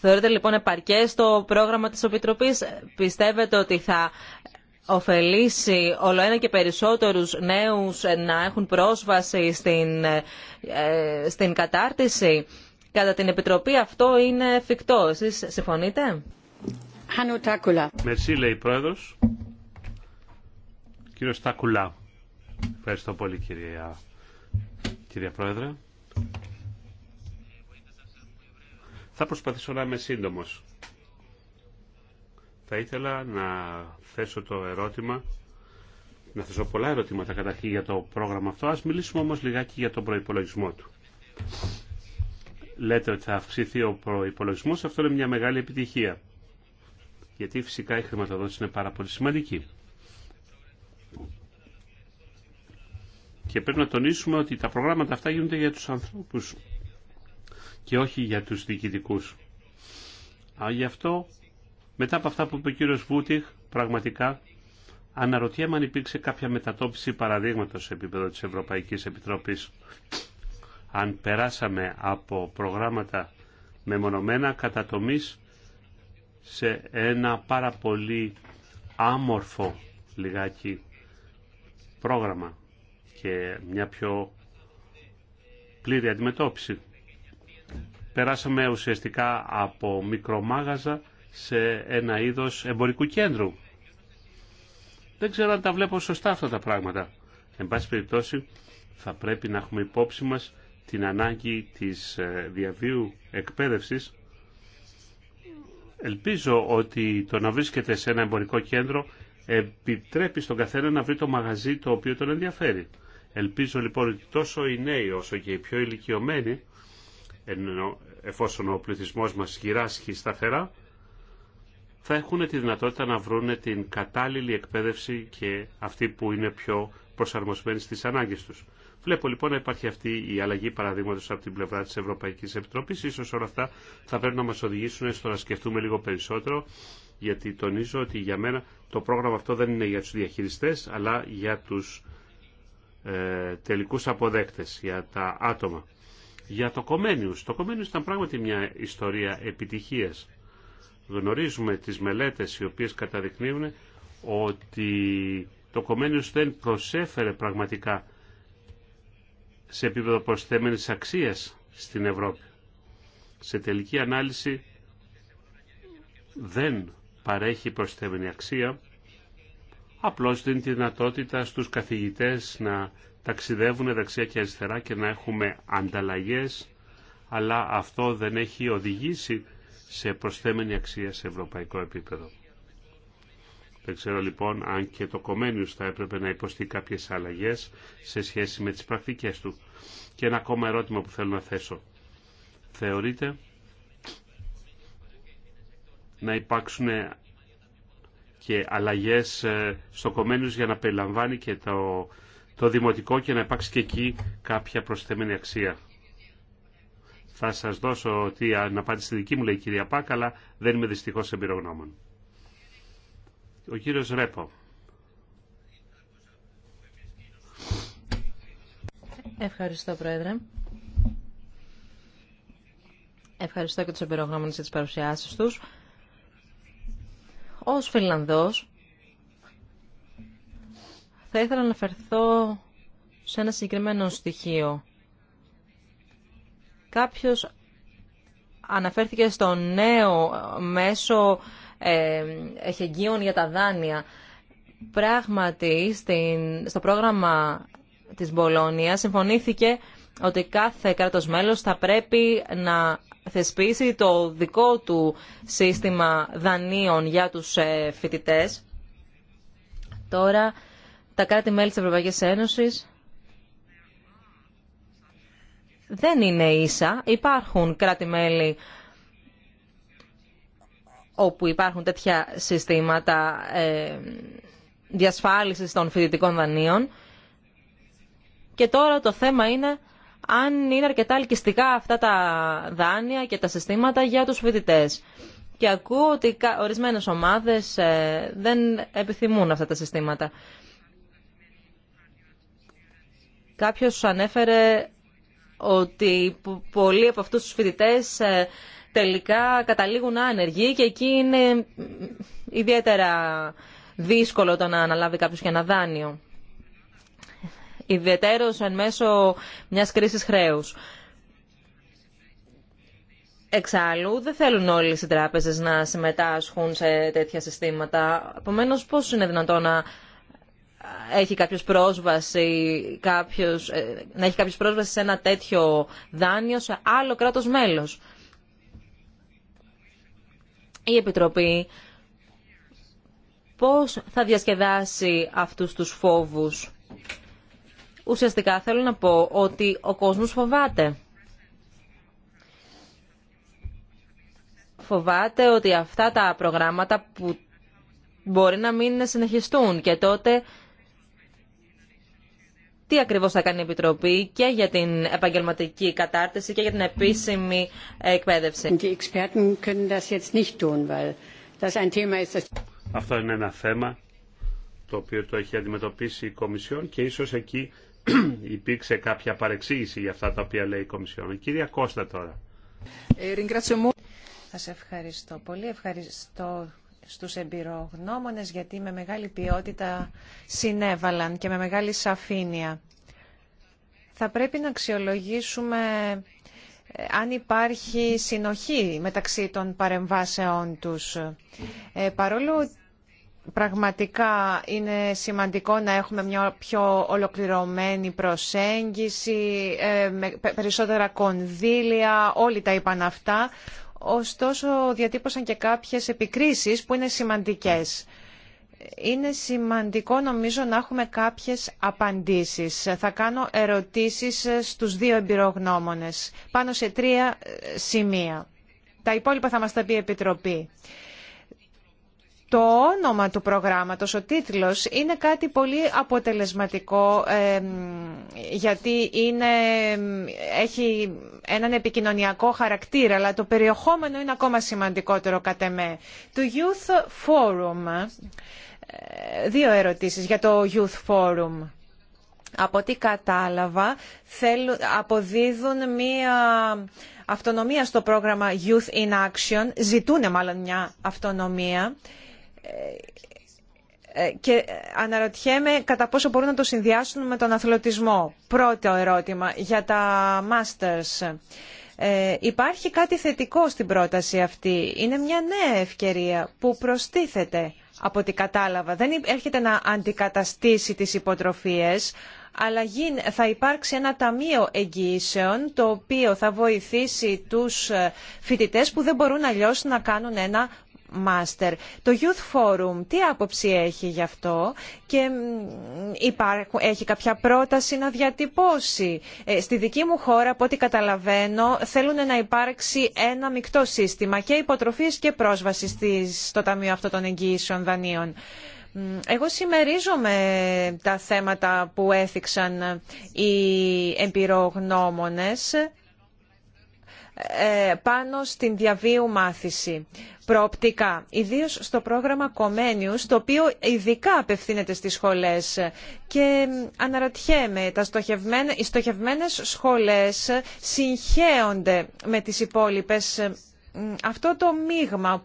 θεωρείτε λοιπόν επαρκές το πρόγραμμα της Επιτροπής. Πιστεύετε ότι θα ωφελήσει όλο ένα και περισσότερους νέους να έχουν πρόσβαση στην, ε, στην κατάρτιση κατά την Επιτροπή αυτό είναι φυκτό. Εσείς συμφωνείτε? Τάκουλα. Μερσή λέει πρόεδρος. Κύριος Τάκουλα. Ευχαριστώ πολύ κυρία, κυρία Πρόεδρε. Θα προσπαθήσω να είμαι σύντομος. Θα ήθελα να θέσω το ερώτημα, να θέσω πολλά ερωτήματα καταρχήν για το πρόγραμμα αυτό. Ας μιλήσουμε όμως λιγάκι για τον προϋπολογισμό του λέτε ότι θα αυξηθεί ο προπολογισμό, αυτό είναι μια μεγάλη επιτυχία. Γιατί φυσικά η χρηματοδότηση είναι πάρα πολύ σημαντική. Και πρέπει να τονίσουμε ότι τα προγράμματα αυτά γίνονται για τους ανθρώπους και όχι για τους διοικητικούς. γι' αυτό, μετά από αυτά που είπε ο κύριος Βούτιχ, πραγματικά αναρωτιέμαι αν υπήρξε κάποια μετατόπιση παραδείγματος σε επίπεδο της Ευρωπαϊκής Επιτροπής αν περάσαμε από προγράμματα μεμονωμένα κατά τομής σε ένα πάρα πολύ άμορφο λιγάκι πρόγραμμα και μια πιο πλήρη αντιμετώπιση. Περάσαμε ουσιαστικά από μικρομάγαζα σε ένα είδος εμπορικού κέντρου. Δεν ξέρω αν τα βλέπω σωστά αυτά τα πράγματα. Εν πάση περιπτώσει θα πρέπει να έχουμε υπόψη μας την ανάγκη της ε, διαβίου εκπαίδευσης, ελπίζω ότι το να βρίσκεται σε ένα εμπορικό κέντρο επιτρέπει στον καθένα να βρει το μαγαζί το οποίο τον ενδιαφέρει. Ελπίζω λοιπόν ότι τόσο οι νέοι όσο και οι πιο ηλικιωμένοι, εφόσον ο πληθυσμός μας γυράσχει σταθερά, θα έχουν τη δυνατότητα να βρουν την κατάλληλη εκπαίδευση και αυτή που είναι πιο προσαρμοσμένη στις ανάγκες τους. Βλέπω λοιπόν να υπάρχει αυτή η αλλαγή παραδείγματο από την πλευρά τη Ευρωπαϊκή Επιτροπής. Ίσως όλα αυτά θα πρέπει να μα οδηγήσουν στο να σκεφτούμε λίγο περισσότερο γιατί τονίζω ότι για μένα το πρόγραμμα αυτό δεν είναι για του διαχειριστέ, αλλά για του ε, τελικούς αποδέκτες, για τα άτομα. Για το Κομένιους. Το Κομένιους ήταν πράγματι μια ιστορία επιτυχίας. Γνωρίζουμε τις μελέτες οι οποίες καταδεικνύουν ότι το Κομένιους δεν προσέφερε πραγματικά σε επίπεδο προσθέμενης αξίας στην Ευρώπη. Σε τελική ανάλυση δεν παρέχει προσθέμενη αξία, απλώς δίνει τη δυνατότητα στους καθηγητές να ταξιδεύουν δεξιά και αριστερά και να έχουμε ανταλλαγές, αλλά αυτό δεν έχει οδηγήσει σε προσθέμενη αξία σε ευρωπαϊκό επίπεδο. Δεν ξέρω λοιπόν αν και το Κομένιους θα έπρεπε να υποστεί κάποιες αλλαγές σε σχέση με τις πρακτικές του. Και ένα ακόμα ερώτημα που θέλω να θέσω. Θεωρείτε να υπάρξουν και αλλαγές ε, στο Κομένιους για να περιλαμβάνει και το, το δημοτικό και να υπάρξει και εκεί κάποια προσθέμενη αξία. Θα σας δώσω ότι, να πάτε στη δική μου, λέει η κυρία Πάκα, αλλά δεν είμαι δυστυχώς εμπειρογνώμων. Ο κύριος Ρέπο. Ευχαριστώ, Πρόεδρε. Ευχαριστώ και τους εμπειρογνώμενους για τις παρουσιάσεις τους. Ως Φιλανδός, θα ήθελα να αναφερθώ σε ένα συγκεκριμένο στοιχείο. Κάποιος αναφέρθηκε στο νέο μέσο εχεγγύων για τα δάνεια. Πράγματι, στην, στο πρόγραμμα της Μπολόνια συμφωνήθηκε ότι κάθε κράτος μέλος θα πρέπει να θεσπίσει το δικό του σύστημα δανείων για τους ε, φοιτητές. Τώρα, τα κράτη-μέλη της Ευρωπαϊκής Ένωσης δεν είναι ίσα. Υπάρχουν κράτη-μέλη όπου υπάρχουν τέτοια συστήματα ε, διασφάλισης των φοιτητικών δανείων. Και τώρα το θέμα είναι αν είναι αρκετά ελκυστικά αυτά τα δάνεια και τα συστήματα για τους φοιτητέ. Και ακούω ότι ορισμένες ομάδες ε, δεν επιθυμούν αυτά τα συστήματα. Κάποιος ανέφερε ότι πολλοί από αυτούς τους φοιτητές ε, τελικά καταλήγουν άνεργοι και εκεί είναι ιδιαίτερα δύσκολο το να αναλάβει κάποιο και ένα δάνειο. Ιδιαίτερο εν μέσω μιας κρίσης χρέους. Εξάλλου, δεν θέλουν όλες οι τράπεζες να συμμετάσχουν σε τέτοια συστήματα. Επομένω, πώς είναι δυνατόν να έχει κάποιος πρόσβαση, κάποιος, ε, να έχει κάποιος πρόσβαση σε ένα τέτοιο δάνειο σε άλλο κράτος μέλος η Επιτροπή πώς θα διασκεδάσει αυτούς τους φόβους. Ουσιαστικά θέλω να πω ότι ο κόσμος φοβάται. Φοβάται ότι αυτά τα προγράμματα που μπορεί να μην συνεχιστούν και τότε τι ακριβώ θα κάνει η Επιτροπή και για την επαγγελματική κατάρτιση και για την επίσημη εκπαίδευση. Αυτό είναι ένα θέμα το οποίο το έχει αντιμετωπίσει η Κομισιόν και ίσως εκεί υπήρξε κάποια παρεξήγηση για αυτά τα οποία λέει η Κομισιόν. κυρία Κώστα τώρα. Θα ε, ευχαριστώ πολύ. Ευχαριστώ στους εμπειρογνώμονες γιατί με μεγάλη ποιότητα συνέβαλαν και με μεγάλη σαφήνεια. Θα πρέπει να αξιολογήσουμε ε, αν υπάρχει συνοχή μεταξύ των παρεμβάσεών τους. Ε, παρόλο που πραγματικά είναι σημαντικό να έχουμε μια πιο ολοκληρωμένη προσέγγιση, ε, με περισσότερα κονδύλια, όλοι τα είπαν αυτά ωστόσο διατύπωσαν και κάποιες επικρίσεις που είναι σημαντικές. Είναι σημαντικό νομίζω να έχουμε κάποιες απαντήσεις. Θα κάνω ερωτήσεις στους δύο εμπειρογνώμονες πάνω σε τρία ε, σημεία. Τα υπόλοιπα θα μας τα πει η Επιτροπή το όνομα του προγράμματος, ο τίτλος, είναι κάτι πολύ αποτελεσματικό γιατί είναι, έχει έναν επικοινωνιακό χαρακτήρα, αλλά το περιεχόμενο είναι ακόμα σημαντικότερο κατ' με. Το Youth Forum, ε, δύο ερωτήσεις για το Youth Forum. Από τι κατάλαβα, θέλουν, αποδίδουν μία αυτονομία στο πρόγραμμα Youth in Action, ζητούν μάλλον μια αυτονομία. Ε, ε, και αναρωτιέμαι κατά πόσο μπορούν να το συνδυάσουν με τον αθλητισμό. Πρώτο ερώτημα για τα Masters. Ε, υπάρχει κάτι θετικό στην πρόταση αυτή. Είναι μια νέα ευκαιρία που προστίθεται από ό,τι κατάλαβα. Δεν έρχεται να αντικαταστήσει τις υποτροφίες, αλλά θα υπάρξει ένα ταμείο εγγυήσεων το οποίο θα βοηθήσει τους φοιτητές που δεν μπορούν αλλιώς να κάνουν ένα Master. Το Youth Forum τι άποψη έχει γι' αυτό και υπάρχει έχει κάποια πρόταση να διατυπώσει. Ε, στη δική μου χώρα, από ό,τι καταλαβαίνω, θέλουν να υπάρξει ένα μεικτό σύστημα και υποτροφής και πρόσβαση στις, στο Ταμείο αυτό των εγγύησεων δανείων. Εγώ συμμερίζομαι τα θέματα που έθιξαν οι εμπειρογνώμονες ε, πάνω στην διαβίου μάθηση προοπτικά, ιδίως στο πρόγραμμα Κομένιους, το οποίο ειδικά απευθύνεται στις σχολές. Και αναρωτιέμαι, τα οι στοχευμένες σχολές συγχέονται με τις υπόλοιπες ε, αυτό το μείγμα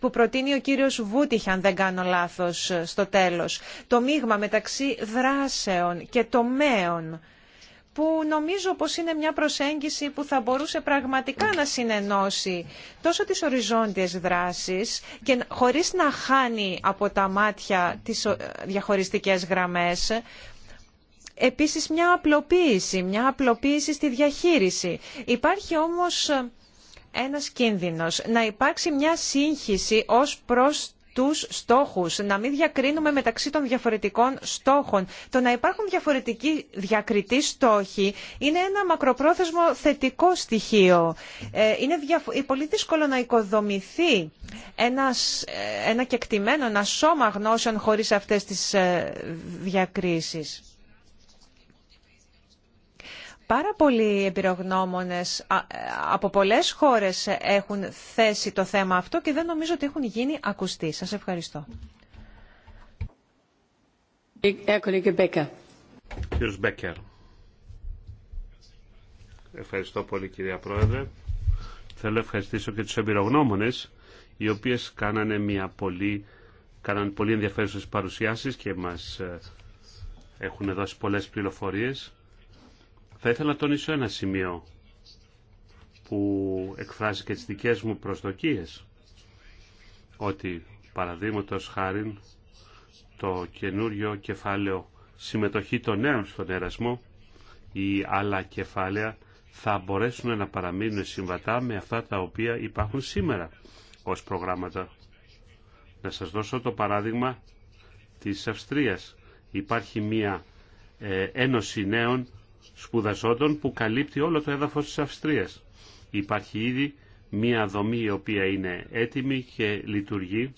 που προτείνει ο κύριος Βούτιχ, αν δεν κάνω λάθος, ε, στο τέλος. Το μείγμα μεταξύ δράσεων και τομέων που νομίζω πως είναι μια προσέγγιση που θα μπορούσε πραγματικά να συνενώσει τόσο τις οριζόντιες δράσεις και χωρίς να χάνει από τα μάτια τις ε, διαχωριστικές γραμμές επίσης μια απλοποίηση, μια απλοποίηση στη διαχείριση. Υπάρχει όμως ε, ένας κίνδυνος να υπάρξει μια σύγχυση ως προς τους στόχους, να μην διακρίνουμε μεταξύ των διαφορετικών στόχων. Το να υπάρχουν διαφορετικοί διακριτοί στόχοι είναι ένα μακροπρόθεσμο θετικό στοιχείο. Ε, είναι διαφο... Ε, πολύ δύσκολο να οικοδομηθεί ένας, ε, ένα κεκτημένο, ένα σώμα γνώσεων χωρίς αυτές τις διακρίσεις. Πάρα πολλοί εμπειρογνώμονες ε, από πολλές χώρες έχουν θέσει το θέμα αυτό και δεν νομίζω ότι έχουν γίνει ακουστοί. Σας ευχαριστώ. Μπέκερ. Ευχαριστώ πολύ κυρία Πρόεδρε. Θέλω να ευχαριστήσω και τους εμπειρογνώμονες οι οποίες κάνανε μια πολύ, κάνανε πολύ ενδιαφέρουσες παρουσιάσεις και μας ε, έχουν δώσει πολλές πληροφορίες. Θα ήθελα να τονίσω ένα σημείο που εκφράζει και τις δικές μου προσδοκίες ότι παραδείγματο χάρη το καινούριο κεφάλαιο συμμετοχή των νέων στον έρασμο ή άλλα κεφάλαια θα μπορέσουν να παραμείνουν συμβατά με αυτά τα οποία υπάρχουν σήμερα ως προγράμματα. Να σας δώσω το παράδειγμα της Αυστρίας. Υπάρχει μία ε, ένωση νέων που καλύπτει όλο το έδαφος της Αυστρίας. Υπάρχει ήδη μία δομή η οποία είναι έτοιμη και λειτουργεί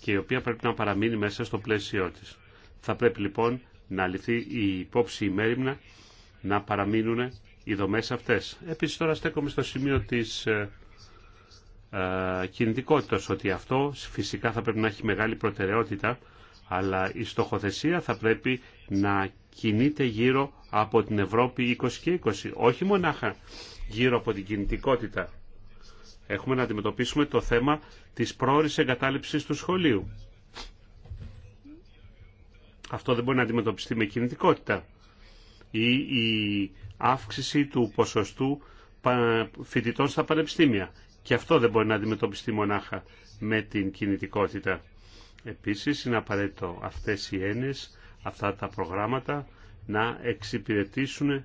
και η οποία πρέπει να παραμείνει μέσα στο πλαίσιό της. Θα πρέπει λοιπόν να λυθεί η υπόψη ημέρημνα να παραμείνουν οι δομές αυτές. Επίσης τώρα στέκομαι στο σημείο της ε, ε, κινητικότητας ότι αυτό φυσικά θα πρέπει να έχει μεγάλη προτεραιότητα αλλά η στοχοθεσία θα πρέπει να κινείται γύρω από την Ευρώπη 20 και 20. Όχι μονάχα γύρω από την κινητικότητα. Έχουμε να αντιμετωπίσουμε το θέμα της πρόορης εγκατάλειψης του σχολείου. Αυτό δεν μπορεί να αντιμετωπιστεί με κινητικότητα. Ή η αύξηση του ποσοστού φοιτητών στα πανεπιστήμια. Και αυτό δεν μπορεί να αντιμετωπιστεί μονάχα με την κινητικότητα. Επίσης είναι απαραίτητο αυτές οι έννοιες αυτά τα προγράμματα να εξυπηρετήσουν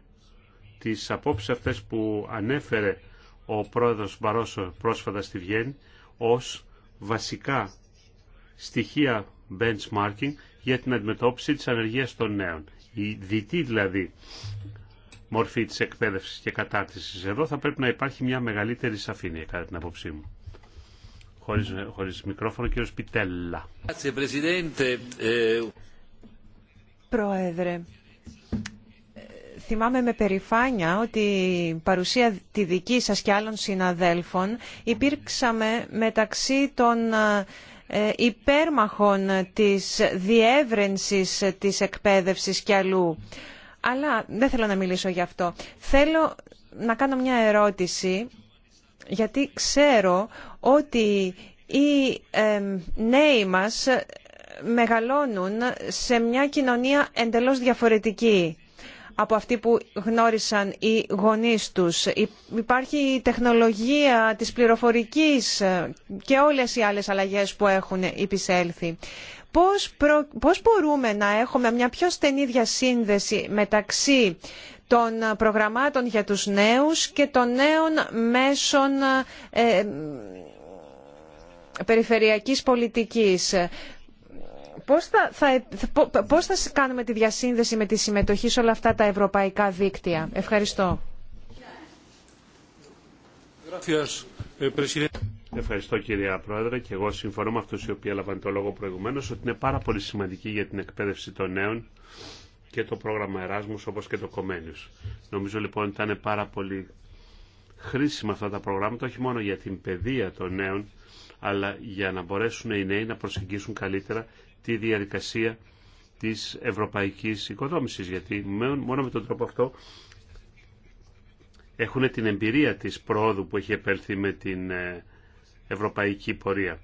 τις απόψεις αυτές που ανέφερε ο πρόεδρος Μπαρόσο πρόσφατα στη Βιέννη ως βασικά στοιχεία benchmarking για την αντιμετώπιση της ανεργίας των νέων. Η δυτή δηλαδή μορφή της εκπαίδευσης και κατάρτισης εδώ θα πρέπει να υπάρχει μια μεγαλύτερη σαφήνεια κατά την απόψή μου. Χωρίς, χωρίς μικρόφωνο, κύριος Πιτέλλα. Πρόεδρε, θυμάμαι με περηφάνεια ότι παρουσία τη δική σας και άλλων συναδέλφων υπήρξαμε μεταξύ των ε, υπέρμαχων της διεύρυνσης της εκπαίδευσης και αλλού. Αλλά δεν θέλω να μιλήσω γι' αυτό. Θέλω να κάνω μια ερώτηση, γιατί ξέρω ότι οι ε, νέοι μας μεγαλώνουν σε μια κοινωνία εντελώς διαφορετική από αυτή που γνώρισαν οι γονείς τους. Υπάρχει η τεχνολογία της πληροφορικής και όλες οι άλλες αλλαγές που έχουν υπησέλθει. Πώς, μπορούμε να έχουμε μια πιο στενή διασύνδεση μεταξύ των προγραμμάτων για τους νέους και των νέων μέσων ε, περιφερειακής πολιτικής. Πώς θα, κάνουμε τη διασύνδεση με τη συμμετοχή σε όλα αυτά τα ευρωπαϊκά δίκτυα. Ευχαριστώ. Eh, Ευχαριστώ κυρία Πρόεδρε και εγώ συμφωνώ με αυτούς οι οποίοι έλαβαν το λόγο προηγουμένως ότι είναι πάρα πολύ σημαντική για την εκπαίδευση των νέων και το πρόγραμμα Εράσμους όπως και το Κομένιους. Νομίζω λοιπόν ότι ήταν πάρα πολύ χρήσιμα αυτά τα προγράμματα όχι μόνο για την παιδεία των νέων αλλά για να μπορέσουν οι νέοι να προσεγγίσουν καλύτερα τη διαδικασία της ευρωπαϊκής οικοδόμησης, γιατί μόνο με τον τρόπο αυτό έχουν την εμπειρία της πρόοδου που έχει επέλθει με την ε, ευρωπαϊκή πορεία.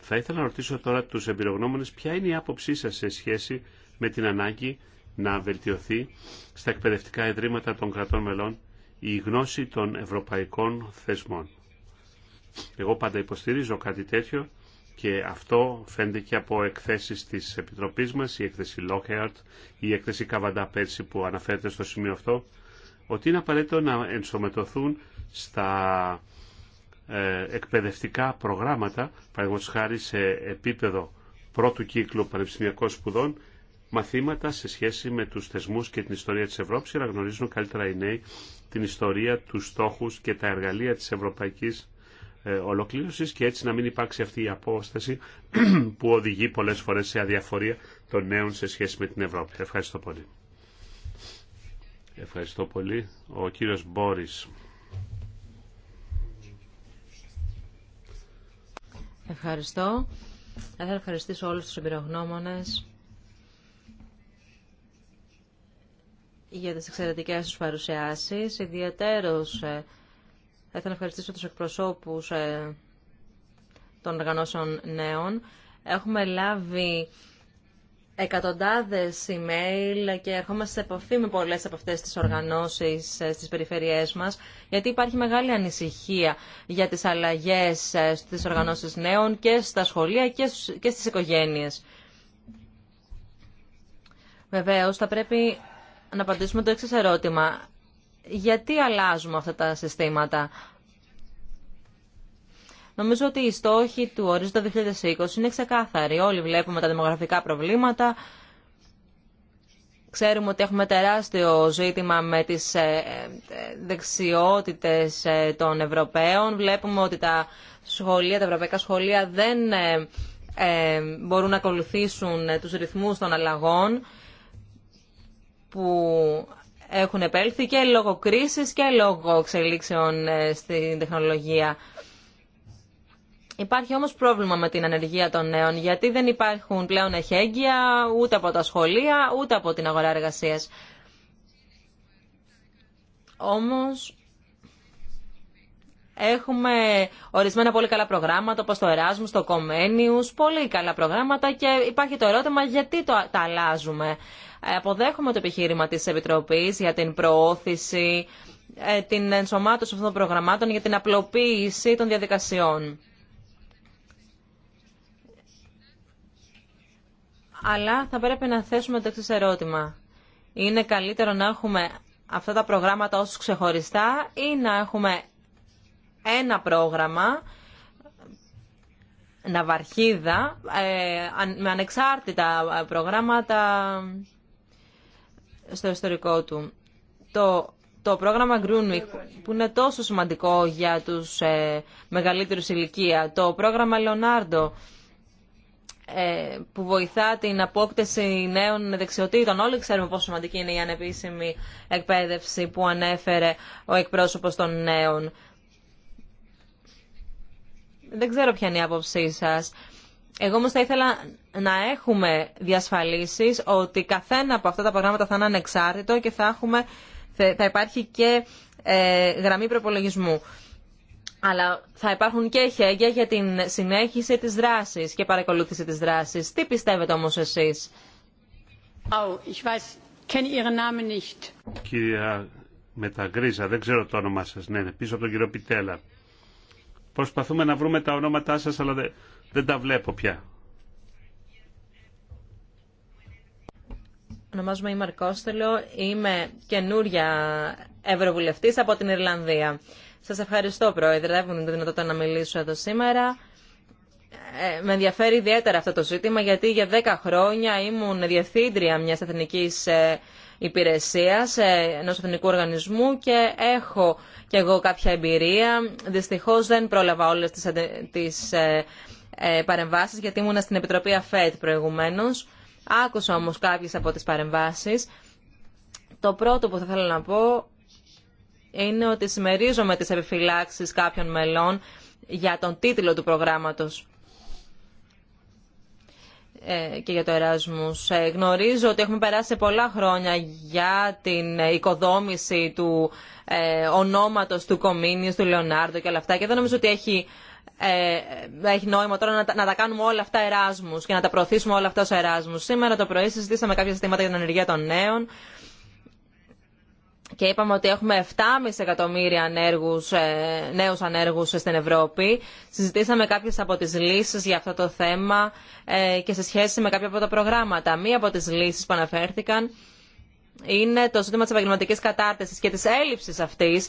Θα ήθελα να ρωτήσω τώρα τους εμπειρογνώμονες ποια είναι η άποψή σας σε σχέση με την ανάγκη να βελτιωθεί στα εκπαιδευτικά ιδρύματα των κρατών μελών η γνώση των ευρωπαϊκών θεσμών. Εγώ πάντα υποστηρίζω κάτι τέτοιο και αυτό φαίνεται και από εκθέσεις της Επιτροπής μας, η έκθεση Lockhart, η έκθεση Καβαντά πέρσι που αναφέρεται στο σημείο αυτό, ότι είναι απαραίτητο να ενσωμετωθούν στα ε, εκπαιδευτικά προγράμματα, παραδείγματος χάρη σε επίπεδο πρώτου κύκλου πανεπιστημιακών σπουδών, μαθήματα σε σχέση με τους θεσμούς και την ιστορία της Ευρώπης για να γνωρίζουν καλύτερα οι νέοι την ιστορία, τους στόχους και τα εργαλεία της Ευρωπαϊκής ε, ολοκλήρωσης και έτσι να μην υπάρξει αυτή η απόσταση που οδηγεί πολλέ φορέ σε αδιαφορία των νέων σε σχέση με την Ευρώπη. Ευχαριστώ πολύ. Ευχαριστώ πολύ. Ο κύριος Μπόρις. Ευχαριστώ. Θα ήθελα ευχαριστήσω όλους τους εμπειρογνώμονες για τις εξαιρετικές τους παρουσιάσεις, θα ήθελα να ευχαριστήσω τους εκπροσώπους ε, των οργανώσεων νέων. Έχουμε λάβει εκατοντάδες email και ερχόμαστε σε επαφή με πολλές από αυτές τις οργανώσεις ε, στις περιφερειές μας, γιατί υπάρχει μεγάλη ανησυχία για τις αλλαγές ε, στις οργανώσεις νέων και στα σχολεία και στις οικογένειες. Βεβαίως, θα πρέπει να απαντήσουμε το εξή ερώτημα γιατί αλλάζουμε αυτά τα συστήματα. Νομίζω ότι οι στόχοι του ορίζοντα 2020 είναι ξεκάθαροι. Όλοι βλέπουμε τα δημογραφικά προβλήματα. Ξέρουμε ότι έχουμε τεράστιο ζήτημα με τις ε, ε, δεξιότητες ε, των Ευρωπαίων. Βλέπουμε ότι τα σχολεία, τα ευρωπαϊκά σχολεία δεν μπορούν να ακολουθήσουν τους ρυθμούς των αλλαγών που έχουν επέλθει και λόγω κρίσης και λόγω εξελίξεων ε, στην τεχνολογία. Υπάρχει όμως πρόβλημα με την ανεργία των νέων, γιατί δεν υπάρχουν πλέον εχέγγυα ούτε από τα σχολεία, ούτε από την αγορά εργασίας. Όμως Έχουμε ορισμένα πολύ καλά προγράμματα όπως το Εράσμου, το Κομένιους, πολύ καλά προγράμματα και υπάρχει το ερώτημα γιατί το, τα αλλάζουμε. Ε, αποδέχομαι το επιχείρημα της Επιτροπής για την προώθηση, ε, την ενσωμάτωση αυτών των προγραμμάτων για την απλοποίηση των διαδικασιών. Αλλά θα πρέπει να θέσουμε το εξή ερώτημα. Είναι καλύτερο να έχουμε αυτά τα προγράμματα ως ξεχωριστά ή να έχουμε ένα πρόγραμμα ναυαρχίδα ε, με ανεξάρτητα ε, προγράμματα στο ιστορικό του. Το, το πρόγραμμα Greenwich που είναι τόσο σημαντικό για τους ε, μεγαλύτερους ηλικία, το πρόγραμμα Leonardo ε, που βοηθά την απόκτηση νέων δεξιοτήτων. Όλοι ξέρουμε πόσο σημαντική είναι η ανεπίσημη εκπαίδευση που ανέφερε ο εκπρόσωπος των νέων. Δεν ξέρω ποια είναι η άποψή σα. Εγώ όμω θα ήθελα να έχουμε διασφαλίσεις ότι καθένα από αυτά τα προγράμματα θα είναι ανεξάρτητο και θα, έχουμε, θα υπάρχει και ε, γραμμή προπολογισμού. Αλλά θα υπάρχουν και χέγγια για την συνέχιση της δράσης και παρακολούθηση της δράσης. Τι πιστεύετε όμως εσείς. Oh, Κυρία Μεταγκρίζα, δεν ξέρω το όνομά σας. Ναι, ναι, πίσω από τον κύριο Πιτέλα. Προσπαθούμε να βρούμε τα ονόματά σας, αλλά δεν, τα βλέπω πια. Ονομάζομαι η Κώστελο, είμαι καινούρια ευρωβουλευτής από την Ιρλανδία. Σας ευχαριστώ, Πρόεδρε, έχουν την δυνατότητα να μιλήσω εδώ σήμερα. Ε, με ενδιαφέρει ιδιαίτερα αυτό το ζήτημα, γιατί για δέκα χρόνια ήμουν διευθύντρια μιας εθνικής ε, Υπηρεσία ε, ενός εθνικού οργανισμού και έχω και εγώ κάποια εμπειρία. Δυστυχώ δεν πρόλαβα όλες τις, τις ε, ε, παρεμβάσεις γιατί ήμουνα στην Επιτροπή ΑΦΕΤ προηγουμένω. Άκουσα όμω κάποιες από τις παρεμβάσεις. Το πρώτο που θα θέλω να πω είναι ότι συμμερίζομαι τις επιφυλάξεις κάποιων μελών για τον τίτλο του προγράμματος. Ε, και για το Εράσμους. Ε, γνωρίζω ότι έχουμε περάσει πολλά χρόνια για την οικοδόμηση του ε, ονόματος του Κομίνη, του Λεωνάρντο και όλα αυτά και δεν νομίζω ότι έχει, νόημα τώρα να, τα κάνουμε όλα αυτά Εράσμους και να τα προωθήσουμε όλα αυτά ως Εράσμους. Σήμερα το πρωί συζητήσαμε κάποια συστήματα για την ενεργεία των νέων και είπαμε ότι έχουμε 7,5 εκατομμύρια ανέργους, ε, νέους ανέργους στην Ευρώπη. Συζητήσαμε κάποιες από τις λύσεις για αυτό το θέμα ε, και σε σχέση με κάποια από τα προγράμματα. Μία από τις λύσεις που αναφέρθηκαν είναι το ζήτημα της επαγγελματικής κατάρτισης και της έλλειψης αυτής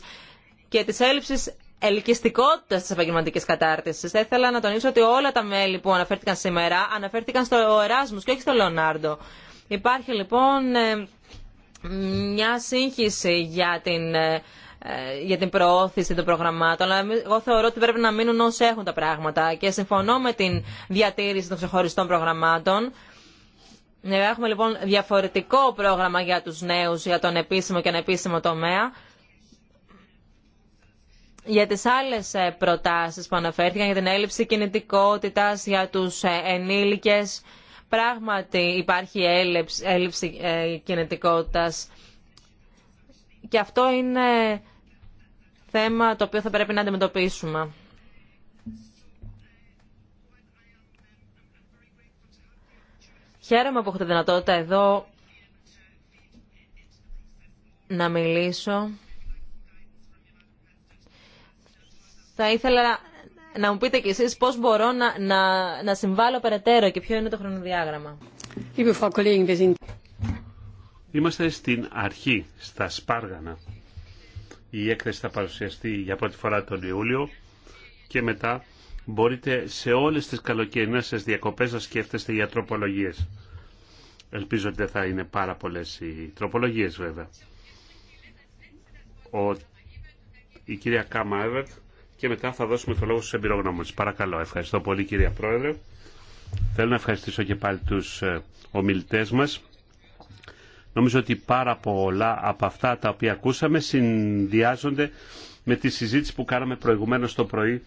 και της έλλειψης ελκυστικότητα τη επαγγελματική κατάρτιση. Θα ήθελα να τονίσω ότι όλα τα μέλη που αναφέρθηκαν σήμερα αναφέρθηκαν στο Εράσμου και όχι στο Λεωνάρντο. Υπάρχει λοιπόν ε, μια σύγχυση για την, ε, για την προώθηση των προγραμμάτων, αλλά εγώ θεωρώ ότι πρέπει να μείνουν όσοι έχουν τα πράγματα και συμφωνώ με την διατήρηση των ξεχωριστών προγραμμάτων. Ναι, έχουμε λοιπόν διαφορετικό πρόγραμμα για τους νέους, για τον επίσημο και ανεπίσημο τομέα. Για τις άλλες ε, προτάσεις που αναφέρθηκαν, για την έλλειψη κινητικότητας, για τους ε, ενήλικες, πράγματι υπάρχει έλλειψη, έλλειψη κινητικότητας και αυτό είναι θέμα το οποίο θα πρέπει να αντιμετωπίσουμε. Χαίρομαι που έχω τη δυνατότητα εδώ να μιλήσω. Θα ήθελα να μου πείτε κι εσεί πώ μπορώ να, να, να συμβάλλω περαιτέρω και ποιο είναι το χρονοδιάγραμμα. Είμαστε στην αρχή, στα Σπάργανα. Η έκθεση θα παρουσιαστεί για πρώτη φορά τον Ιούλιο και μετά μπορείτε σε όλες τις καλοκαιρινές σας διακοπές να σκέφτεστε για τροπολογίες. Ελπίζω ότι δεν θα είναι πάρα πολλές οι τροπολογίες βέβαια. Ο... Η κυρία Κάμα Εβερτ και μετά θα δώσουμε το λόγο στους εμπειρογνώμους. Παρακαλώ. Ευχαριστώ πολύ κυρία Πρόεδρε. Θέλω να ευχαριστήσω και πάλι τους ε, ομιλητές μας. Νομίζω ότι πάρα πολλά από αυτά τα οποία ακούσαμε συνδυάζονται με τη συζήτηση που κάναμε προηγουμένως το πρωί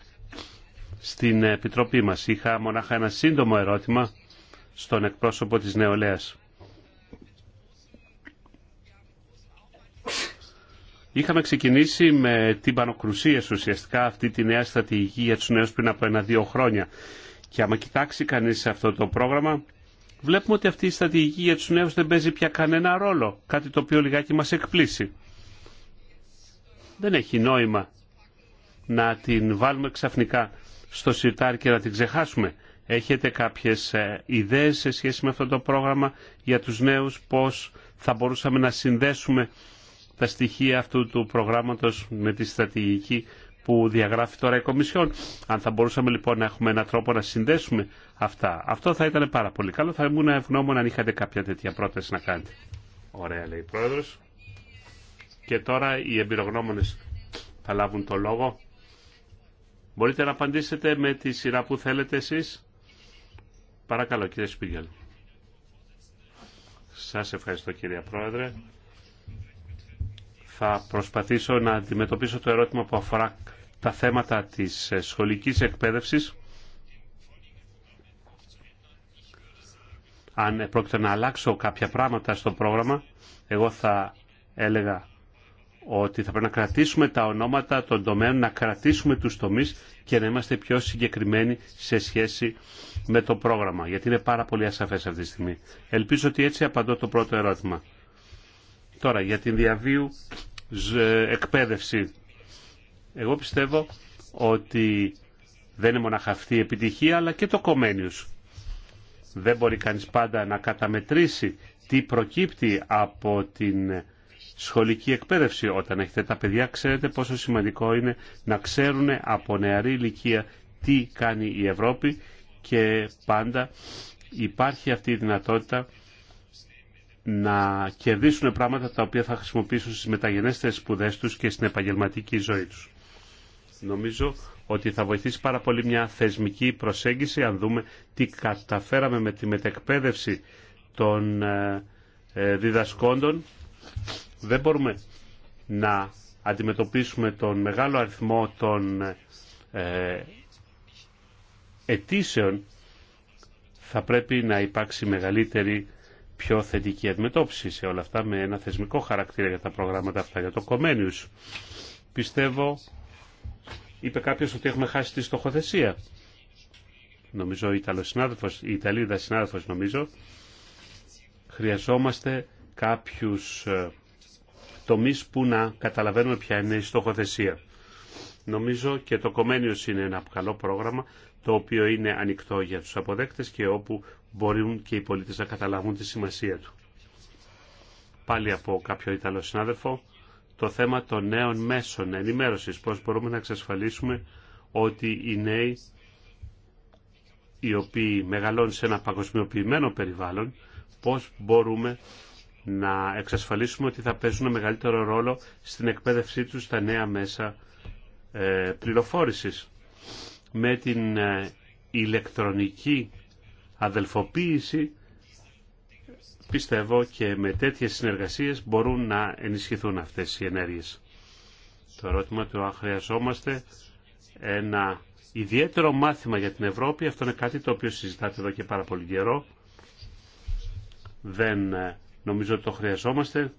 στην Επιτροπή μας. Είχα μονάχα ένα σύντομο ερώτημα στον εκπρόσωπο της νεολαίας. Είχαμε ξεκινήσει με την πανοκρουσία ουσιαστικά αυτή τη νέα στρατηγική για τους νέους πριν από ένα-δύο χρόνια. Και άμα κοιτάξει κανείς αυτό το πρόγραμμα, βλέπουμε ότι αυτή η στρατηγική για τους νέους δεν παίζει πια κανένα ρόλο. Κάτι το οποίο λιγάκι μας εκπλήσει. Δεν έχει νόημα να την βάλουμε ξαφνικά στο σιρτάρι και να την ξεχάσουμε. Έχετε κάποιες ε, ιδέες σε σχέση με αυτό το πρόγραμμα για τους νέους, πώς θα μπορούσαμε να συνδέσουμε τα στοιχεία αυτού του προγράμματος με τη στρατηγική που διαγράφει τώρα η Κομισιόν. Αν θα μπορούσαμε λοιπόν να έχουμε έναν τρόπο να συνδέσουμε αυτά. Αυτό θα ήταν πάρα πολύ καλό. Θα ήμουν ευγνώμων αν είχατε κάποια τέτοια πρόταση να κάνετε. Ωραία λέει η πρόεδρο. Και τώρα οι εμπειρογνώμονε θα λάβουν το λόγο. Μπορείτε να απαντήσετε με τη σειρά που θέλετε εσεί, Παρακαλώ κύριε Σπίγκελ. Σας ευχαριστώ κύριε Πρόεδρε θα προσπαθήσω να αντιμετωπίσω το ερώτημα που αφορά τα θέματα της ε, σχολικής εκπαίδευσης. Αν ε, πρόκειται να αλλάξω κάποια πράγματα στο πρόγραμμα, εγώ θα έλεγα ότι θα πρέπει να κρατήσουμε τα ονόματα των τομέων, να κρατήσουμε τους τομείς και να είμαστε πιο συγκεκριμένοι σε σχέση με το πρόγραμμα, γιατί είναι πάρα πολύ ασαφές αυτή τη στιγμή. Ελπίζω ότι έτσι απαντώ το πρώτο ερώτημα. Τώρα για την διαβίου εκπαίδευση. Εγώ πιστεύω ότι δεν είναι μόνο η επιτυχία αλλά και το κομμένιους. Δεν μπορεί κανείς πάντα να καταμετρήσει τι προκύπτει από την σχολική εκπαίδευση. Όταν έχετε τα παιδιά ξέρετε πόσο σημαντικό είναι να ξέρουν από νεαρή ηλικία τι κάνει η Ευρώπη και πάντα υπάρχει αυτή η δυνατότητα να κερδίσουν πράγματα τα οποία θα χρησιμοποιήσουν στις μεταγενέστερες σπουδέ τους και στην επαγγελματική ζωή τους. Νομίζω ότι θα βοηθήσει πάρα πολύ μια θεσμική προσέγγιση αν δούμε τι καταφέραμε με τη μετεκπαίδευση των ε, ε, διδασκόντων. Δεν μπορούμε να αντιμετωπίσουμε τον μεγάλο αριθμό των ε, αιτήσεων θα πρέπει να υπάρξει μεγαλύτερη πιο θετική αντιμετώπιση σε όλα αυτά με ένα θεσμικό χαρακτήρα για τα προγράμματα αυτά, για το Κομένιους. Πιστεύω, είπε κάποιος ότι έχουμε χάσει τη στοχοθεσία. Νομίζω ο Ιταλός συνάδελφος, η Ιταλίδα συνάδελφος νομίζω, χρειαζόμαστε κάποιους ε, τομείς που να καταλαβαίνουμε ποια είναι η στοχοθεσία. Νομίζω και το Κομένιος είναι ένα καλό πρόγραμμα, το οποίο είναι ανοιχτό για τους αποδέκτες και όπου μπορούν και οι πολίτες να καταλάβουν τη σημασία του. Πάλι από κάποιο Ιταλό συνάδελφο, το θέμα των νέων μέσων ενημέρωσης, πώς μπορούμε να εξασφαλίσουμε ότι οι νέοι οι οποίοι μεγαλώνουν σε ένα παγκοσμιοποιημένο περιβάλλον, πώς μπορούμε να εξασφαλίσουμε ότι θα παίζουν μεγαλύτερο ρόλο στην εκπαίδευσή τους στα νέα μέσα ε, πληροφόρησης. Με την ε, ηλεκτρονική αδελφοποίηση πιστεύω και με τέτοιες συνεργασίες μπορούν να ενισχυθούν αυτές οι ενέργειες. Το ερώτημα του αν χρειαζόμαστε ένα ιδιαίτερο μάθημα για την Ευρώπη, αυτό είναι κάτι το οποίο συζητάτε εδώ και πάρα πολύ καιρό. Δεν ε, νομίζω ότι το χρειαζόμαστε.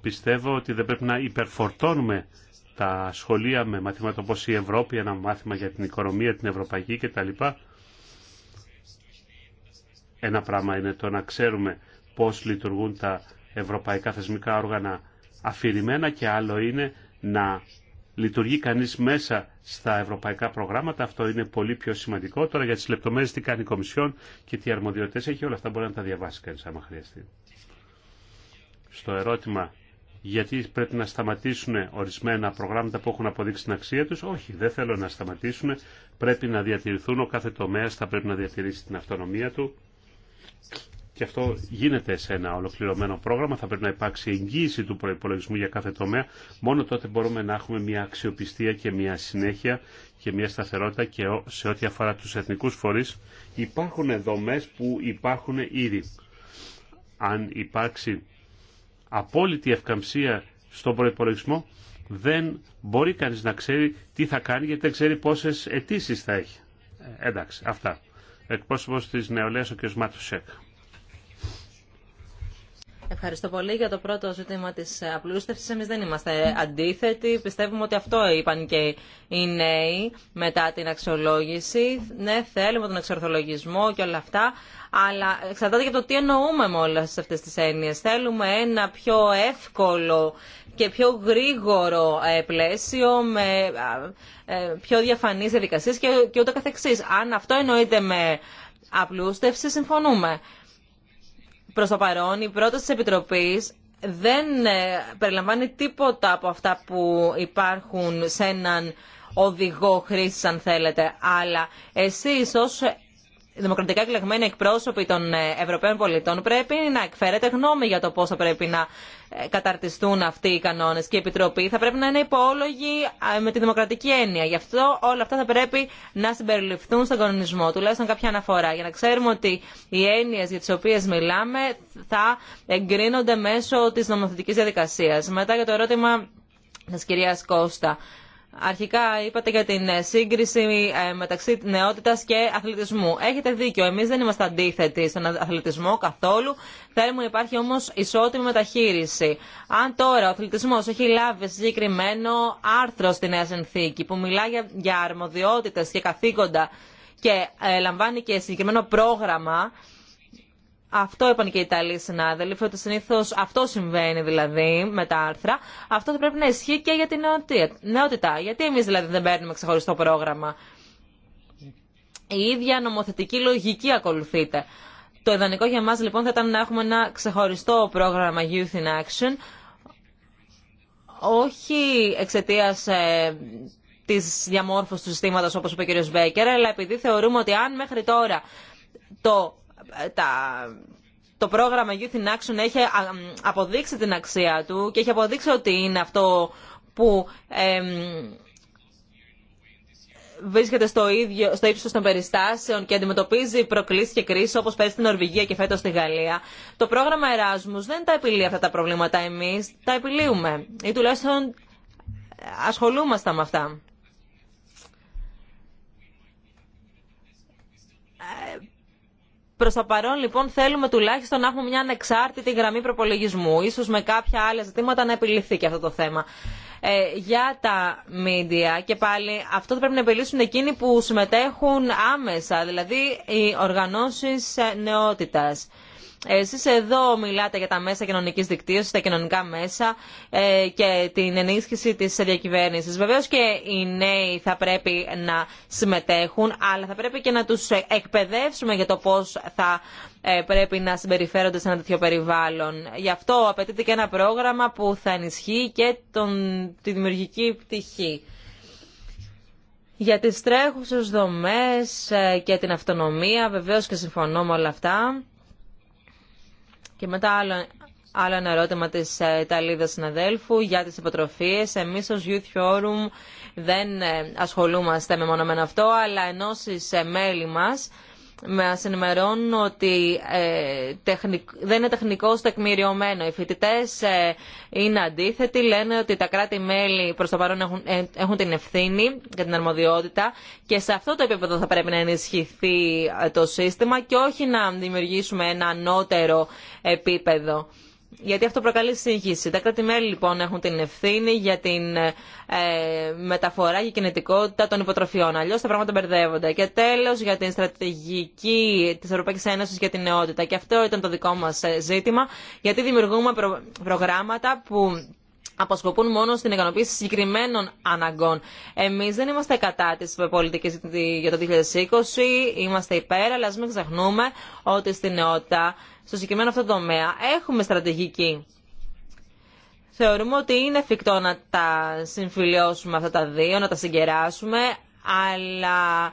Πιστεύω ότι δεν πρέπει να υπερφορτώνουμε τα σχολεία με μαθήματα όπως η Ευρώπη, ένα μάθημα για την οικονομία, την ευρωπαϊκή κτλ. Ένα πράγμα είναι το να ξέρουμε πώς λειτουργούν τα ευρωπαϊκά θεσμικά όργανα αφηρημένα και άλλο είναι να λειτουργεί κανείς μέσα στα ευρωπαϊκά προγράμματα. Αυτό είναι πολύ πιο σημαντικό. Τώρα για τις λεπτομέρειες τι κάνει η Κομισιόν και τι αρμοδιότητες έχει, όλα αυτά μπορεί να τα διαβάσει κανείς άμα χρειαστεί. Στο ερώτημα γιατί πρέπει να σταματήσουν ορισμένα προγράμματα που έχουν αποδείξει την αξία τους. Όχι, δεν θέλω να σταματήσουν. Πρέπει να διατηρηθούν. Ο κάθε τομέα, θα πρέπει να διατηρήσει την αυτονομία του. Και αυτό γίνεται σε ένα ολοκληρωμένο πρόγραμμα. Θα πρέπει να υπάρξει εγγύηση του προπολογισμού για κάθε τομέα. Μόνο τότε μπορούμε να έχουμε μια αξιοπιστία και μια συνέχεια και μια σταθερότητα και σε ό,τι αφορά τους εθνικούς φορείς. Υπάρχουν δομές που υπάρχουν ήδη. Αν υπάρξει απόλυτη ευκαμψία στον προπολογισμό, δεν μπορεί κανείς να ξέρει τι θα κάνει γιατί δεν ξέρει πόσες αιτήσει θα έχει. Ε, εντάξει, αυτά. Εκπρόσωπος της νεολαίας ο κ. Μάτουσέκ. Ευχαριστώ πολύ για το πρώτο ζήτημα τη απλούστευση. Εμεί δεν είμαστε αντίθετοι. Πιστεύουμε ότι αυτό είπαν και οι νέοι μετά την αξιολόγηση. Ναι, θέλουμε τον εξορθολογισμό και όλα αυτά. Αλλά εξαρτάται για το τι εννοούμε με όλε αυτέ τι έννοιε. Θέλουμε ένα πιο εύκολο και πιο γρήγορο ε, πλαίσιο με ε, πιο διαφανείς διαδικασίες και, και ούτω καθεξής. Αν αυτό εννοείται με απλούστευση, συμφωνούμε προς το παρόν η πρόταση της Επιτροπής δεν ε, περιλαμβάνει τίποτα από αυτά που υπάρχουν σε έναν οδηγό χρήση αν θέλετε. Αλλά εσείς ως δημοκρατικά εκλεγμένοι εκπρόσωποι των ε, Ευρωπαίων πολιτών πρέπει να εκφέρεται γνώμη για το πώς θα πρέπει να ε, καταρτιστούν αυτοί οι κανόνες και η Επιτροπή θα πρέπει να είναι υπόλογη με τη δημοκρατική έννοια. Γι' αυτό όλα αυτά θα πρέπει να συμπεριληφθούν στον κανονισμό, τουλάχιστον κάποια αναφορά, για να ξέρουμε ότι οι έννοιες για τις οποίες μιλάμε θα εγκρίνονται μέσω της νομοθετικής διαδικασίας. Μετά για το ερώτημα της κυρίας Κώστα. Αρχικά είπατε για την ε, σύγκριση ε, μεταξύ νεότητας και αθλητισμού. Έχετε δίκιο, εμείς δεν είμαστε αντίθετοι στον αθλητισμό καθόλου. Θέλουμε να υπάρχει όμως ισότιμη μεταχείριση. Αν τώρα ο αθλητισμός έχει λάβει συγκεκριμένο άρθρο στη Νέα Συνθήκη που μιλάει για αρμοδιότητες και καθήκοντα και ε, λαμβάνει και συγκεκριμένο πρόγραμμα αυτό είπαν και οι Ιταλοί συνάδελφοι, ότι συνήθω αυτό συμβαίνει δηλαδή με τα άρθρα. Αυτό θα πρέπει να ισχύει και για την νεότητα. Γιατί εμεί δηλαδή δεν παίρνουμε ξεχωριστό πρόγραμμα. Η ίδια νομοθετική λογική ακολουθείται. Το ιδανικό για μας λοιπόν θα ήταν να έχουμε ένα ξεχωριστό πρόγραμμα Youth in Action, όχι εξαιτία ε, τη διαμόρφωση του συστήματο, όπω είπε ο κ. Μπέκερ, αλλά επειδή θεωρούμε ότι αν μέχρι τώρα το τα, το πρόγραμμα Youth in Action έχει αποδείξει την αξία του και έχει αποδείξει ότι είναι αυτό που βρίσκεται στο, ίδιο, στο ύψος των περιστάσεων και αντιμετωπίζει προκλήσεις και κρίσεις όπως πέρυσι στην Νορβηγία και φέτος στη Γαλλία. Το πρόγραμμα Erasmus δεν τα επιλύει αυτά τα προβλήματα εμείς, τα επιλύουμε ή τουλάχιστον ασχολούμαστε με αυτά. Προ το παρόν, λοιπόν, θέλουμε τουλάχιστον να έχουμε μια ανεξάρτητη γραμμή προπολογισμού. σω με κάποια άλλα ζητήματα να επιληθεί και αυτό το θέμα. Ε, για τα μίντια και πάλι αυτό θα πρέπει να επιλύσουν εκείνοι που συμμετέχουν άμεσα, δηλαδή οι οργανώσεις ε, νεότητας. Εσεί εδώ μιλάτε για τα μέσα κοινωνική δικτύωσης, τα κοινωνικά μέσα ε, και την ενίσχυση της διακυβέρνηση. Βεβαίως και οι νέοι θα πρέπει να συμμετέχουν, αλλά θα πρέπει και να τους εκπαιδεύσουμε για το πώς θα ε, πρέπει να συμπεριφέρονται σε ένα τέτοιο περιβάλλον. Γι' αυτό απαιτείται και ένα πρόγραμμα που θα ενισχύει και τον, τη δημιουργική πτυχή. Για τις τρέχουσες δομές ε, και την αυτονομία, βεβαίως και συμφωνώ με όλα αυτά. Και μετά άλλο, άλλο ένα ερώτημα τη ε, Ιταλίδα συναδέλφου για τι υποτροφίε, εμεί, ω Youth Forum δεν ε, ασχολούμαστε με μόνο με αυτό, αλλά ενώσεις ε, μέλη μα. Με ενημερώνουν ότι ε, δεν είναι τεχνικό τεκμηριωμένο. Οι φοιτητέ ε, είναι αντίθετοι, λένε ότι τα κράτη-μέλη προ το παρόν ε, έχουν την ευθύνη και την αρμοδιότητα και σε αυτό το επίπεδο θα πρέπει να ενισχυθεί το σύστημα και όχι να δημιουργήσουμε ένα ανώτερο επίπεδο γιατί αυτό προκαλεί σύγχυση. Τα κράτη-μέλη λοιπόν έχουν την ευθύνη για την ε, μεταφορά και κινητικότητα των υποτροφιών. Αλλιώ τα πράγματα μπερδεύονται. Και τέλο για την στρατηγική τη Ευρωπαϊκή Ένωση για την νεότητα. Και αυτό ήταν το δικό μα ε, ζήτημα, γιατί δημιουργούμε προγράμματα που αποσκοπούν μόνο στην ικανοποίηση συγκεκριμένων αναγκών. Εμεί δεν είμαστε κατά τη πολιτική για το 2020, είμαστε υπέρ, αλλά μην ξεχνούμε ότι στην νεότητα στο συγκεκριμένο αυτό τομέα έχουμε στρατηγική. Θεωρούμε ότι είναι εφικτό να τα συμφιλιώσουμε αυτά τα δύο, να τα συγκεράσουμε, αλλά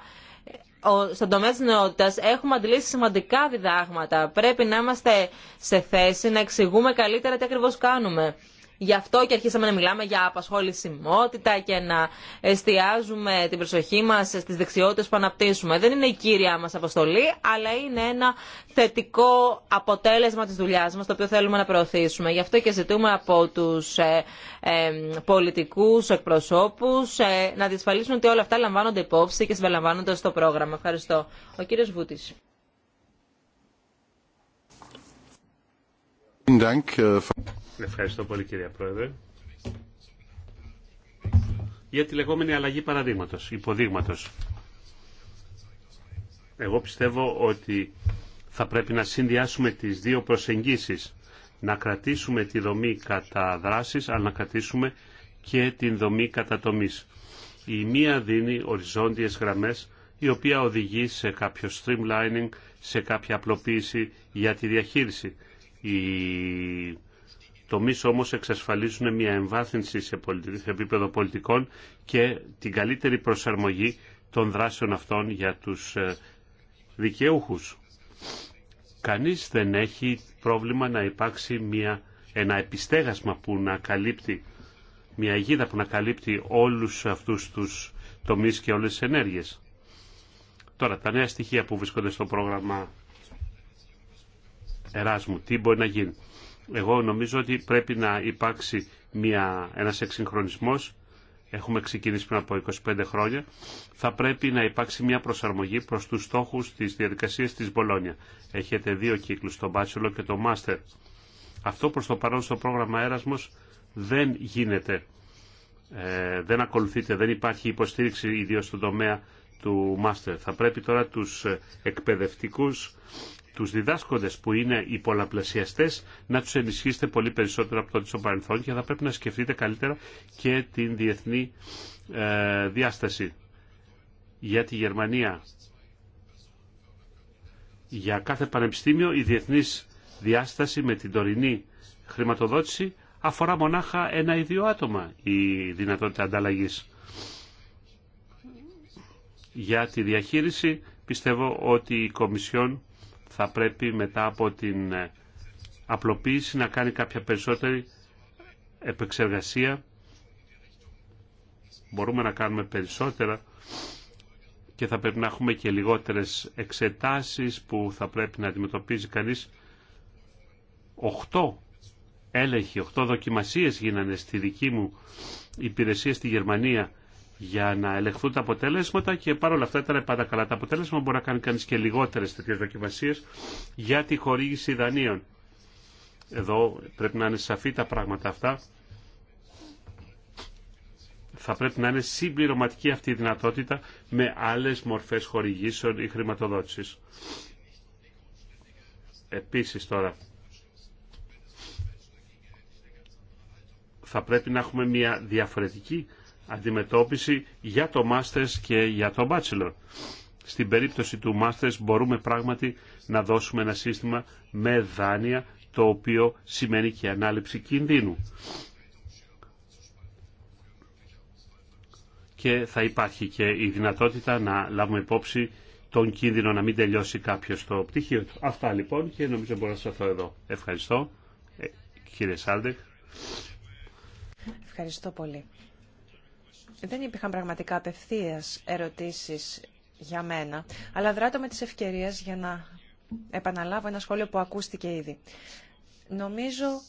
στον τομέα της νεότητας έχουμε αντιλήσει σημαντικά διδάγματα. Πρέπει να είμαστε σε θέση να εξηγούμε καλύτερα τι ακριβώς κάνουμε. Γι' αυτό και αρχίσαμε να μιλάμε για απασχόλησιμότητα και να εστιάζουμε την προσοχή μας στι δεξιότητες που αναπτύσσουμε. Δεν είναι η κύρια μας αποστολή, αλλά είναι ένα θετικό αποτέλεσμα της δουλειά μας, το οποίο θέλουμε να προωθήσουμε. Γι' αυτό και ζητούμε από τους ε, ε, πολιτικούς εκπροσώπους ε, να διασφαλίσουν ότι όλα αυτά λαμβάνονται υπόψη και συμπεριλαμβάνονται στο πρόγραμμα. Ευχαριστώ. Ο κύριο Βούτη. Äh, Ευχαριστώ πολύ κυρία Πρόεδρε. Για τη λεγόμενη αλλαγή παραδείγματος, υποδείγματος. Εγώ πιστεύω ότι θα πρέπει να συνδυάσουμε τις δύο προσεγγίσεις. Να κρατήσουμε τη δομή κατά δράσης αλλά να κρατήσουμε και την δομή κατά τομής. Η μία δίνει οριζόντιες γραμμές, η οποία οδηγεί σε κάποιο streamlining, σε κάποια απλοποίηση για τη διαχείριση οι τομεί όμως εξασφαλίζουν μια εμβάθυνση σε, επίπεδο πολιτικών και την καλύτερη προσαρμογή των δράσεων αυτών για τους ε, δικαιούχου. Κανείς δεν έχει πρόβλημα να υπάρξει μια, ένα επιστέγασμα που να καλύπτει, μια αιγίδα που να καλύπτει όλους αυτούς τους τομείς και όλες τις ενέργειες. Τώρα, τα νέα στοιχεία που βρίσκονται στο πρόγραμμα Εράσμου, τι μπορεί να γίνει. Εγώ νομίζω ότι πρέπει να υπάρξει μια, ένας εξυγχρονισμός. Έχουμε ξεκινήσει πριν από 25 χρόνια. Θα πρέπει να υπάρξει μια προσαρμογή προς τους στόχους της διαδικασίας της Μπολόνια. Έχετε δύο κύκλους, το Bachelor και το μάστερ. Αυτό προς το παρόν στο πρόγραμμα Έρασμος δεν γίνεται. Ε, δεν ακολουθείται, δεν υπάρχει υποστήριξη ιδίως στον τομέα του μάστερ. Θα πρέπει τώρα τους εκπαιδευτικούς τους διδάσκοντες που είναι οι πολλαπλασιαστέ να τους ενισχύσετε πολύ περισσότερο από τότε στο παρελθόν και θα πρέπει να σκεφτείτε καλύτερα και την διεθνή ε, διάσταση. Για τη Γερμανία, για κάθε πανεπιστήμιο η διεθνής διάσταση με την τωρινή χρηματοδότηση αφορά μονάχα ένα ή δύο άτομα η δυνατότητα δυνατοτητα ανταλλαγή. Για τη διαχείριση πιστεύω ότι η Κομισιόν θα πρέπει μετά από την ε, απλοποίηση να κάνει κάποια περισσότερη επεξεργασία. Μπορούμε να κάνουμε περισσότερα και θα πρέπει να έχουμε και λιγότερες εξετάσεις που θα πρέπει να αντιμετωπίζει κανείς. Οχτώ έλεγχοι, οχτώ δοκιμασίες γίνανε στη δική μου υπηρεσία στη Γερμανία για να ελεγχθούν τα αποτέλεσματα και παρόλα αυτά ήταν πάντα καλά τα αποτέλεσματα. Μπορεί να κάνει κανεί και λιγότερε τέτοιε δοκιμασίε για τη χορήγηση δανείων. Εδώ πρέπει να είναι σαφή τα πράγματα αυτά. Θα πρέπει να είναι συμπληρωματική αυτή η δυνατότητα με άλλες μορφές χορηγήσεων ή χρηματοδότησης. Επίσης τώρα, θα πρέπει να έχουμε μια διαφορετική αντιμετώπιση για το Masters και για το Bachelor. Στην περίπτωση του Masters μπορούμε πράγματι να δώσουμε ένα σύστημα με δάνεια το οποίο σημαίνει και ανάληψη κινδύνου. Και θα υπάρχει και η δυνατότητα να λάβουμε υπόψη τον κίνδυνο να μην τελειώσει κάποιο το πτυχίο του. Αυτά λοιπόν και νομίζω μπορώ να σταθώ εδώ. Ευχαριστώ. Ε, κύριε Ευχαριστώ πολύ δεν υπήρχαν πραγματικά απευθεία ερωτήσεις για μένα, αλλά δράτω με τις ευκαιρίες για να επαναλάβω ένα σχόλιο που ακούστηκε ήδη. Νομίζω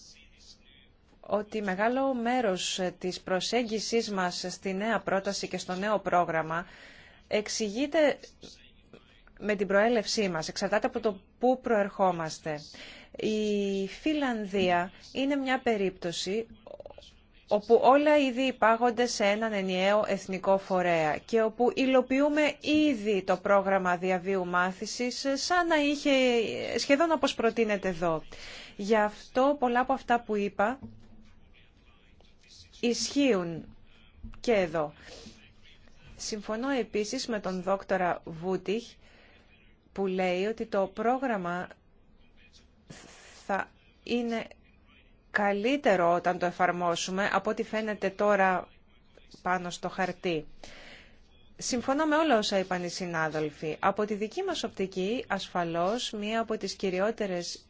ότι μεγάλο μέρος της προσέγγισής μας στη νέα πρόταση και στο νέο πρόγραμμα εξηγείται με την προέλευσή μας, εξαρτάται από το πού προερχόμαστε. Η Φιλανδία είναι μια περίπτωση όπου όλα ήδη υπάγονται σε έναν ενιαίο εθνικό φορέα και όπου υλοποιούμε ήδη το πρόγραμμα διαβίου μάθησης σαν να είχε σχεδόν όπως προτείνεται εδώ. Γι' αυτό πολλά από αυτά που είπα ισχύουν και εδώ. Συμφωνώ επίσης με τον δόκτορα Βούτιχ που λέει ότι το πρόγραμμα θα είναι καλύτερο όταν το εφαρμόσουμε από ό,τι φαίνεται τώρα πάνω στο χαρτί. Συμφωνώ με όλα όσα είπαν οι συνάδελφοι. Από τη δική μας οπτική, ασφαλώς, μία από τις κυριότερες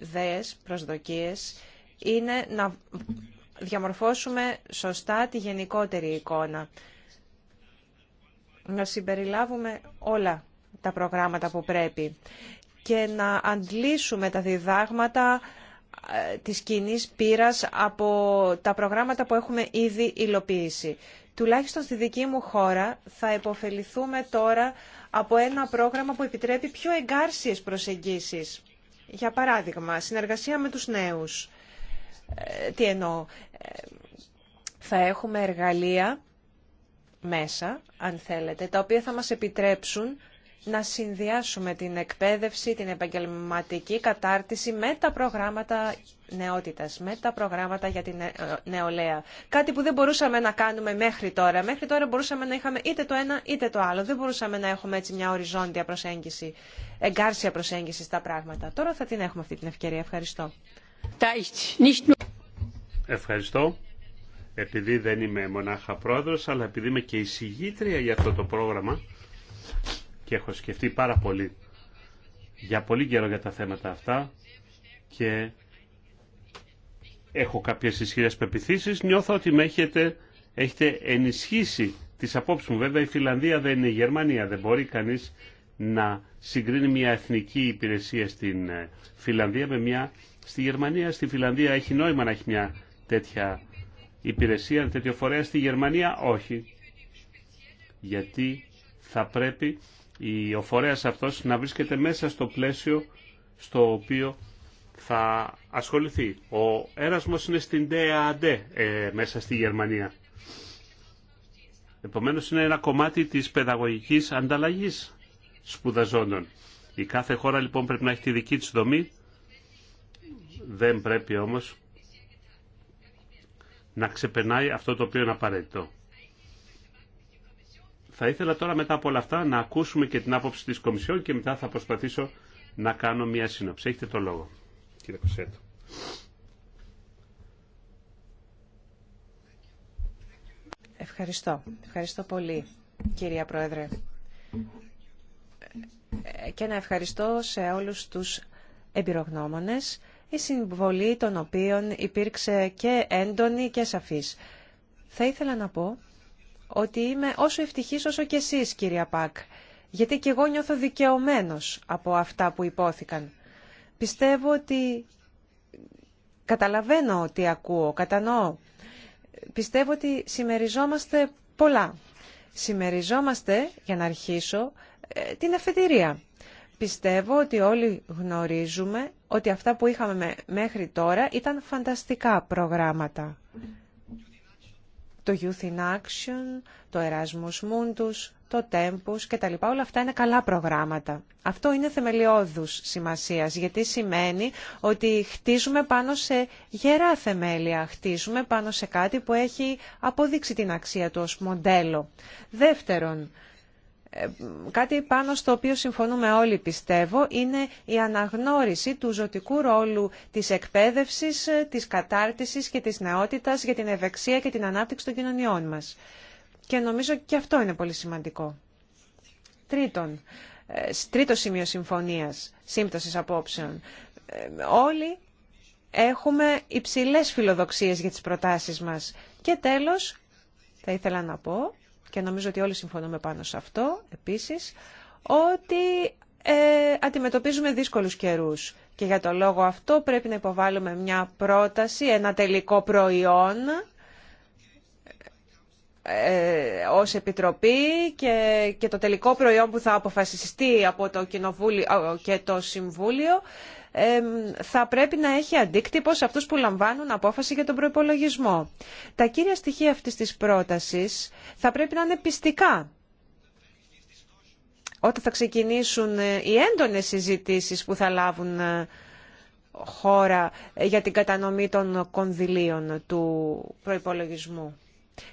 ιδέες, προσδοκίες, είναι να διαμορφώσουμε σωστά τη γενικότερη εικόνα. Να συμπεριλάβουμε όλα τα προγράμματα που πρέπει και να αντλήσουμε τα διδάγματα ε, της κοινή πείρα από τα προγράμματα που έχουμε ήδη υλοποιήσει. Τουλάχιστον στη δική μου χώρα θα επωφεληθούμε τώρα από ένα πρόγραμμα που επιτρέπει πιο εγκάρσιες προσεγγίσεις. Για παράδειγμα, συνεργασία με τους νέους. Ε, τι εννοώ. Ε, θα έχουμε εργαλεία μέσα, αν θέλετε, τα οποία θα μας επιτρέψουν να συνδυάσουμε την εκπαίδευση, την επαγγελματική κατάρτιση με τα προγράμματα νεότητας, με τα προγράμματα για την ε, νεολαία. Κάτι που δεν μπορούσαμε να κάνουμε μέχρι τώρα. Μέχρι τώρα μπορούσαμε να είχαμε είτε το ένα είτε το άλλο. Δεν μπορούσαμε να έχουμε έτσι μια οριζόντια προσέγγιση, εγκάρσια προσέγγιση στα πράγματα. Τώρα θα την έχουμε αυτή την ευκαιρία. Ευχαριστώ. Ευχαριστώ. Επειδή δεν είμαι μονάχα πρόεδρος, αλλά επειδή είμαι και εισηγήτρια για αυτό το πρόγραμμα, και έχω σκεφτεί πάρα πολύ για πολύ καιρό για τα θέματα αυτά και έχω κάποιες ισχυρές πεπιθήσεις. Νιώθω ότι με έχετε, έχετε ενισχύσει τις απόψεις μου. Βέβαια η Φιλανδία δεν είναι η Γερμανία, δεν μπορεί κανείς να συγκρίνει μια εθνική υπηρεσία στην ε, Φιλανδία με μια στη Γερμανία. Στη Φιλανδία έχει νόημα να έχει μια τέτοια υπηρεσία, τέτοιο φορέα. Στη Γερμανία όχι. Γιατί θα πρέπει ο φορέας αυτός να βρίσκεται μέσα στο πλαίσιο στο οποίο θα ασχοληθεί. Ο έρασμος είναι στην ΤΕΑΝΤΕ ε, μέσα στη Γερμανία. Επομένως είναι ένα κομμάτι της παιδαγωγικής ανταλλαγής σπουδαζόντων. Η κάθε χώρα λοιπόν πρέπει να έχει τη δική της δομή. Δεν πρέπει όμως να ξεπερνάει αυτό το οποίο είναι απαραίτητο. Θα ήθελα τώρα μετά από όλα αυτά να ακούσουμε και την άποψη της Κομισιόν και μετά θα προσπαθήσω να κάνω μια σύνοψη. Έχετε το λόγο, κύριε Κοσέτο. Ευχαριστώ. Ευχαριστώ πολύ, κυρία Πρόεδρε. Και να ευχαριστώ σε όλους τους εμπειρογνώμονες, η συμβολή των οποίων υπήρξε και έντονη και σαφής. Θα ήθελα να πω ότι είμαι όσο ευτυχής όσο και εσείς, κυρία Πακ, γιατί και εγώ νιώθω δικαιωμένος από αυτά που υπόθηκαν. Πιστεύω ότι καταλαβαίνω ότι ακούω, κατανοώ. Πιστεύω ότι συμμεριζόμαστε πολλά. Συμμεριζόμαστε, για να αρχίσω, ε, την αφετηρία. Πιστεύω ότι όλοι γνωρίζουμε ότι αυτά που είχαμε μέχρι τώρα ήταν φανταστικά προγράμματα το Youth in Action, το Erasmus Mundus, το Tempus λοιπά, Όλα αυτά είναι καλά προγράμματα. Αυτό είναι θεμελιώδους σημασίας, γιατί σημαίνει ότι χτίζουμε πάνω σε γερά θεμέλια, χτίζουμε πάνω σε κάτι που έχει αποδείξει την αξία του ως μοντέλο. Δεύτερον, ε, κάτι πάνω στο οποίο συμφωνούμε όλοι πιστεύω είναι η αναγνώριση του ζωτικού ρόλου της εκπαίδευσης, ε, της κατάρτισης και της νεότητας για την ευεξία και την ανάπτυξη των κοινωνιών μας. Και νομίζω και αυτό είναι πολύ σημαντικό. Τρίτον, ε, τρίτο σημείο συμφωνίας, σύμπτωσης απόψεων. Όλοι έχουμε υψηλές φιλοδοξίες για τις προτάσεις μας. Και τέλος, θα ήθελα να πω και νομίζω ότι όλοι συμφωνούμε πάνω σε αυτό επίσης, ότι ε, αντιμετωπίζουμε δύσκολους καιρούς. Και για το λόγο αυτό πρέπει να υποβάλουμε μια πρόταση, ένα τελικό προϊόν ε, ως Επιτροπή και, και το τελικό προϊόν που θα αποφασιστεί από το Κοινοβούλιο ε, και το Συμβούλιο θα πρέπει να έχει αντίκτυπο σε αυτούς που λαμβάνουν απόφαση για τον προϋπολογισμό. Τα κύρια στοιχεία αυτής της πρότασης θα πρέπει να είναι πιστικά όταν θα ξεκινήσουν ε, οι έντονες συζητήσεις που θα λάβουν ε, χώρα για την κατανομή των κονδυλίων του προϋπολογισμού.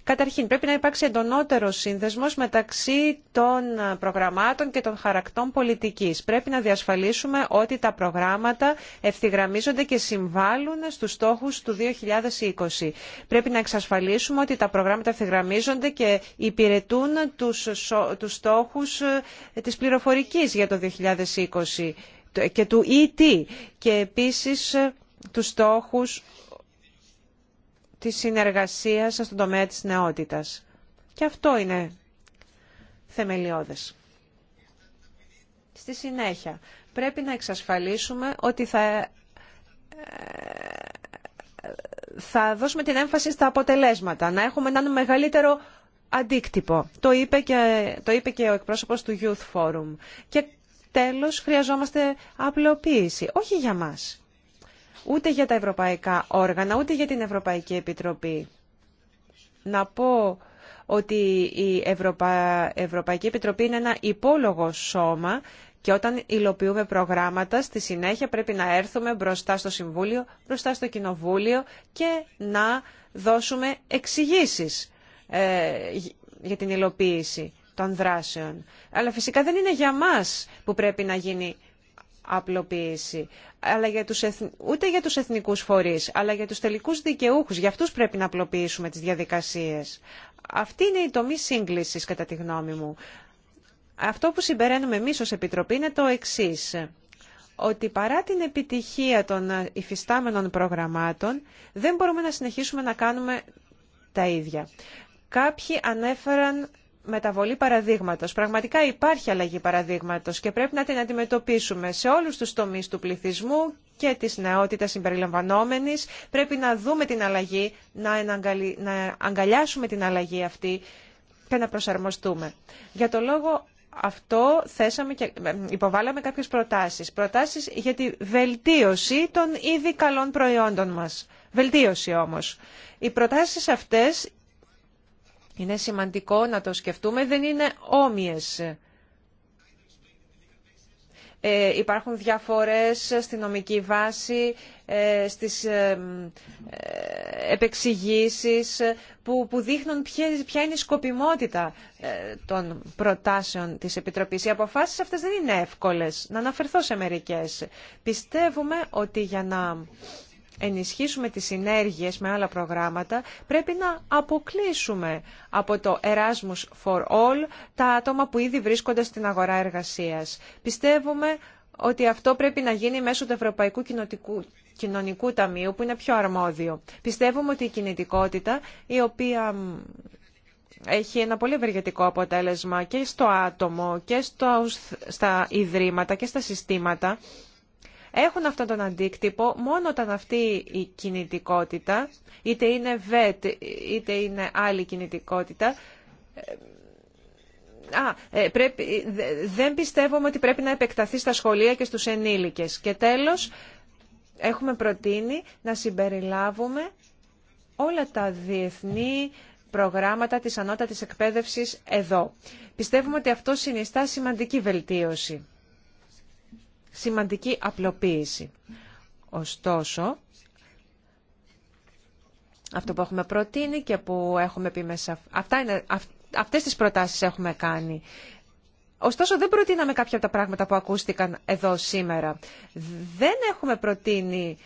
Καταρχήν, πρέπει να υπάρξει εντονότερο σύνδεσμος μεταξύ των προγραμμάτων και των χαρακτών πολιτικής. Πρέπει να διασφαλίσουμε ότι τα προγράμματα ευθυγραμμίζονται και συμβάλλουν στους στόχους του 2020. Πρέπει να εξασφαλίσουμε ότι τα προγράμματα ευθυγραμμίζονται και υπηρετούν του στόχους ε, της πληροφορικής για το 2020 και του ET και επίση ε, του στόχους της συνεργασίας στον τομέα της νεότητας. Και αυτό είναι θεμελιώδες. Στη συνέχεια, πρέπει να εξασφαλίσουμε ότι θα, ε, θα δώσουμε την έμφαση στα αποτελέσματα, να έχουμε έναν μεγαλύτερο αντίκτυπο. Το είπε και, το είπε και ο εκπρόσωπος του Youth Forum. Και τέλος, χρειαζόμαστε απλοποίηση, όχι για μας, ούτε για τα ευρωπαϊκά όργανα, ούτε για την Ευρωπαϊκή Επιτροπή. Να πω ότι η Ευρωπα... Ευρωπαϊκή Επιτροπή είναι ένα υπόλογο σώμα και όταν υλοποιούμε προγράμματα, στη συνέχεια πρέπει να έρθουμε μπροστά στο Συμβούλιο, μπροστά στο Κοινοβούλιο και να δώσουμε εξηγήσει ε, για την υλοποίηση των δράσεων. Αλλά φυσικά δεν είναι για μας που πρέπει να γίνει απλοποίηση. Αλλά για τους Ούτε για τους εθνικούς φορείς, αλλά για τους τελικούς δικαιούχους. Για αυτούς πρέπει να απλοποιήσουμε τις διαδικασίες. Αυτή είναι η τομή σύγκλησης, κατά τη γνώμη μου. Αυτό που συμπεραίνουμε εμείς ως Επιτροπή είναι το εξής ότι παρά την επιτυχία των υφιστάμενων προγραμμάτων, δεν μπορούμε να συνεχίσουμε να κάνουμε τα ίδια. Κάποιοι ανέφεραν μεταβολή παραδείγματος. Πραγματικά υπάρχει αλλαγή παραδείγματος και πρέπει να την αντιμετωπίσουμε σε όλους τους τομείς του πληθυσμού και της νέότητα συμπεριλαμβανόμενης. Πρέπει να δούμε την αλλαγή, να, να αγκαλιάσουμε την αλλαγή αυτή και να προσαρμοστούμε. Για το λόγο αυτό θέσαμε και ε, υποβάλαμε κάποιες προτάσεις. Προτάσεις για τη βελτίωση των ήδη καλών προϊόντων μας. Βελτίωση όμως. Οι προτάσεις αυτές είναι σημαντικό να το σκεφτούμε. Δεν είναι όμοιες. Ε, υπάρχουν διαφορές στη νομική βάση, ε, στις ε, επεξηγήσεις που, που δείχνουν ποια, ποια είναι η σκοπιμότητα των προτάσεων της Επιτροπής. Οι αποφάσεις αυτές δεν είναι εύκολες. Να αναφερθώ σε μερικές. Πιστεύουμε ότι για να ενισχύσουμε τις συνέργειες με άλλα προγράμματα, πρέπει να αποκλείσουμε από το Erasmus for All τα άτομα που ήδη βρίσκονται στην αγορά εργασίας. Πιστεύουμε ότι αυτό πρέπει να γίνει μέσω του Ευρωπαϊκού Κοινωνικού Ταμείου, που είναι πιο αρμόδιο. Πιστεύουμε ότι η κινητικότητα, η οποία έχει ένα πολύ ευεργετικό αποτέλεσμα και στο άτομο και στο, στα ιδρύματα και στα συστήματα, έχουν αυτόν τον αντίκτυπο μόνο όταν αυτή η κινητικότητα, είτε είναι ΒΕΤ είτε είναι άλλη κινητικότητα, ε, Α, ε, πρέπει, δεν πιστεύουμε ότι πρέπει να επεκταθεί στα σχολεία και στους ενήλικες. Και τέλος, έχουμε προτείνει να συμπεριλάβουμε όλα τα διεθνή προγράμματα της ανώτατης εκπαίδευσης εδώ. Πιστεύουμε ότι αυτό συνιστά σημαντική βελτίωση σημαντική απλοποίηση. Ωστόσο, αυτό που έχουμε προτείνει και που έχουμε πει μέσα... Αυτά είναι, αυτές τις προτάσεις έχουμε κάνει. Ωστόσο, δεν προτείναμε κάποια από τα πράγματα που ακούστηκαν εδώ σήμερα. Δεν έχουμε προτείνει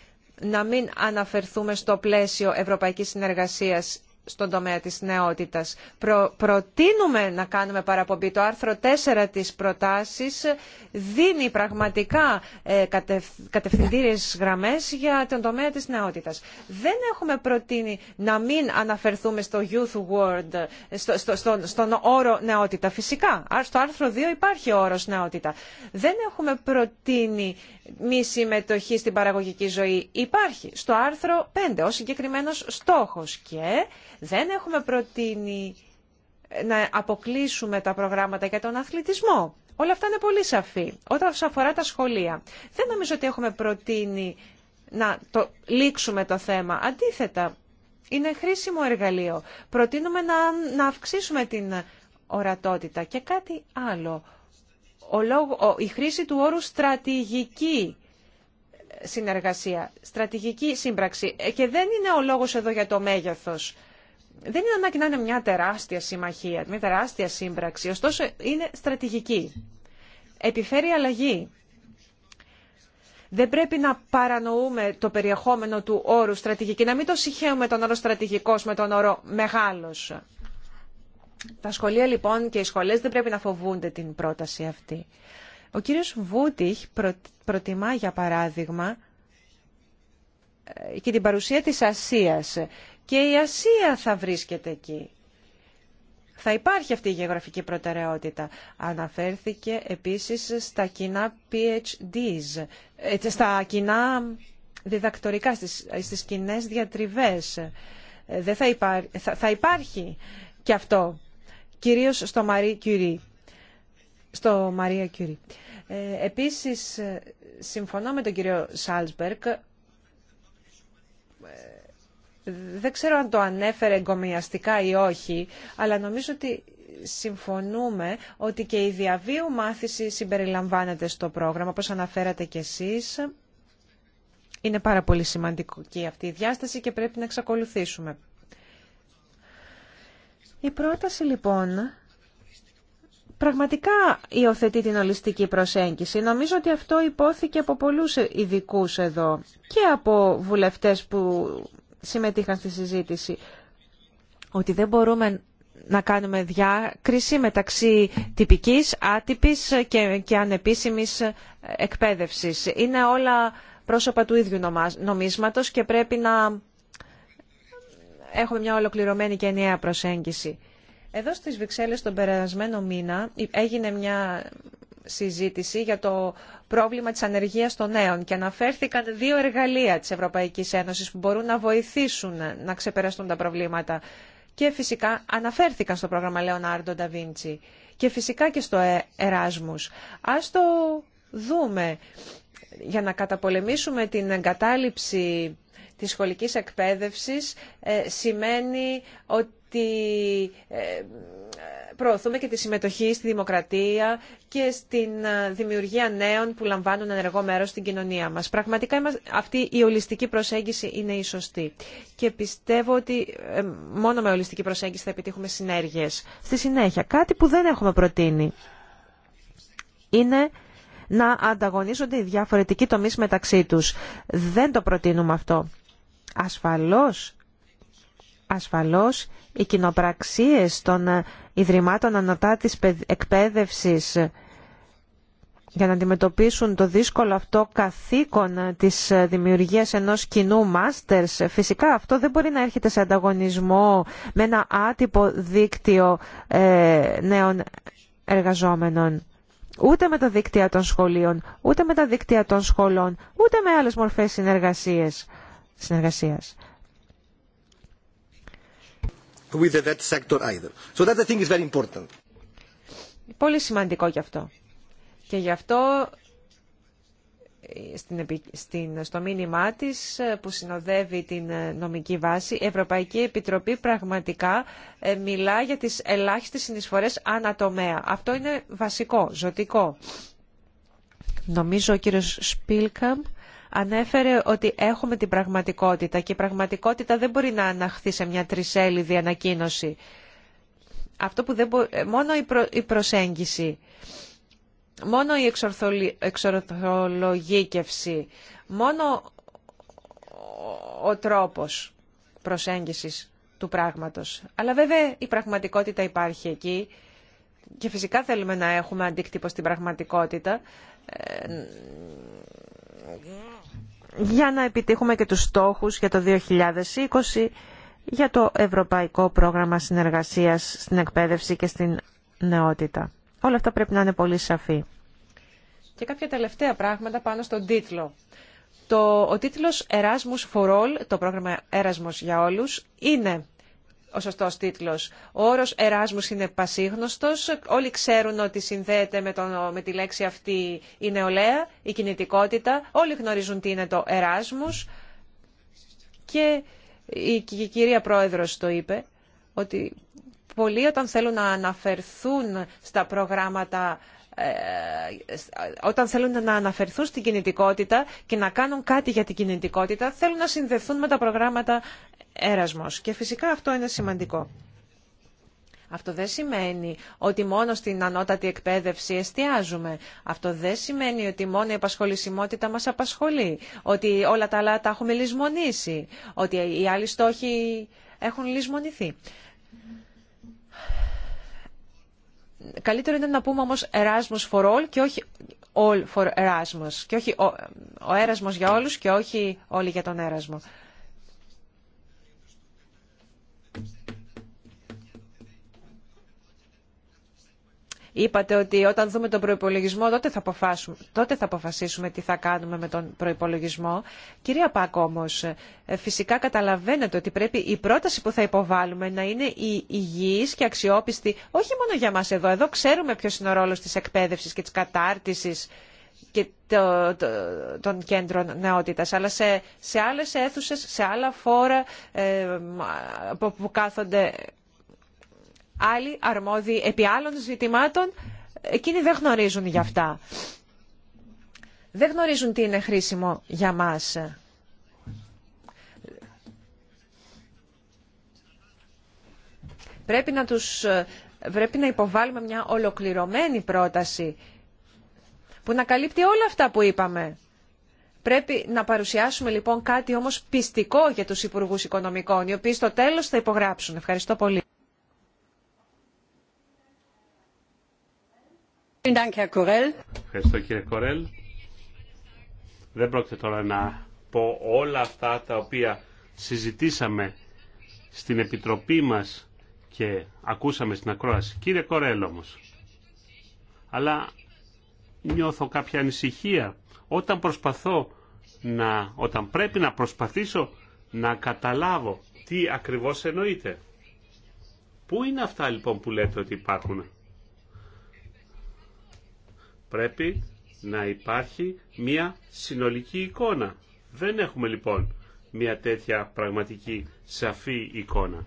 να μην αναφερθούμε στο πλαίσιο ευρωπαϊκής συνεργασίας στον τομέα της νεότητας. προτείνουμε να κάνουμε παραπομπή. Το άρθρο 4 της προτάσης δίνει πραγματικά ε, κατευ, κατευθυντήριες γραμμές για τον τομέα της νεότητας. Δεν έχουμε προτείνει να μην αναφερθούμε στο Youth World, στο, στο, στον όρο νεότητα. Φυσικά, στο άρθρο 2 υπάρχει ο όρος νεότητα. Δεν έχουμε προτείνει μη συμμετοχή στην παραγωγική ζωή. Υπάρχει στο άρθρο 5 ο συγκεκριμένος στόχος και δεν έχουμε προτείνει ε, να αποκλείσουμε τα προγράμματα για τον αθλητισμό. Όλα αυτά είναι πολύ σαφή. Όταν αφορά τα σχολεία, δεν νομίζω ότι έχουμε προτείνει να το λήξουμε το θέμα. Αντίθετα, είναι χρήσιμο εργαλείο. Προτείνουμε να, αυξήσουμε την ορατότητα. Και κάτι άλλο. Ο, ο, η χρήση του όρου στρατηγική ε, συνεργασία, στρατηγική σύμπραξη. Ε, και δεν είναι ο λόγος εδώ για το μέγεθος δεν είναι ανάγκη να είναι μια τεράστια συμμαχία, μια τεράστια σύμπραξη, ωστόσο είναι στρατηγική. Επιφέρει αλλαγή. Δεν πρέπει να παρανοούμε το περιεχόμενο του όρου στρατηγική, να μην το συχαίουμε τον όρο στρατηγικός με τον όρο μεγάλος. Τα σχολεία λοιπόν και οι σχολές δεν πρέπει να φοβούνται την πρόταση αυτή. Ο κύριος Βούτιχ προτιμά για παράδειγμα ε, και την παρουσία της Ασίας και η Ασία θα βρίσκεται εκεί. Θα υπάρχει αυτή η γεωγραφική προτεραιότητα. Αναφέρθηκε επίσης στα κοινά PhDs, ε, στα κοινά διδακτορικά, στις, στις κοινέ διατριβές. Ε, δεν θα, θα, υπάρχει και αυτό, κυρίως στο Μαρία Κυρί. Στο Μαρία ε, επίσης, συμφωνώ με τον κύριο Σάλσμπερκ δεν ξέρω αν το ανέφερε εγκομιαστικά ή όχι, αλλά νομίζω ότι συμφωνούμε ότι και η διαβίου μάθηση συμπεριλαμβάνεται στο πρόγραμμα, όπως αναφέρατε κι εσείς. Είναι πάρα πολύ σημαντική αυτή η διάσταση και πρέπει να εξακολουθήσουμε. Η πρόταση λοιπόν πραγματικά υιοθετεί την ολιστική προσέγγιση. Νομίζω ότι αυτό υπόθηκε από πολλούς ειδικού εδώ και από βουλευτές που συμμετείχαν στη συζήτηση ότι δεν μπορούμε να κάνουμε διάκριση μεταξύ τυπικής, άτυπης και, και ανεπίσημης εκπαίδευσης. Είναι όλα πρόσωπα του ίδιου νομίσματος και πρέπει να έχουμε μια ολοκληρωμένη και ενιαία προσέγγιση. Εδώ στις Βρυξέλλες τον περασμένο μήνα έγινε μια συζήτηση για το πρόβλημα της ανεργίας των νέων και αναφέρθηκαν δύο εργαλεία της Ευρωπαϊκής Ένωσης που μπορούν να βοηθήσουν να ξεπεραστούν τα προβλήματα. Και φυσικά αναφέρθηκαν στο πρόγραμμα Λεωνάρντο Νταβίντσι και φυσικά και στο ε- Εράσμους. Ας το δούμε για να καταπολεμήσουμε την εγκατάλειψη της σχολικής εκπαίδευσης ε, σημαίνει ότι τη, ε, προωθούμε και τη συμμετοχή στη δημοκρατία και στην ε, δημιουργία νέων που λαμβάνουν ενεργό μέρος στην κοινωνία μας. Πραγματικά αυτή η ολιστική προσέγγιση είναι η σωστή. Και πιστεύω ότι ε, μόνο με ολιστική προσέγγιση θα επιτύχουμε συνέργειες. Στη συνέχεια, κάτι που δεν έχουμε προτείνει είναι να ανταγωνίζονται οι διαφορετικοί τομείς μεταξύ τους. Δεν το προτείνουμε αυτό. Ασφαλώς Ασφαλώς, οι κοινοπραξίες των Ιδρυμάτων Ανωτά Εκπαίδευσης για να αντιμετωπίσουν το δύσκολο αυτό καθήκον της δημιουργίας ενός κοινού μάστερς. Φυσικά αυτό δεν μπορεί να έρχεται σε ανταγωνισμό με ένα άτυπο δίκτυο ε, νέων εργαζόμενων. Ούτε με τα δίκτυα των σχολείων, ούτε με τα δίκτυα των σχολών, ούτε με άλλες μορφές συνεργασίας. συνεργασίας. Πολύ σημαντικό γι' αυτό. Και γι' αυτό ε, στην, στο μήνυμά της ε, που συνοδεύει την ε, νομική βάση, η Ευρωπαϊκή Επιτροπή πραγματικά μιλά για τις ελάχιστες συνεισφορές ανατομέα. Αυτό είναι βασικό, ζωτικό. Νομίζω ο κύριος ανέφερε ότι έχουμε την πραγματικότητα και η πραγματικότητα δεν μπορεί να αναχθεί σε μια τρισέλιδη ανακοίνωση. Αυτό που δεν ε, Μόνο η, προσέγγιση, μόνο η εξορθολογήκευση, μόνο ο τρόπος προσέγγισης του πράγματος. Αλλά βέβαια η πραγματικότητα υπάρχει εκεί και φυσικά θέλουμε να έχουμε αντίκτυπο στην πραγματικότητα ε, για να επιτύχουμε και τους στόχους για το 2020 για το Ευρωπαϊκό Πρόγραμμα Συνεργασίας στην Εκπαίδευση και στην Νεότητα. Όλα αυτά πρέπει να είναι πολύ σαφή. Και κάποια τελευταία πράγματα πάνω στον τίτλο. Το, ο τίτλος Erasmus for All, το πρόγραμμα Erasmus για όλους, είναι ο σωστός τίτλος. Ο όρος Εράσμους είναι πασίγνωστος. Όλοι ξέρουν ότι συνδέεται με, με τη λέξη αυτή η νεολαία, η κινητικότητα. Όλοι γνωρίζουν τι είναι το Εράσμους. Και η, κυρία Πρόεδρος το είπε, ότι πολλοί όταν θέλουν να αναφερθούν στα προγράμματα ε, όταν θέλουν να αναφερθούν στην κινητικότητα και να κάνουν κάτι για την κινητικότητα, θέλουν να συνδεθούν με τα προγράμματα έρασμος. Και φυσικά αυτό είναι σημαντικό. Αυτό δεν σημαίνει ότι μόνο στην ανώτατη εκπαίδευση εστιάζουμε. Αυτό δεν σημαίνει ότι μόνο η απασχολησιμότητα μας απασχολεί. Ότι όλα τα άλλα τα έχουμε λησμονήσει. Ότι οι άλλοι στόχοι έχουν λησμονηθεί. Καλύτερο είναι να πούμε όμως Erasmus for all και όχι all for Erasmus. Και όχι ο, ο για όλους και όχι όλοι για τον Ερασμό». Είπατε ότι όταν δούμε τον προπολογισμό τότε θα, αποφασίσουμε τι θα κάνουμε με τον προπολογισμό. Κυρία Πάκο όμω, ε, φυσικά καταλαβαίνετε ότι πρέπει η πρόταση που θα υποβάλουμε να είναι η υγιής και αξιόπιστη όχι μόνο για μας εδώ. Εδώ ξέρουμε ποιο είναι ο ρόλος της εκπαίδευσης και της κατάρτισης και των κέντρων νεότητας, αλλά σε, σε άλλες αίθουσες, σε άλλα φόρα ε, που, που κάθονται άλλοι αρμόδιοι επί άλλων ζητημάτων, εκείνοι δεν γνωρίζουν για αυτά. Δεν γνωρίζουν τι είναι χρήσιμο για μας. Πρέπει να, τους, πρέπει να υποβάλουμε μια ολοκληρωμένη πρόταση που να καλύπτει όλα αυτά που είπαμε. Πρέπει να παρουσιάσουμε λοιπόν κάτι όμως πιστικό για τους Υπουργούς Οικονομικών, οι οποίοι στο τέλος θα υπογράψουν. Ευχαριστώ πολύ. Ευχαριστώ κύριε Κορέλ. Δεν πρόκειται τώρα να πω όλα αυτά τα οποία συζητήσαμε στην Επιτροπή μας και ακούσαμε στην ακρόαση. Κύριε Κορέλ όμως, αλλά νιώθω κάποια ανησυχία όταν προσπαθώ να, όταν πρέπει να προσπαθήσω να καταλάβω τι ακριβώς εννοείτε. Πού είναι αυτά λοιπόν που λέτε ότι υπάρχουν. Πρέπει να υπάρχει μια συνολική εικόνα. Δεν έχουμε λοιπόν μια τέτοια πραγματική σαφή εικόνα.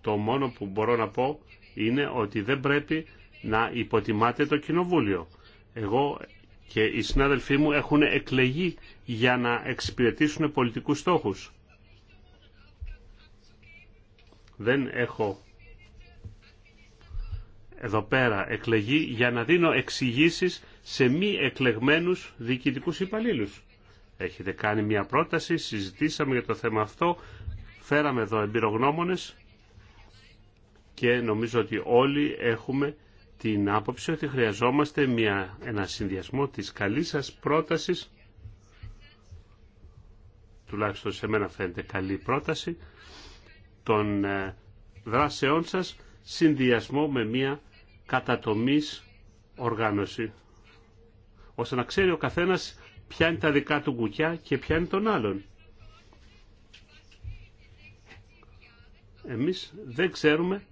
Το μόνο που μπορώ να πω είναι ότι δεν πρέπει να υποτιμάτε το κοινοβούλιο. Εγώ και οι συνάδελφοί μου έχουν εκλεγεί για να εξυπηρετήσουν πολιτικούς στόχους. Δεν έχω εδώ πέρα εκλεγεί για να δίνω εξηγήσει σε μη εκλεγμένους διοικητικού υπαλλήλου. Έχετε κάνει μια πρόταση, συζητήσαμε για το θέμα αυτό, φέραμε εδώ εμπειρογνώμονε και νομίζω ότι όλοι έχουμε την άποψη ότι χρειαζόμαστε μια, ένα συνδυασμό της καλής σας πρότασης τουλάχιστον σε μένα φαίνεται καλή πρόταση των ε, δράσεών σας συνδυασμό με μια κατατομής οργάνωση, ώστε να ξέρει ο καθένας ποια είναι τα δικά του κουκιά και ποια είναι των άλλων. Εμείς δεν ξέρουμε,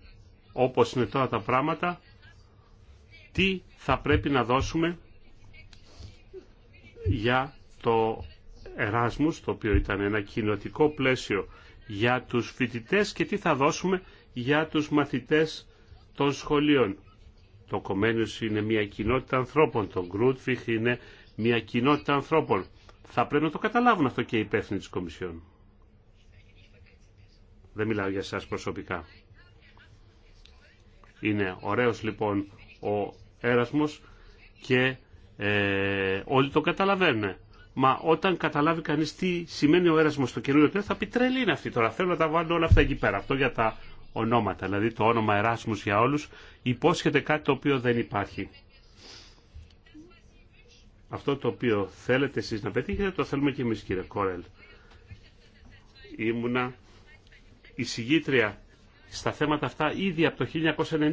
όπως είναι τώρα τα πράγματα, τι θα πρέπει να δώσουμε για το Εράσμους, το οποίο ήταν ένα κοινοτικό πλαίσιο για τους φοιτητές και τι θα δώσουμε για τους μαθητές των σχολείων. Το κομμένιος είναι μια κοινότητα ανθρώπων, το Γκρούτφιχ είναι μια κοινότητα ανθρώπων. Θα πρέπει να το καταλάβουν αυτό και οι υπεύθυνοι της Κομισιόν. Δεν μιλάω για σας προσωπικά. Είναι ωραίος λοιπόν ο έρασμος και ε, όλοι το καταλαβαίνουν. Μα όταν καταλάβει κανεί τι σημαίνει ο έρασμο στο καινούριο τρένο, θα πει τρελή είναι αυτή τώρα. Θέλω να τα βάλω όλα αυτά εκεί πέρα. Αυτό για τα ονόματα, δηλαδή το όνομα Εράσμους για όλους, υπόσχεται κάτι το οποίο δεν υπάρχει. Αυτό το οποίο θέλετε εσείς να πετύχετε, το θέλουμε και εμείς κύριε Κόρελ. Ήμουνα εισηγήτρια στα θέματα αυτά ήδη από το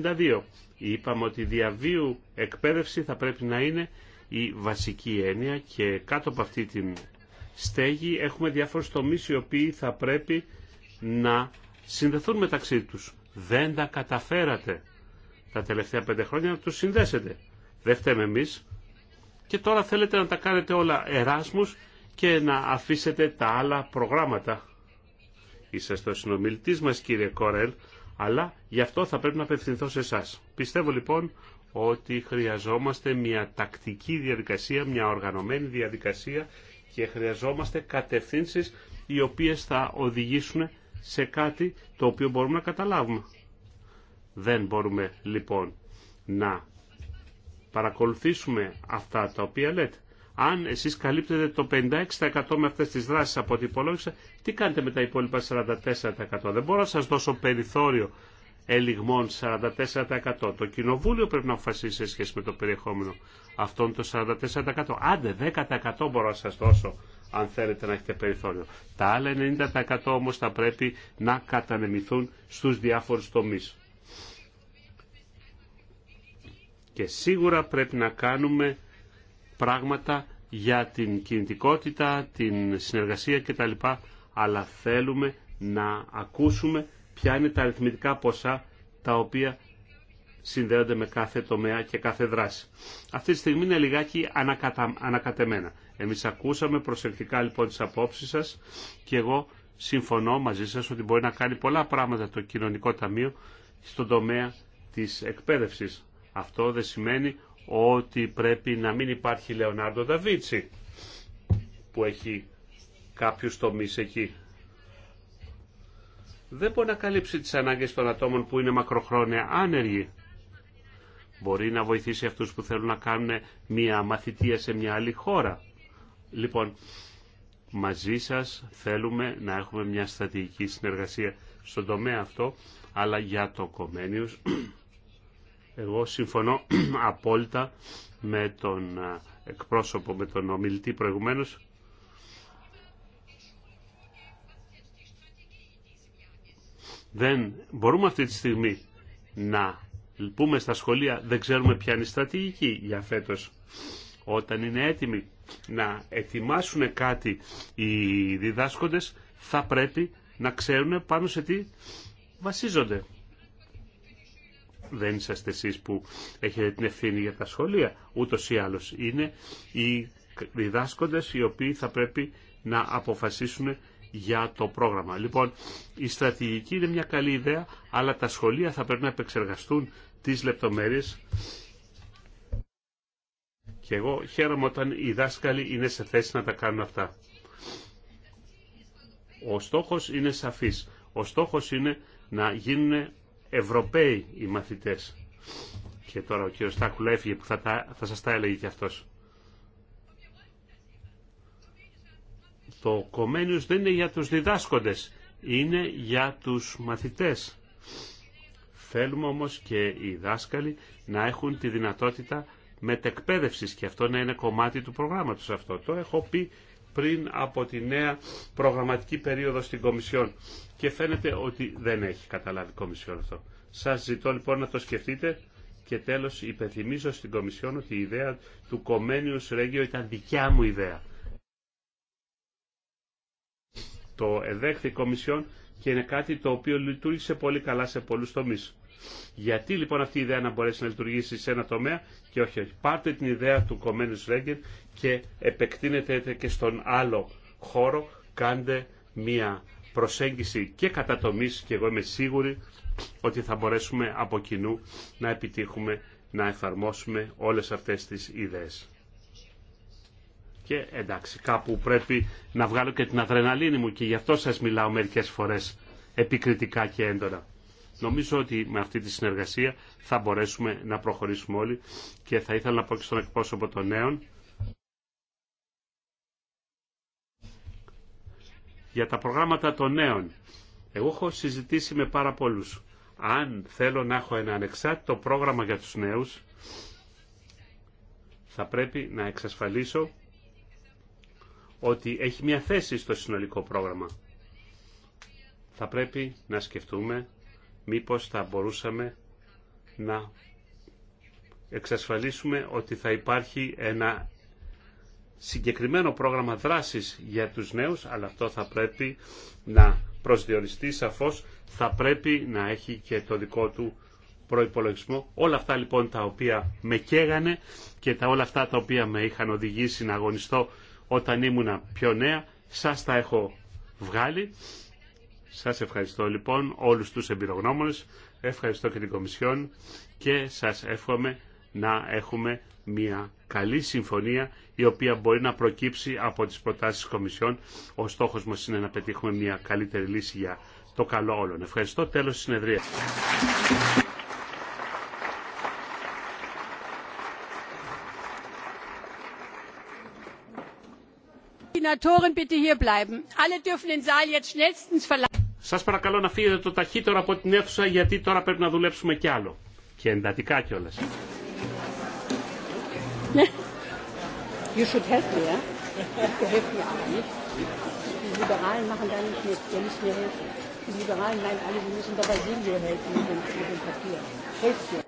1992. Είπαμε ότι η διαβίου εκπαίδευση θα πρέπει να είναι η βασική έννοια και κάτω από αυτή την στέγη έχουμε διάφορους τομείς οι οποίοι θα πρέπει να συνδεθούν μεταξύ τους. Δεν τα καταφέρατε τα τελευταία πέντε χρόνια να τους συνδέσετε. Δεν φταίμε εμείς. Και τώρα θέλετε να τα κάνετε όλα εράσμους και να αφήσετε τα άλλα προγράμματα. Είσαστε ο συνομιλητής μας κύριε Κορέλ, αλλά γι' αυτό θα πρέπει να απευθυνθώ σε εσά. Πιστεύω λοιπόν ότι χρειαζόμαστε μια τακτική διαδικασία, μια οργανωμένη διαδικασία και χρειαζόμαστε κατευθύνσεις οι οποίες θα οδηγήσουν σε κάτι το οποίο μπορούμε να καταλάβουμε. Δεν μπορούμε λοιπόν να παρακολουθήσουμε αυτά τα οποία λέτε. Αν εσείς καλύπτετε το 56% με αυτές τις δράσεις από ό,τι υπολόγισα, τι κάνετε με τα υπόλοιπα 44%. Δεν μπορώ να σας δώσω περιθώριο ελιγμών 44%. Το κοινοβούλιο πρέπει να αποφασίσει σε σχέση με το περιεχόμενο αυτών το 44%. Άντε 10% μπορώ να σας δώσω αν θέλετε να έχετε περιθώριο. Τα άλλα 90% όμως θα πρέπει να κατανεμηθούν στους διάφορους τομείς. Και σίγουρα πρέπει να κάνουμε πράγματα για την κινητικότητα, την συνεργασία κτλ. Αλλά θέλουμε να ακούσουμε ποια είναι τα αριθμητικά ποσά τα οποία συνδέονται με κάθε τομέα και κάθε δράση. Αυτή τη στιγμή είναι λιγάκι ανακατεμένα. Εμείς ακούσαμε προσεκτικά λοιπόν τις απόψεις σας και εγώ συμφωνώ μαζί σας ότι μπορεί να κάνει πολλά πράγματα το κοινωνικό ταμείο στον τομέα της εκπαίδευσης. Αυτό δεν σημαίνει ότι πρέπει να μην υπάρχει Λεωνάρντο Νταβίτσι που έχει κάποιους τομείς εκεί. Δεν μπορεί να καλύψει τις ανάγκες των ατόμων που είναι μακροχρόνια άνεργοι. Μπορεί να βοηθήσει αυτούς που θέλουν να κάνουν μια μαθητεία σε μια άλλη χώρα. Λοιπόν, μαζί σας θέλουμε να έχουμε μια στρατηγική συνεργασία στον τομέα αυτό, αλλά για το Κομένιους εγώ συμφωνώ απόλυτα με τον εκπρόσωπο, με τον ομιλητή προηγουμένως. Δεν μπορούμε αυτή τη στιγμή να πούμε στα σχολεία δεν ξέρουμε ποια είναι η στρατηγική για φέτος. Όταν είναι έτοιμη να ετοιμάσουν κάτι οι διδάσκοντες θα πρέπει να ξέρουν πάνω σε τι βασίζονται. Δεν είσαστε εσείς που έχετε την ευθύνη για τα σχολεία, ούτως ή άλλως. Είναι οι διδάσκοντες οι οποίοι θα πρέπει να αποφασίσουν για το πρόγραμμα. Λοιπόν, η στρατηγική είναι μια καλή ιδέα, αλλά τα σχολεία θα πρέπει να επεξεργαστούν τις λεπτομέρειες και εγώ χαίρομαι όταν οι δάσκαλοι είναι σε θέση να τα κάνουν αυτά. Ο στόχος είναι σαφής. Ο στόχος είναι να γίνουν Ευρωπαίοι οι μαθητές. Και τώρα ο κύριος Στάκουλα έφυγε που θα, τα, θα σας τα έλεγε και αυτός. Το κομμένιος δεν είναι για τους διδάσκοντες, είναι για τους μαθητές. Θέλουμε όμως και οι δάσκαλοι να έχουν τη δυνατότητα μετεκπαίδευση και αυτό να είναι κομμάτι του προγράμματος αυτό. Το έχω πει πριν από τη νέα προγραμματική περίοδο στην Κομισιόν και φαίνεται ότι δεν έχει καταλάβει η Κομισιόν αυτό. Σας ζητώ λοιπόν να το σκεφτείτε και τέλος υπενθυμίζω στην Κομισιόν ότι η ιδέα του κομμένιου Σρέγγιο ήταν δικιά μου ιδέα. Το εδέχθη η Κομισιόν και είναι κάτι το οποίο λειτουργήσε πολύ καλά σε πολλούς τομείς. Γιατί λοιπόν αυτή η ιδέα να μπορέσει να λειτουργήσει σε ένα τομέα και όχι, όχι. Πάρτε την ιδέα του κομμένου Ρέγκερ και επεκτείνετε και στον άλλο χώρο. Κάντε μία προσέγγιση και κατά και εγώ είμαι σίγουρη ότι θα μπορέσουμε από κοινού να επιτύχουμε να εφαρμόσουμε όλες αυτές τις ιδέες. Και εντάξει, κάπου πρέπει να βγάλω και την αδρεναλίνη μου και γι' αυτό σας μιλάω μερικές φορές επικριτικά και έντονα. Νομίζω ότι με αυτή τη συνεργασία θα μπορέσουμε να προχωρήσουμε όλοι και θα ήθελα να πω και στον εκπρόσωπο των νέων για τα προγράμματα των νέων. Εγώ έχω συζητήσει με πάρα πολλούς. Αν θέλω να έχω ένα ανεξάρτητο πρόγραμμα για τους νέους, θα πρέπει να εξασφαλίσω ότι έχει μια θέση στο συνολικό πρόγραμμα. Θα πρέπει να σκεφτούμε μήπως θα μπορούσαμε να εξασφαλίσουμε ότι θα υπάρχει ένα συγκεκριμένο πρόγραμμα δράσης για τους νέους, αλλά αυτό θα πρέπει να προσδιοριστεί σαφώς, θα πρέπει να έχει και το δικό του προϋπολογισμό. Όλα αυτά λοιπόν τα οποία με καίγανε και τα όλα αυτά τα οποία με είχαν οδηγήσει να αγωνιστώ όταν ήμουν πιο νέα, σας τα έχω βγάλει σας ευχαριστώ λοιπόν όλους τους εμπειρογνώμονες, ευχαριστώ και την Κομισιόν και σας εύχομαι να έχουμε μια καλή συμφωνία η οποία μπορεί να προκύψει από τις προτάσεις της Κομισιόν. Ο στόχος μας είναι να πετύχουμε μια καλύτερη λύση για το καλό όλων. Ευχαριστώ. Τέλος της συνεδρίας. Σας παρακαλώ να φύγετε το ταχύτερο από την αίθουσα γιατί τώρα πρέπει να δουλέψουμε κι άλλο. Και εντατικά κιόλα. You should help me, yeah? help me Die Liberalen machen da nicht mit, ihr müsst mir helfen. Die Liberalen meinen alle, sie müssen dabei wir helfen mit mit dem Papier. Helft mir.